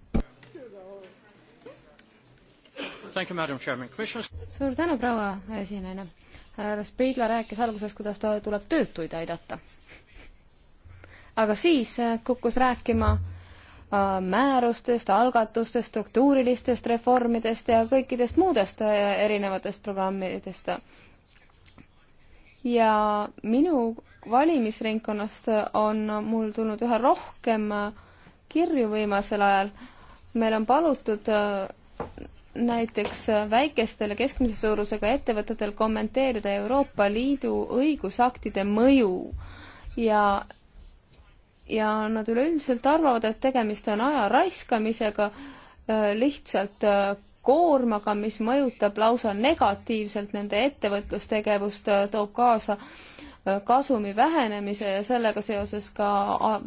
suur tänu, proua esinaine. härra Spiidla rääkis alguses, kuidas ta tuleb töötuid aidata. aga siis äh, kukkus rääkima Äh, määrustest, algatustest, struktuurilistest reformidest ja kõikidest muudest äh, erinevatest programmidest. ja minu valimisringkonnast on mul tulnud üha rohkem äh, kirju viimasel ajal. meil on palutud näiteks väikestel ja keskmise suurusega ettevõtetel kommenteerida Euroopa Liidu õigusaktide mõju ja ja nad üleüldiselt arvavad, et tegemist on aja raiskamisega, äh, lihtsalt äh, koormaga, mis mõjutab lausa negatiivselt nende ettevõtlustegevust, äh, toob kaasa kasumi vähenemise ja sellega seoses ka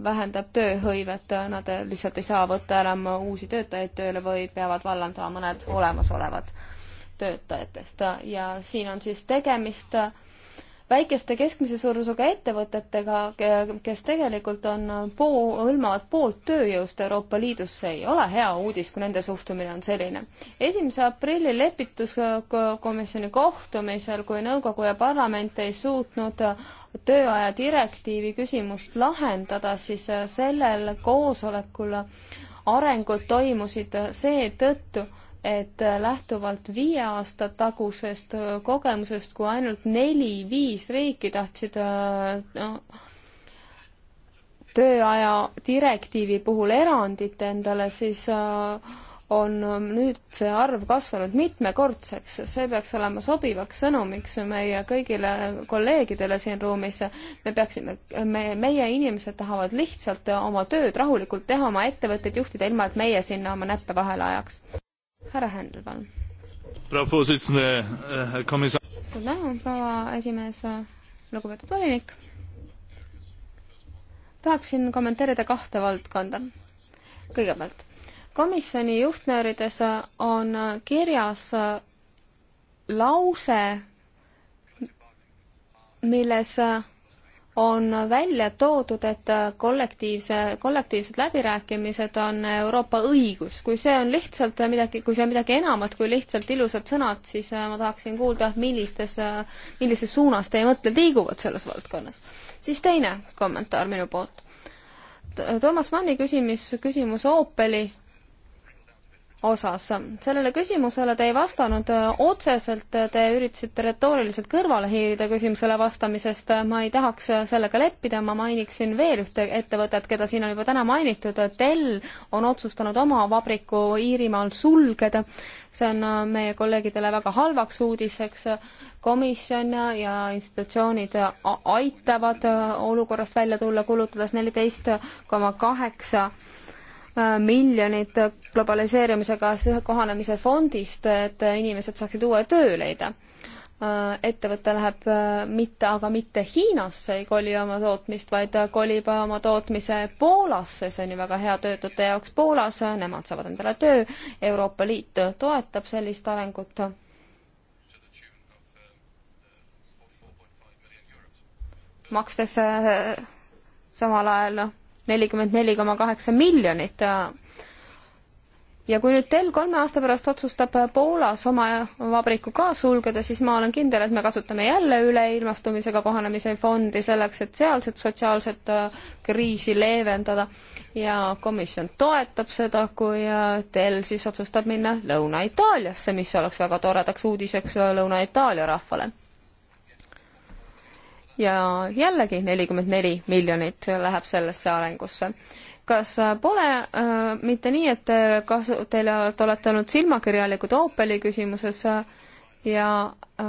vähendab tööhõivet, nad lihtsalt ei saa võtta enam uusi töötajaid tööle või peavad vallandama mõned olemasolevad töötajatest ja siin on siis tegemist äh, väikeste keskmise suurusega ettevõtetega, kes tegelikult on poo-, hõlmavad poolt tööjõust Euroopa Liidus, see ei ole hea uudis, kui nende suhtumine on selline. esimese aprilli lepituskomisjoni kohtumisel, kui nõukogu ja parlament ei suutnud tööaja direktiivi küsimust lahendada, siis sellel koosolekul arengud toimusid seetõttu, et lähtuvalt viie aasta tagusest kogemusest, kui ainult neli-viis riiki tahtsid äh, no, tööaja direktiivi puhul erandit endale, siis äh, on nüüd see arv kasvanud mitmekordseks, see peaks olema sobivaks sõnumiks meie kõigile kolleegidele siin ruumis. me peaksime, me, meie inimesed tahavad lihtsalt oma tööd rahulikult teha, oma ettevõtteid juhtida, ilma et meie sinna oma näppe vahele ajaks härra Händel, palun. Äh, suur tänu, proua esimees, lugupeetud volinik. tahaksin kommenteerida kahte valdkonda. kõigepealt, komisjoni juhtnöörides on kirjas lause, milles on välja toodud, et kollektiivse, kollektiivsed läbirääkimised on Euroopa õigus. kui see on lihtsalt midagi, kui see on midagi enamat kui lihtsalt ilusad sõnad, siis äh, ma tahaksin kuulda, millistes, äh, millises suunas teie mõtted liiguvad selles valdkonnas. siis teine kommentaar minu poolt. Toomas Manni küsimus, küsimus Opeli osas. sellele küsimusele te ei vastanud äh, otseselt, te üritasite retooriliselt kõrvale hiilida küsimusele vastamisest, ma ei tahaks äh, sellega leppida, ma mainiksin veel ühte ettevõtet, keda siin on juba täna mainitud, Dell on otsustanud oma vabriku Iirimaal sulgeda, see on äh, meie kolleegidele väga halvaks uudiseks, komisjon ja institutsioonid aitavad olukorrast välja tulla, kulutades neliteist koma kaheksa miljonit globaliseerimisega kohanemise fondist, et inimesed saaksid uue töö leida. ettevõte läheb äh, mitte, aga mitte Hiinasse ei koli oma tootmist, vaid kolib oma tootmise Poolasse, see on ju väga hea töötajate jaoks Poolas, nemad saavad endale töö, Euroopa Liit toetab sellist arengut makstes äh, samal ajal noh, nelikümmend neli koma kaheksa miljonit. ja kui nüüd Dell kolme aasta pärast otsustab Poolas oma vabriku ka sulgeda, siis ma olen kindel, et me kasutame jälle üleilmastumisega kohanemise fondi selleks, et sealset sotsiaalset äh, kriisi leevendada ja komisjon toetab seda, kui Dell äh, siis otsustab minna Lõuna-Itaaliasse, mis oleks väga toredaks uudiseks äh, Lõuna-Itaalia rahvale ja jällegi nelikümmend neli miljonit läheb sellesse arengusse. kas äh, pole äh, mitte nii, et äh, kas teil, te olete olnud silmakirjalikud Opeli küsimuses äh, ja äh,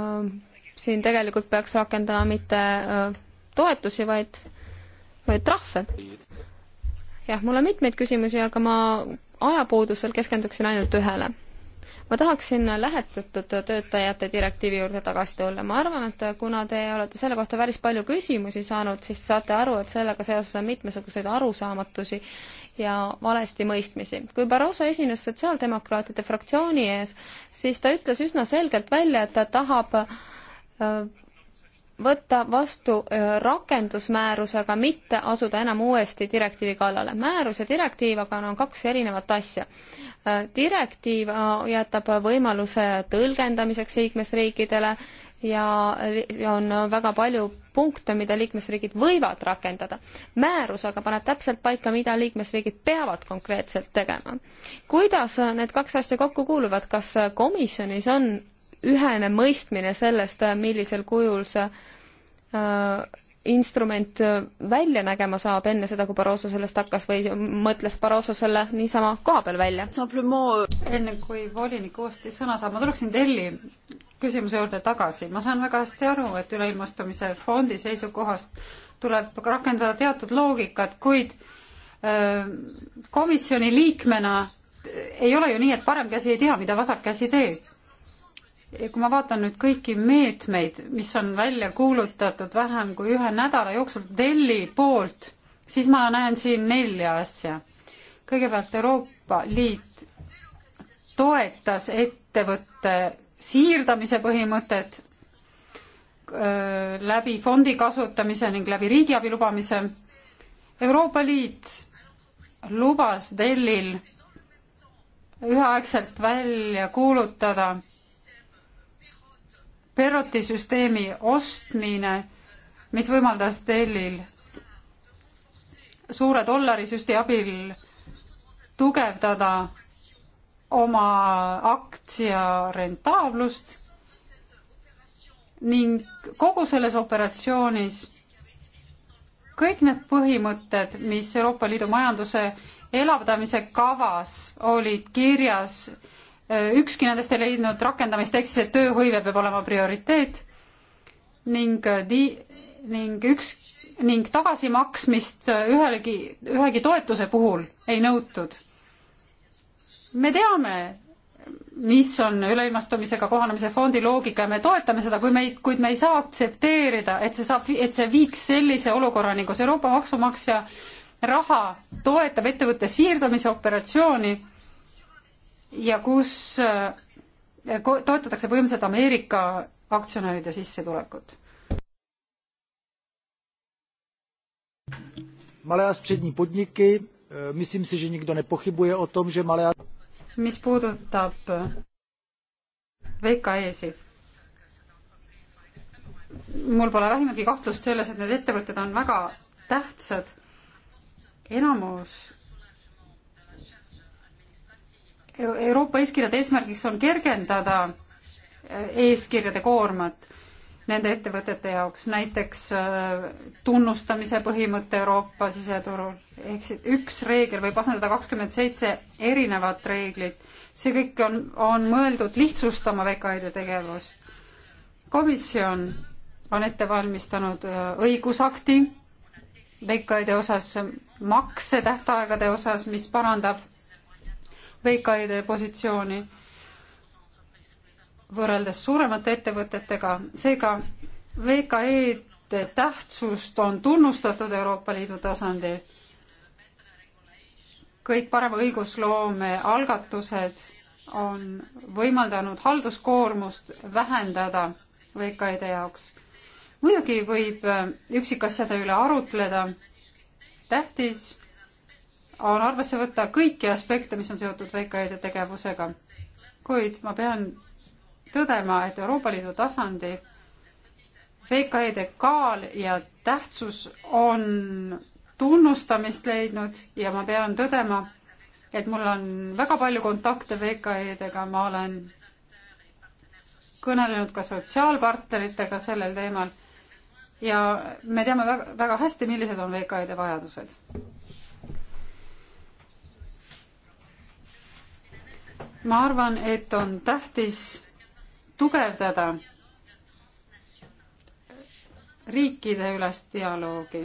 siin tegelikult peaks rakendama mitte äh, toetusi, vaid, vaid trahve? jah, mul on mitmeid küsimusi, aga ma ajapuudusel keskenduksin ainult ühele ma tahaksin lähetatud töötajate direktiivi juurde tagasi tulla. ma arvan, et kuna te olete selle kohta päris palju küsimusi saanud, siis saate aru, et sellega seoses on mitmesuguseid arusaamatusi ja valesti mõistmisi. kui Barroso esines sotsiaaldemokraatide fraktsiooni ees, siis ta ütles üsna selgelt välja, et ta tahab äh, võtta vastu rakendusmäärusega, mitte asuda enam uuesti direktiivi kallale. määrus ja direktiiv aga on kaks erinevat asja. direktiiv jätab võimaluse tõlgendamiseks liikmesriikidele ja on väga palju punkte, mida liikmesriigid võivad rakendada. määrus aga paneb täpselt paika, mida liikmesriigid peavad konkreetselt tegema. kuidas need kaks asja kokku kuuluvad, kas komisjonis on ühene mõistmine sellest, millisel kujul see äh, instrument äh, välja nägema saab, enne seda, kui Barroso sellest hakkas või mõtles Barroso selle niisama koha peal välja? enne kui volinik uuesti sõna saab, ma tuleksin Telli küsimuse juurde tagasi. ma saan väga hästi aru, et üleilmastumise fondi seisukohast tuleb rakendada teatud loogikat, kuid äh, komisjoni liikmena ei ole ju nii, et parem käsi ei tea, mida vasak käsi teeb ja kui ma vaatan nüüd kõiki meetmeid, mis on välja kuulutatud vähem kui ühe nädala jooksul Delli poolt, siis ma näen siin nelja asja. kõigepealt Euroopa Liit toetas ettevõtte siirdamise põhimõtet öö, läbi fondi kasutamise ning läbi riigiabi lubamise. Euroopa Liit lubas Dellil üheaegselt välja kuulutada Peroti süsteemi ostmine, mis võimaldas Dellil suure dollarisüsti abil tugevdada oma aktsia rentaablust ning kogu selles operatsioonis kõik need põhimõtted, mis Euroopa Liidu majanduse elavdamise kavas olid kirjas Äh, ükski nendest ei leidnud rakendamist, ehk siis, et tööhõive peab olema prioriteet ning äh, di-, ning üks, ning tagasimaksmist äh, ühelegi, ühegi toetuse puhul ei nõutud. me teame, mis on üleilmastumisega kohanemise fondi loogika ja me toetame seda, kui me ei, kuid me ei saa aktsepteerida, et see saab, et see viiks sellise olukorrani, kus Euroopa maksumaksja raha toetab ettevõtte siirdumise operatsiooni ja kus eh, toetatakse põhimõtteliselt Ameerika aktsionäride sissetulekut. malé a střední podniky, eh, myslím si, že nikdo nepochybuje o tom, že malé a... mis puudutab VKE-sid, mul pole vähimatki kahtlust selles, et need ettevõtted on väga tähtsad. enamus Euroopa eeskirjade eesmärgiks on kergendada eh, eeskirjade koormat nende ettevõtete jaoks, näiteks eh, tunnustamise põhimõte Euroopa siseturul, ehk siis üks reegel võib asendada kakskümmend seitse erinevat reeglit. see kõik on, on mõeldud lihtsustama VKI-de tegevust. komisjon on ette valmistanud eh, õigusakti VKI-de osas, maksetähtaegade osas, mis parandab VKID positsiooni võrreldes suuremate ettevõtetega, seega VKE-de tähtsust on tunnustatud Euroopa Liidu tasandil. kõik parema õigusloome algatused on võimaldanud halduskoormust vähendada VKE-de jaoks. muidugi võib üksikasjade üle arutleda, tähtis on arvesse võtta kõiki aspekte, mis on seotud VKE-de tegevusega. kuid ma pean tõdema, et Euroopa Liidu tasandi VKE-de kaal ja tähtsus on tunnustamist leidnud ja ma pean tõdema, et mul on väga palju kontakte VKE-dega, ma olen kõnelenud ka sotsiaalpartneritega sellel teemal ja me teame väga, väga hästi, millised on VKE-de vajadused. ma arvan, et on tähtis tugevdada riikide üles dialoogi.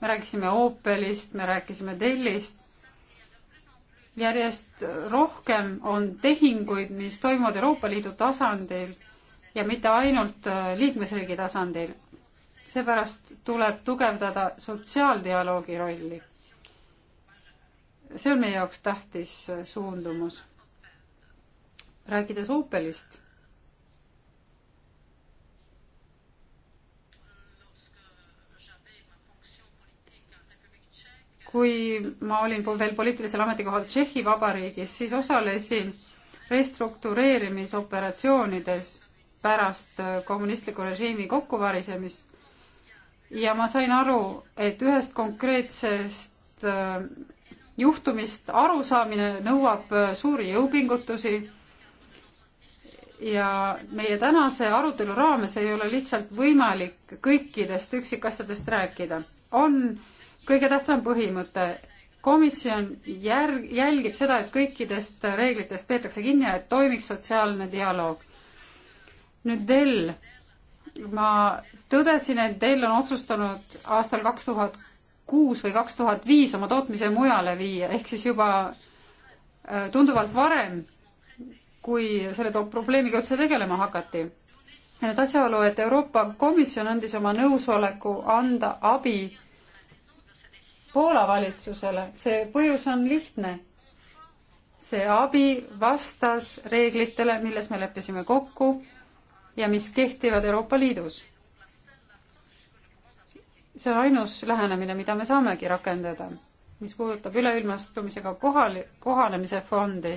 me rääkisime Opelist, me rääkisime Dellist. järjest rohkem on tehinguid, mis toimuvad Euroopa Liidu tasandil ja mitte ainult äh, liikmesriigi tasandil. seepärast tuleb tugevdada sotsiaaldialoogi rolli. see on meie jaoks tähtis äh, suundumus rääkides Opelist, kui ma olin veel poliitilisel ametikohal Tšehhi Vabariigis, siis osalesin restruktureerimisoperatsioonides pärast äh, kommunistliku režiimi kokkuvarisemist ja ma sain aru, et ühest konkreetsest äh, juhtumist arusaamine nõuab äh, suuri jõupingutusi ja meie tänase arutelu raames ei ole lihtsalt võimalik kõikidest üksikasjadest rääkida. on kõige tähtsam põhimõte, komisjon järg, jälgib seda, et kõikidest reeglitest peetakse kinni ja et toimiks sotsiaalne dialoog. nüüd Dell, ma tõdesin, et Dell on otsustanud aastal kaks tuhat kuus või kaks tuhat viis oma tootmise mujale viia, ehk siis juba äh, tunduvalt varem kui selle probleemiga üldse tegelema hakati. ja nüüd asjaolu, et Euroopa Komisjon andis oma nõusoleku anda abi Poola valitsusele, see põhjus on lihtne. see abi vastas reeglitele, milles me leppisime kokku ja mis kehtivad Euroopa Liidus. see on ainus lähenemine, mida me saamegi rakendada. mis puudutab üleilmastumisega kohal, kohanemise fondi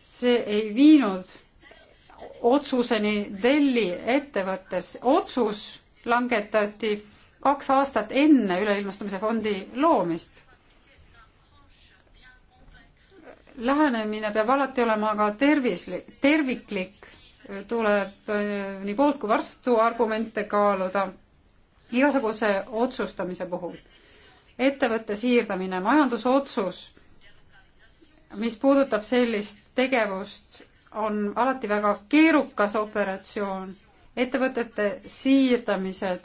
see ei viinud otsuseni Delli ettevõttes. otsus langetati kaks aastat enne Üleilmastumise fondi loomist. lähenemine peab alati olema ka tervislik, terviklik, tuleb äh, nii poolt kui vastu argumente kaaluda igasuguse otsustamise puhul. ettevõtte siirdamine, majandusotsus mis puudutab sellist tegevust, on alati väga keerukas operatsioon. ettevõtete siirdamised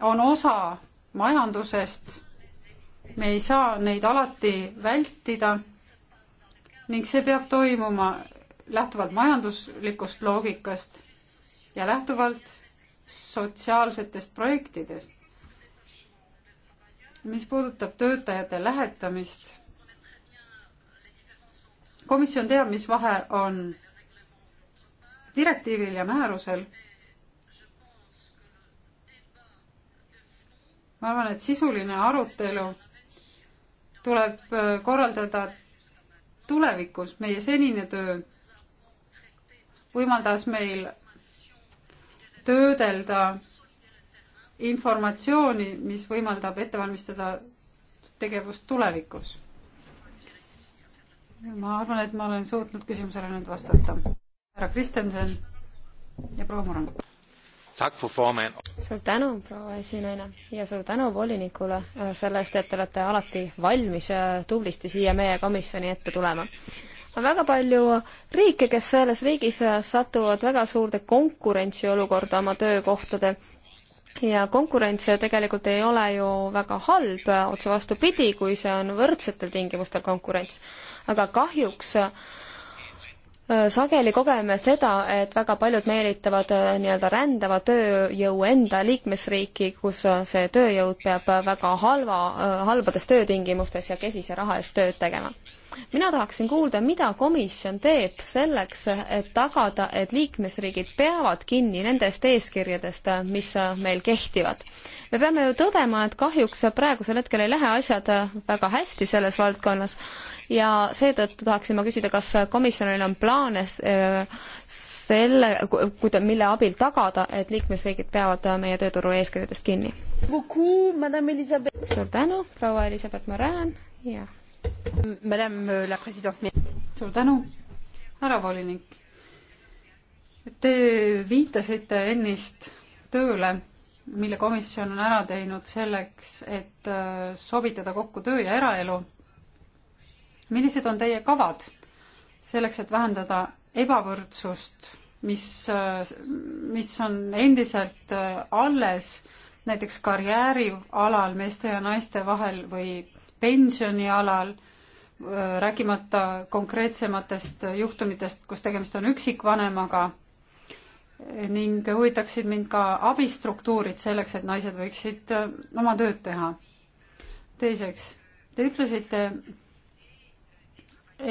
on osa majandusest, me ei saa neid alati vältida ning see peab toimuma lähtuvalt majanduslikust loogikast ja lähtuvalt sotsiaalsetest projektidest. mis puudutab töötajate lähetamist komisjon teab, mis vahe on direktiivil ja määrusel. ma arvan, et sisuline arutelu tuleb äh, korraldada tulevikus. meie senine töö võimaldas meil töödelda informatsiooni, mis võimaldab ette valmistada tegevust tulevikus ma arvan, et ma olen suutnud küsimusele nüüd vastata. härra Kristjanson ja proua Murang. suur tänu, proua esinaine ja suur tänu volinikule äh, selle eest, et te olete alati valmis äh, tublisti siia meie komisjoni ette tulema on väga palju riike, kes selles riigis äh, satuvad väga suurde konkurentsiolukorda oma töökohtade ja konkurents tegelikult ei ole ju väga halb, otse vastupidi, kui see on võrdsetel tingimustel konkurents. aga kahjuks äh, sageli kogeme seda, et väga paljud meelitavad äh, nii-öelda rändava tööjõu enda liikmesriiki, kus äh, see tööjõud peab väga halva, halbades töötingimustes ja kesise raha eest tööd tegema mina tahaksin kuulda, mida komisjon teeb selleks, et tagada, et liikmesriigid peavad kinni nendest eeskirjadest, mis meil kehtivad. me peame ju tõdema, et kahjuks praegusel hetkel ei lähe asjad väga hästi selles valdkonnas ja seetõttu tahaksin ma küsida, kas komisjonil on plaane äh, selle, kuida-, mille abil tagada, et liikmesriigid peavad meie tööturu eeskirjadest kinni? suur tänu, proua Elisabeth Morin ja Euh, suur tänu, härra volinik. Te viitasite ennist tööle, mille komisjon on ära teinud selleks, et äh, sobitada kokku töö ja eraelu. millised on teie kavad selleks, et vähendada ebavõrdsust, mis, äh, mis on endiselt äh, alles näiteks karjääri alal meeste ja naiste vahel või pensioni alal, rääkimata konkreetsematest juhtumitest, kus tegemist on üksikvanemaga ning huvitaksid mind ka abistruktuurid selleks, et naised võiksid äh, oma tööd teha. teiseks, te ütlesite,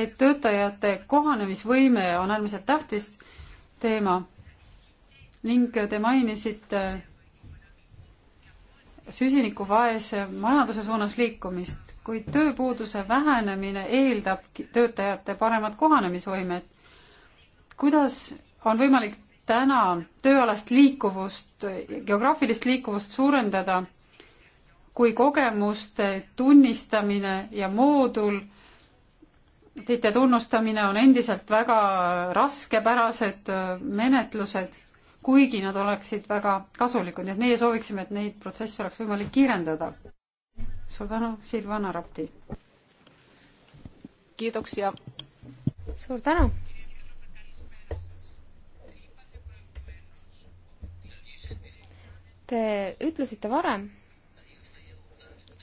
et töötajate kohanemisvõime on äärmiselt tähtis teema ning te mainisite süsinikuvaese majanduse suunas liikumist kuid tööpuuduse vähenemine eeldab töötajate paremat kohanemisvõimet. kuidas on võimalik täna tööalast liikuvust, geograafilist liikuvust suurendada, kui kogemuste tunnistamine ja moodul tiite tunnustamine on endiselt väga raskepärased äh, menetlused, kuigi nad oleksid väga kasulikud, nii et meie sooviksime, et neid protsesse oleks võimalik kiirendada suur tänu, Silvana Rapti. kiitoksia. suur tänu. Te ütlesite varem,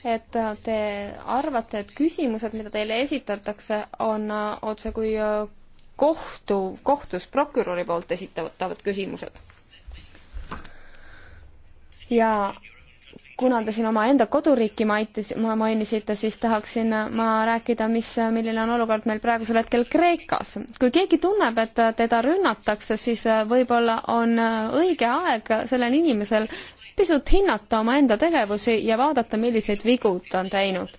et te arvate, et küsimused, mida teile esitatakse, on otsekui kohtu, kohtus prokuröri poolt esitatavad küsimused. ja kuna te siin omaenda koduriiki maitis, ma mainisite, siis tahaksin äh, ma rääkida, mis, äh, milline on olukord meil praegusel hetkel Kreekas. kui keegi tunneb, et äh, teda rünnatakse, siis võib-olla on õige aeg sellel inimesel pisut hinnata omaenda tegevusi ja vaadata, milliseid vigu ta on teinud.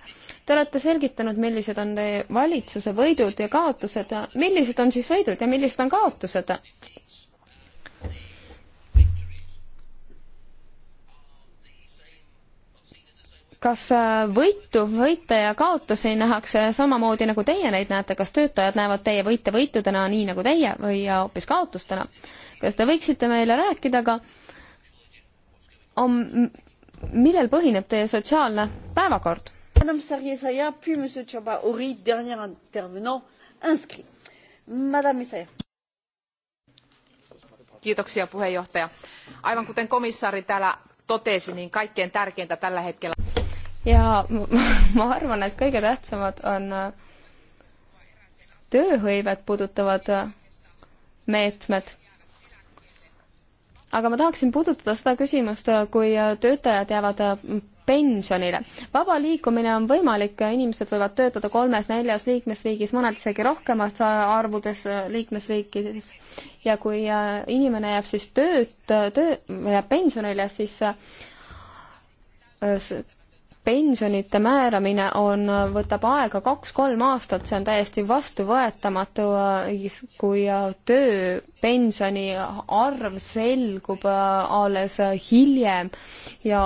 Te olete selgitanud, millised on teie valitsuse võidud ja kaotused. millised on siis võidud ja millised on kaotused? kas äh, võitu, võite ja kaotusi nähakse samamoodi, nagu teie neid näete, kas töötajad näevad teie võite võitudena, nii nagu teie, või hoopis kaotustena? kas te võiksite meile rääkida ka, on, millel põhineb teie sotsiaalne päevakord? Madame Sarjesaya, puis Monsieur Tšabaori, dernier intervenant inscrit. Madame Essaya. Kiitoksia puheenjohtaja. Aivan kuten komissaari täällä totesi, niin kaikkein tärkeintä tällä hetkellä ja ma arvan, et kõige tähtsamad on äh, tööhõivet puudutavad äh, meetmed. aga ma tahaksin puudutada seda küsimust, äh, kui töötajad jäävad pensionile. vaba liikumine on võimalik, inimesed võivad töötada kolmes-neljas liikmesriigis, mõned isegi rohkemas arvudes liikmesriikides. ja kui inimene jääb siis tööd, töö, jääb pensionile, siis pensionite määramine on, võtab aega kaks-kolm aastat, see on täiesti vastuvõetamatu, äh, kui äh, tööpensioni arv selgub äh, alles hiljem ja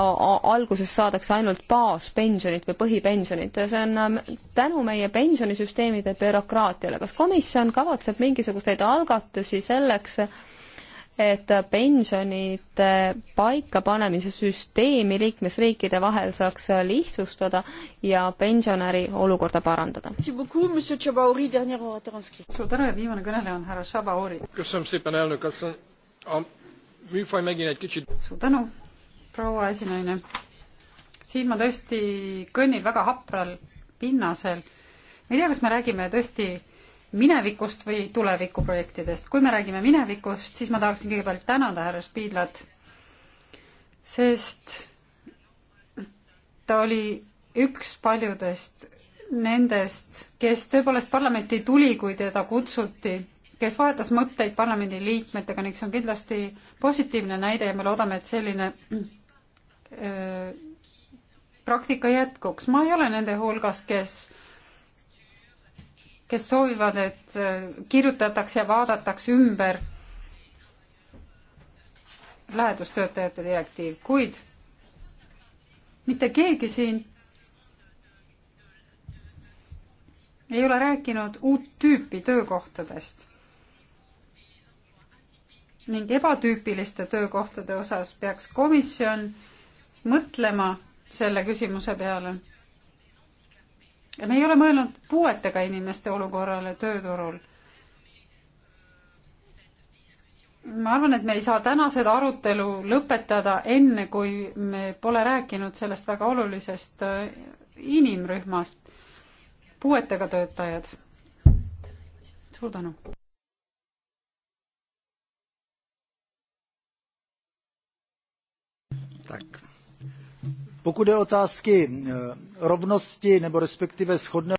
alguses saadakse ainult baaspensionit või põhipensionit ja see on ähm, tänu meie pensionisüsteemide bürokraatiale. kas komisjon kavatseb mingisuguseid algatusi selleks, et pensionide paikapanemise süsteemi liikmesriikide vahel saaks lihtsustada ja pensionäri olukorda parandada. suur tänu ja viimane kõneleja on härra Šabaori. suur tänu, proua esinaine. siin ma tõesti kõnnin väga hapral pinnasel. ma ei tea, kas me räägime tõesti minevikust või tulevikuprojektidest. kui me räägime minevikust, siis ma tahaksin kõigepealt tänada härra Spiidlat, sest ta oli üks paljudest nendest, kes tõepoolest parlamenti tuli, kui teda kutsuti, kes vahetas mõtteid parlamendi liikmetega ning see on kindlasti positiivne näide ja me loodame, et selline öö, äh, praktika jätkuks. ma ei ole nende hulgas, kes kes soovivad, et äh, kirjutatakse ja vaadatakse ümber lähedustöötajate direktiiv, kuid mitte keegi siin ei ole rääkinud uut tüüpi töökohtadest. ning ebatüüpiliste töökohtade osas peaks komisjon mõtlema selle küsimuse peale me ei ole mõelnud puuetega inimeste olukorrale tööturul. ma arvan, et me ei saa täna seda arutelu lõpetada enne, kui me pole rääkinud sellest väga olulisest äh, inimrühmast, puuetega töötajad. suur tänu. Tack. Pokud je otázky eh, rovnosti nebo respektive shodné...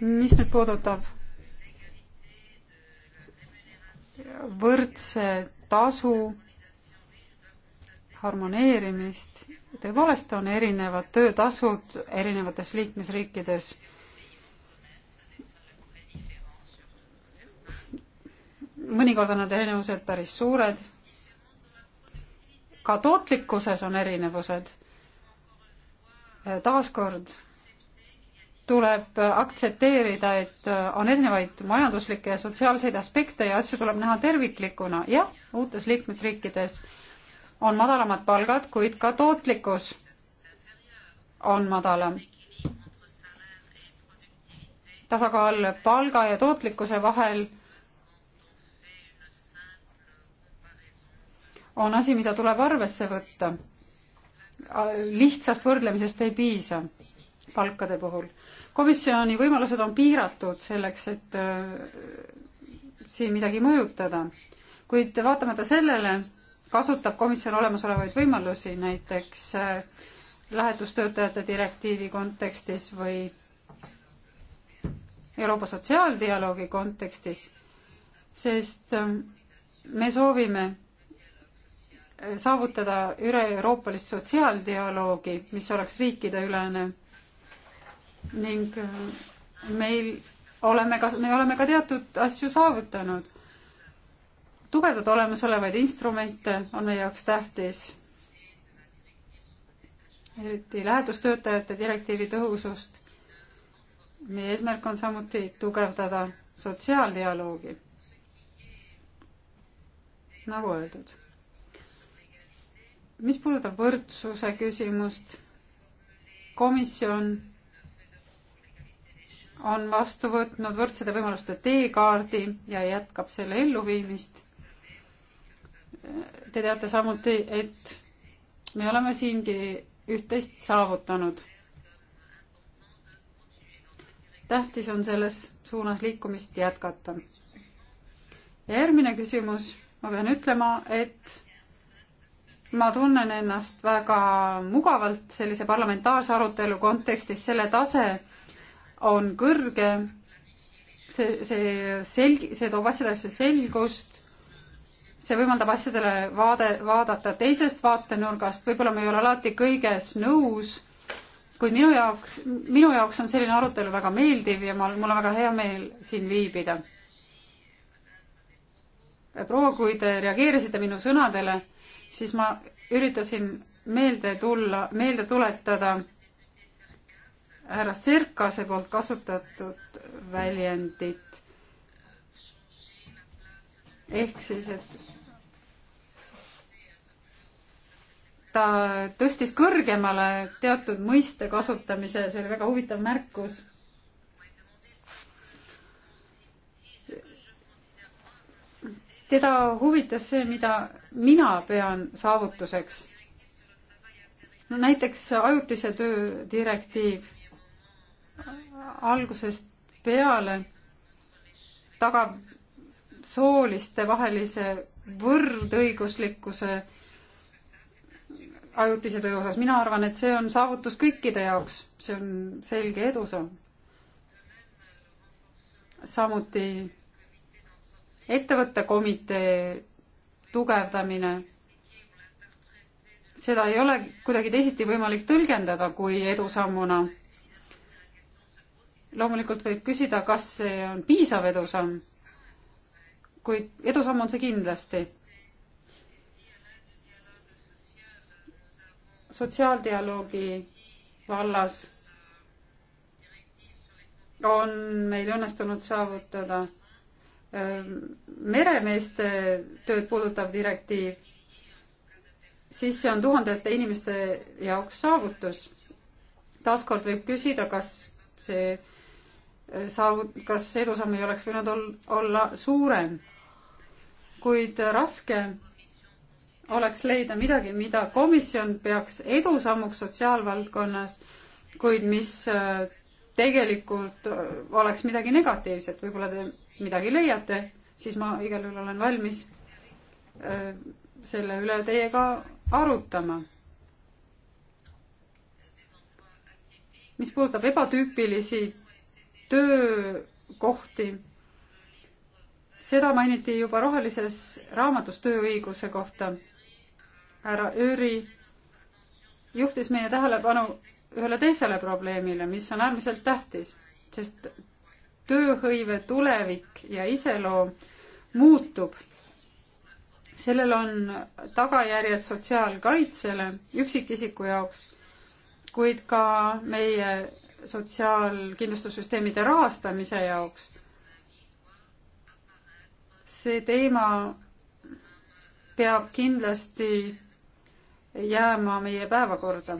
Mis nüüd puudutab võrdse tasu harmoneerimist, tõepoolest on erinevad töötasud erinevates liikmesriikides. mõnikord on need erinevused päris suured. ka tootlikkuses on erinevused taaskord tuleb aktsepteerida, et on erinevaid majanduslikke ja sotsiaalseid aspekte ja asju tuleb näha terviklikuna. jah, uutes liikmesriikides on madalamad palgad, kuid ka tootlikkus on madalam. tasakaal palga ja tootlikkuse vahel on asi, mida tuleb arvesse võtta lihtsast võrdlemisest ei piisa palkade puhul. komisjoni võimalused on piiratud selleks, et äh, siin midagi mõjutada, kuid vaatamata sellele kasutab komisjon olemasolevaid võimalusi, näiteks äh, lähetustöötajate direktiivi kontekstis või Euroopa sotsiaaldialoogi kontekstis, sest äh, me soovime saavutada üle-euroopalist sotsiaaldialoogi, mis oleks riikideülene ning äh, meil oleme ka, me oleme ka teatud asju saavutanud. tugevdada olemasolevaid instrumente on meie jaoks tähtis, eriti lähetustöötajate direktiivi tõhusust. meie eesmärk on samuti tugevdada sotsiaaldialoogi, nagu öeldud mis puudutab võrdsuse küsimust, komisjon on vastu võtnud võrdsete võimaluste teekaardi ja jätkab selle elluviimist. Te teate samuti, et me oleme siingi üht-teist saavutanud. tähtis on selles suunas liikumist jätkata. ja järgmine küsimus, ma pean ütlema, et ma tunnen ennast väga mugavalt sellise parlamentaarse arutelu kontekstis, selle tase on kõrge, see, see selg-, see toob asjadesse selgust, see võimaldab asjadele vaade, vaadata teisest vaatenurgast, võib-olla me ei ole alati kõiges nõus, kuid minu jaoks, minu jaoks on selline arutelu väga meeldiv ja ma, mul on väga hea meel siin viibida. proua, kui te reageerisite minu sõnadele siis ma üritasin meelde tulla, meelde tuletada härra Serkase poolt kasutatud väljendit. ehk siis, et ta tõstis kõrgemale teatud mõiste kasutamise, see oli väga huvitav märkus teda huvitas see, mida mina pean saavutuseks. no näiteks ajutise töö direktiiv algusest peale tagab sooliste vahelise võrdõiguslikkuse ajutise töö osas, mina arvan, et see on saavutus kõikide jaoks, see on selge edusamm. samuti ettevõttekomitee tugevdamine, seda ei ole kuidagi teisiti võimalik tõlgendada kui edusammuna. loomulikult võib küsida, kas see on piisav edusamm, kuid edusamm on see kindlasti. sotsiaaldialoogi vallas on meil õnnestunud saavutada Ehm, meremeeste tööd puudutav direktiiv, siis see on tuhandete inimeste jaoks saavutus. taaskord võib küsida, kas see eh, saavu-, kas edusamm ei oleks võinud ol-, olla suurem. kuid raske oleks leida midagi, mida komisjon peaks edusammuks sotsiaalvaldkonnas, kuid mis eh, tegelikult eh, oleks midagi negatiivset, võib-olla te midagi leiate, siis ma igal juhul olen valmis äh, selle üle teiega arutama. mis puudutab ebatüüpilisi töökohti, seda mainiti juba rohelises raamatus tööõiguse kohta. härra Ööri juhtis meie tähelepanu ühele teisele probleemile, mis on äärmiselt tähtis, sest tööhõive tulevik ja iseloom muutub. sellel on tagajärjed sotsiaalkaitsele üksikisiku jaoks, kuid ka meie sotsiaalkindlustussüsteemide rahastamise jaoks. see teema peab kindlasti jääma meie päevakorda.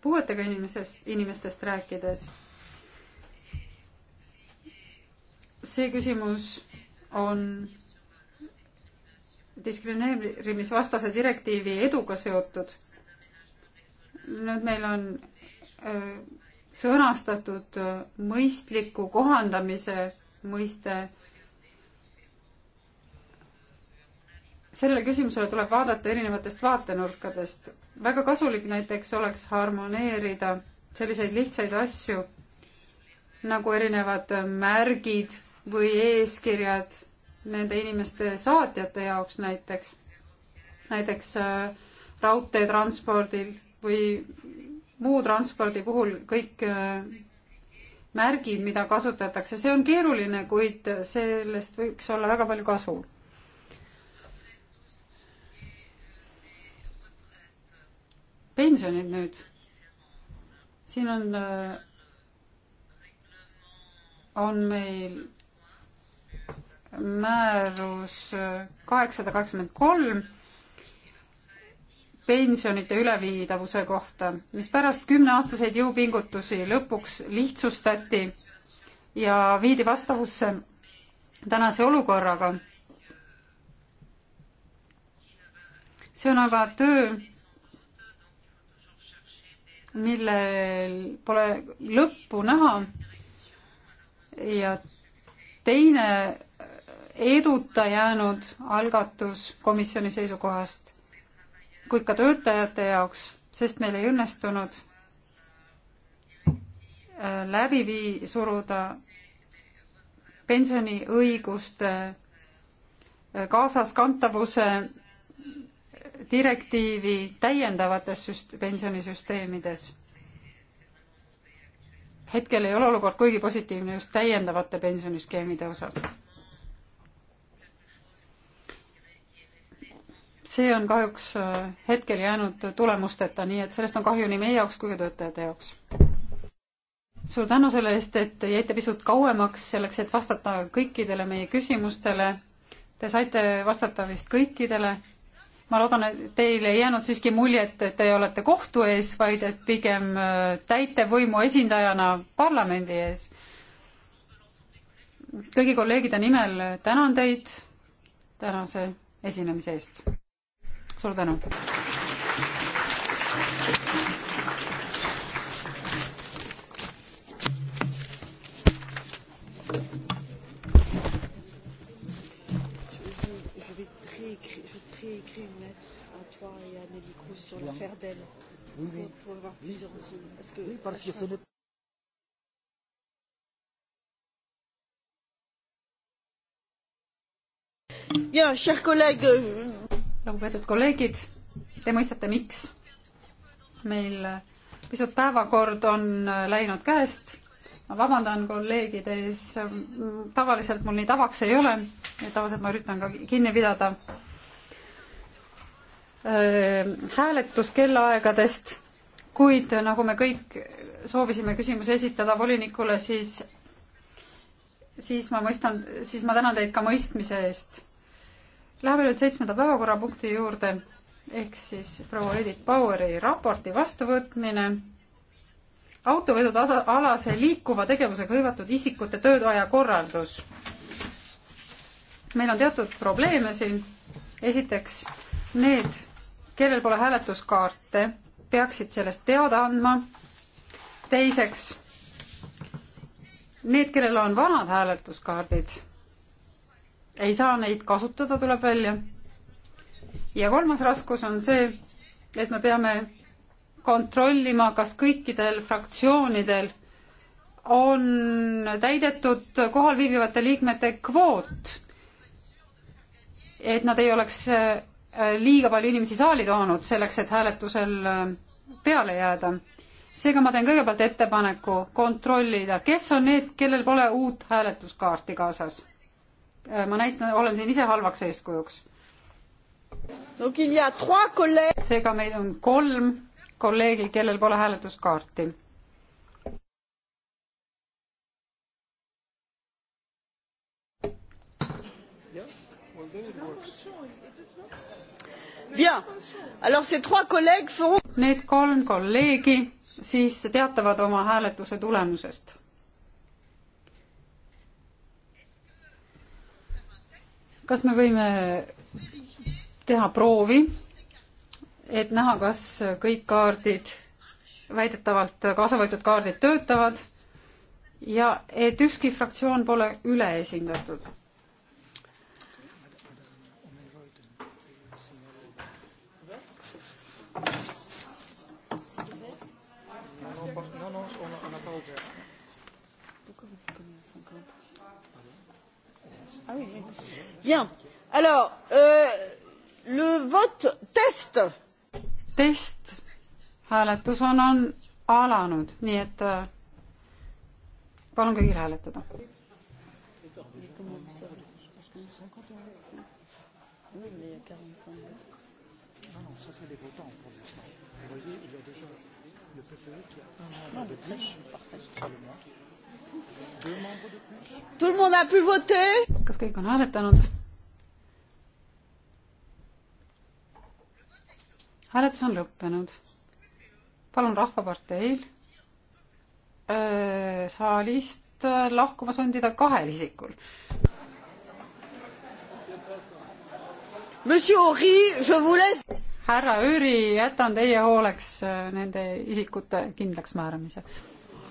puuetega inimesest, inimestest rääkides see küsimus on diskrimineerimisvastase direktiivi eduga seotud. nüüd meil on öö, sõnastatud mõistliku kohandamise mõiste. sellele küsimusele tuleb vaadata erinevatest vaatenurkadest. väga kasulik näiteks oleks harmoneerida selliseid lihtsaid asju nagu erinevad märgid või eeskirjad nende inimeste saatjate jaoks näiteks, näiteks äh, raudteetranspordil või muu transpordi puhul kõik äh, märgid, mida kasutatakse, see on keeruline, kuid sellest võiks olla väga palju kasu. pensionid nüüd. siin on, äh, on meil määrus kaheksasada kakskümmend kolm pensionite üleviidavuse kohta, mis pärast kümneaastaseid jõupingutusi lõpuks lihtsustati ja viidi vastavusse tänase olukorraga. see on aga töö, millel pole lõppu näha ja teine eduta jäänud algatus komisjoni seisukohast, kuid ka töötajate jaoks, sest meil ei õnnestunud äh, läbi vii-, suruda pensioniõiguste äh, kaasaskantavuse direktiivi täiendavates süst-, pensionisüsteemides. hetkel ei ole olukord kuigi positiivne just täiendavate pensioniskeemide osas see on kahjuks äh, hetkel jäänud tulemusteta, nii et sellest on kahju nii meie jaoks kui ka töötajate jaoks. suur tänu selle eest, et jäite pisut kauemaks selleks, et vastata kõikidele meie küsimustele. Te saite vastata vist kõikidele. ma loodan, et teil ei jäänud siiski muljet, et te olete kohtu ees, vaid et pigem äh, täitevvõimu esindajana parlamendi ees. kõigi kolleegide nimel tänan teid tänase esinemise eest suur tänu. Oui, oui. Pour, pour avoir plusieurs ensemble. Parce que, oui, parce que ce n'est Bien, chers collègues, lugupeetud kolleegid, te mõistate, miks meil pisut päevakord on läinud käest. ma vabandan kolleegide ees, tavaliselt mul nii tavaks ei ole, tavaliselt ma üritan ka kinni pidada äh, hääletuskellaaegadest, kuid nagu me kõik soovisime küsimuse esitada volinikule, siis, siis ma mõistan, siis ma tänan teid ka mõistmise eest Läheme nüüd seitsmenda päevakorrapunkti juurde ehk siis proua Edith Baueri raporti vastuvõtmine autovedude alase liikuva tegevusega hõivatud isikute tööaja korraldus. meil on teatud probleeme siin. esiteks, need, kellel pole hääletuskaarte, peaksid sellest teada andma. teiseks, need, kellel on vanad hääletuskaardid ei saa neid kasutada, tuleb välja. ja kolmas raskus on see, et me peame kontrollima, kas kõikidel fraktsioonidel on täidetud kohal viibivate liikmete kvoot, et nad ei oleks äh, liiga palju inimesi saali toonud selleks, et hääletusel äh, peale jääda. seega ma teen kõigepealt ettepaneku kontrollida, kes on need, kellel pole uut hääletuskaarti kaasas. Äh, ma näitan, olen siin ise halvaks eeskujuks. seega meil on kolm kolleegi, kellel pole hääletuskaarti. Need kolm kolleegi siis teatavad oma hääletuse tulemusest kas me võime teha proovi, et näha, kas kõik kaardid, väidetavalt kaasa võetud kaardid töötavad ja et ükski fraktsioon pole üle esindatud Ah Alors, euh, le vote test. test, hääletus on, on alanud, nii et äh, palun kõigil hääletada. Non, non, kas kõik on hääletanud? hääletus on lõppenud. palun Rahvaparteil saalist lahkuma sundida kahel isikul. härra Öri, jätan teie hooleks nende isikute kindlaksmääramise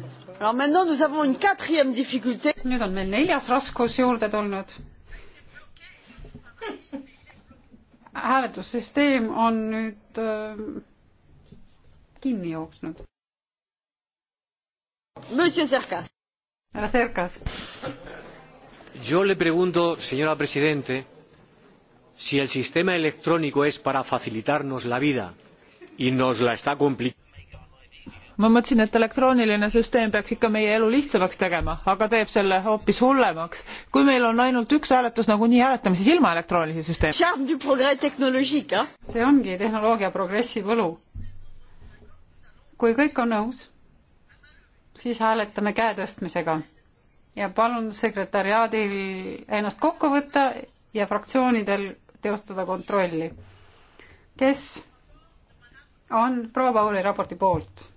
nüüd on meil neljas raskus juurde tulnud. hääletussüsteem on nüüd äh, kinni jooksnud. härra Serkas. Yo le pregunto, señora presidente, si el sistema electrónico es para facilitarnos la vida y nos la está complicando ma mõtlesin, et elektrooniline süsteem peaks ikka meie elu lihtsamaks tegema, aga teeb selle hoopis hullemaks. kui meil on ainult üks hääletus nagunii hääletame, siis ilma elektroonilise süsteemi. see ongi tehnoloogia progressi võlu. kui kõik on nõus, siis hääletame käe tõstmisega ja palun sekretäriaadil ennast kokku võtta ja fraktsioonidel teostada kontrolli. kes on proua Pauli raporti poolt?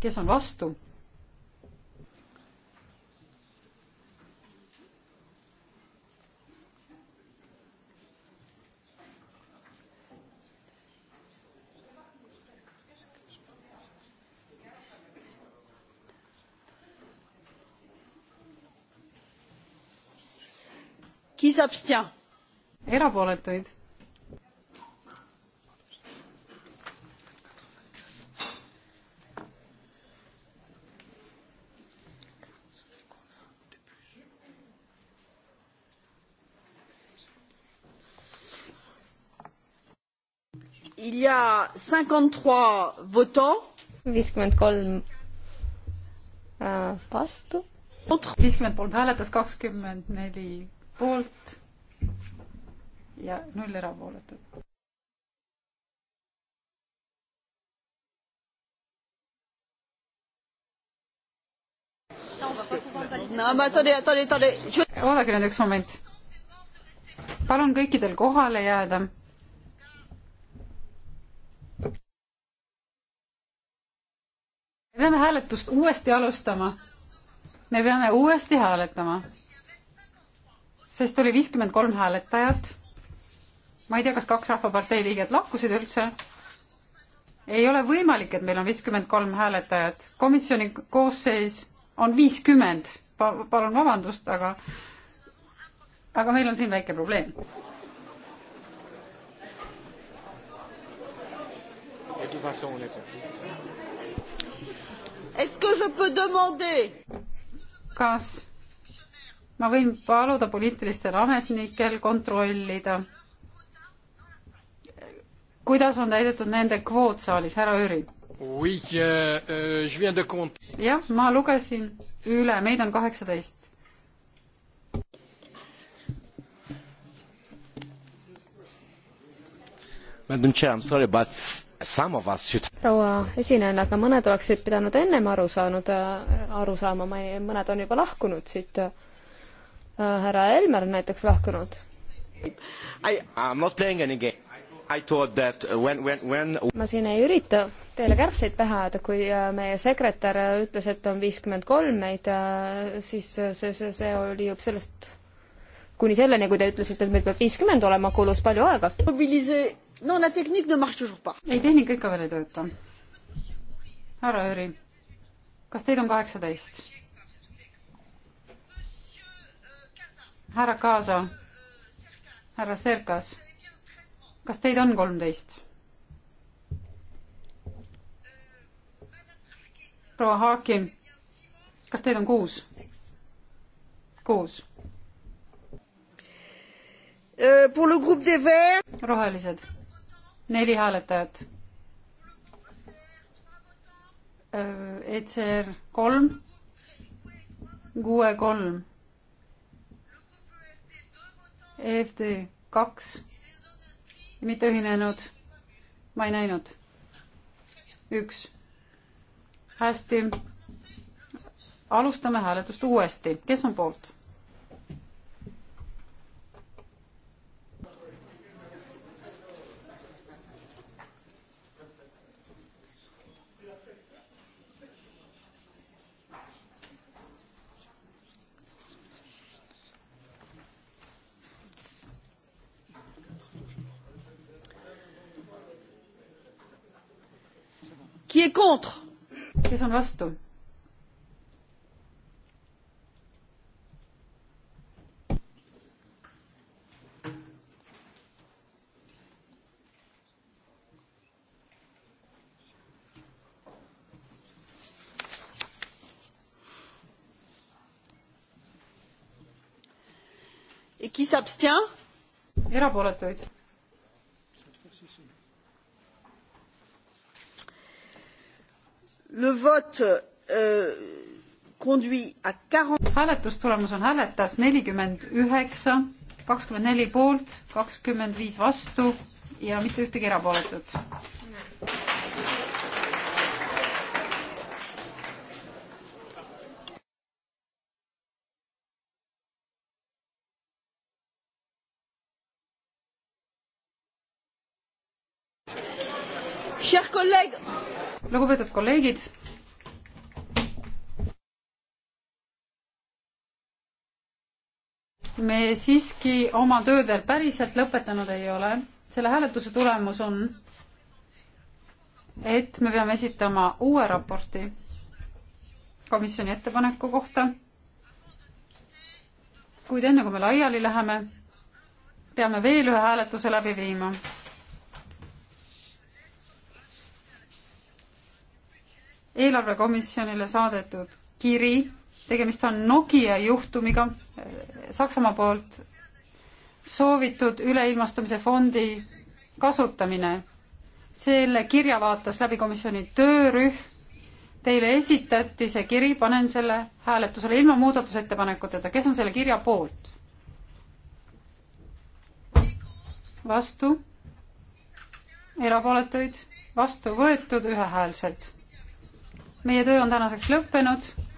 kes on vastu? qui s'abstient erapooletuid ja viiskümmend kolm äh, vastu. viiskümmend kolm hääletas, kakskümmend neli poolt ja null erapooletut. oodake nüüd üks moment. palun kõikidel kohale jääda peame hääletust uuesti alustama. me peame uuesti hääletama, sest oli viiskümmend kolm hääletajat. ma ei tea, kas kaks Rahvapartei liiget lahkusid üldse. ei ole võimalik, et meil on viiskümmend kolm hääletajat, komisjoni koosseis on viiskümmend pa, palun vabandust, aga aga meil on siin väike probleem. De toute façon, on est compris kas ma võin paluda poliitilistel ametnikel kontrollida, kuidas on täidetud nende kvoot saalis, härra Jüri? Euh, euh, jah, ma lugesin üle, meid on kaheksateist proua esinejana, aga mõned oleksid pidanud ennem aru saanud, äh, aru saama, ma ei, mõned on juba lahkunud siit. Äh, härra Helmer on näiteks lahkunud. When, when, when... ma siin ei ürita teile kärbseid pähe ajada, kui äh, meie sekretär ütles, et on viiskümmend kolm meid, siis see, see, see oli ju sellest kuni selleni, kui te ütlesite, et meil peab viiskümmend olema, kulus palju aega. ei, tehnika ikka veel ei tööta. härra Jüri, kas teid on kaheksateist? härra Kaasa, härra Serkas, kas teid on kolmteist? proua Haakin, kas teid on kuus? kuus Euh, rohelised, neli hääletajat. Äh, ECR kolm, kuue kolm, EFD kaks, mitte ühinenud, ma ei näinud, üks. hästi, alustame hääletust uuesti, kes on poolt? kes on vastu? et qui s'abstient erapooletuid le vote euh, conduit à 40 hääletustulemus on hääletas nelikümmend üheksa, kakskümmend neli poolt, kakskümmend viis vastu ja mitte ühtegi erapooletut. lugupeetud kolleegid. me siiski oma töödel päriselt lõpetanud ei ole. selle hääletuse tulemus on, et me peame esitama uue raporti komisjoni ettepaneku kohta. kuid enne kui me laiali läheme, peame veel ühe hääletuse läbi viima eelarvekomisjonile saadetud kiri, tegemist on Nokia juhtumiga eh, Saksamaa poolt soovitud üleilmastumise fondi kasutamine. selle kirja vaatas läbi komisjoni töörühm. Teile esitati see kiri, panen selle hääletusele ilma muudatusettepanekuteta. kes on selle kirja poolt? vastu? erapooletuid? vastu võetud ühehäälselt meie töö on tänaseks lõppenud.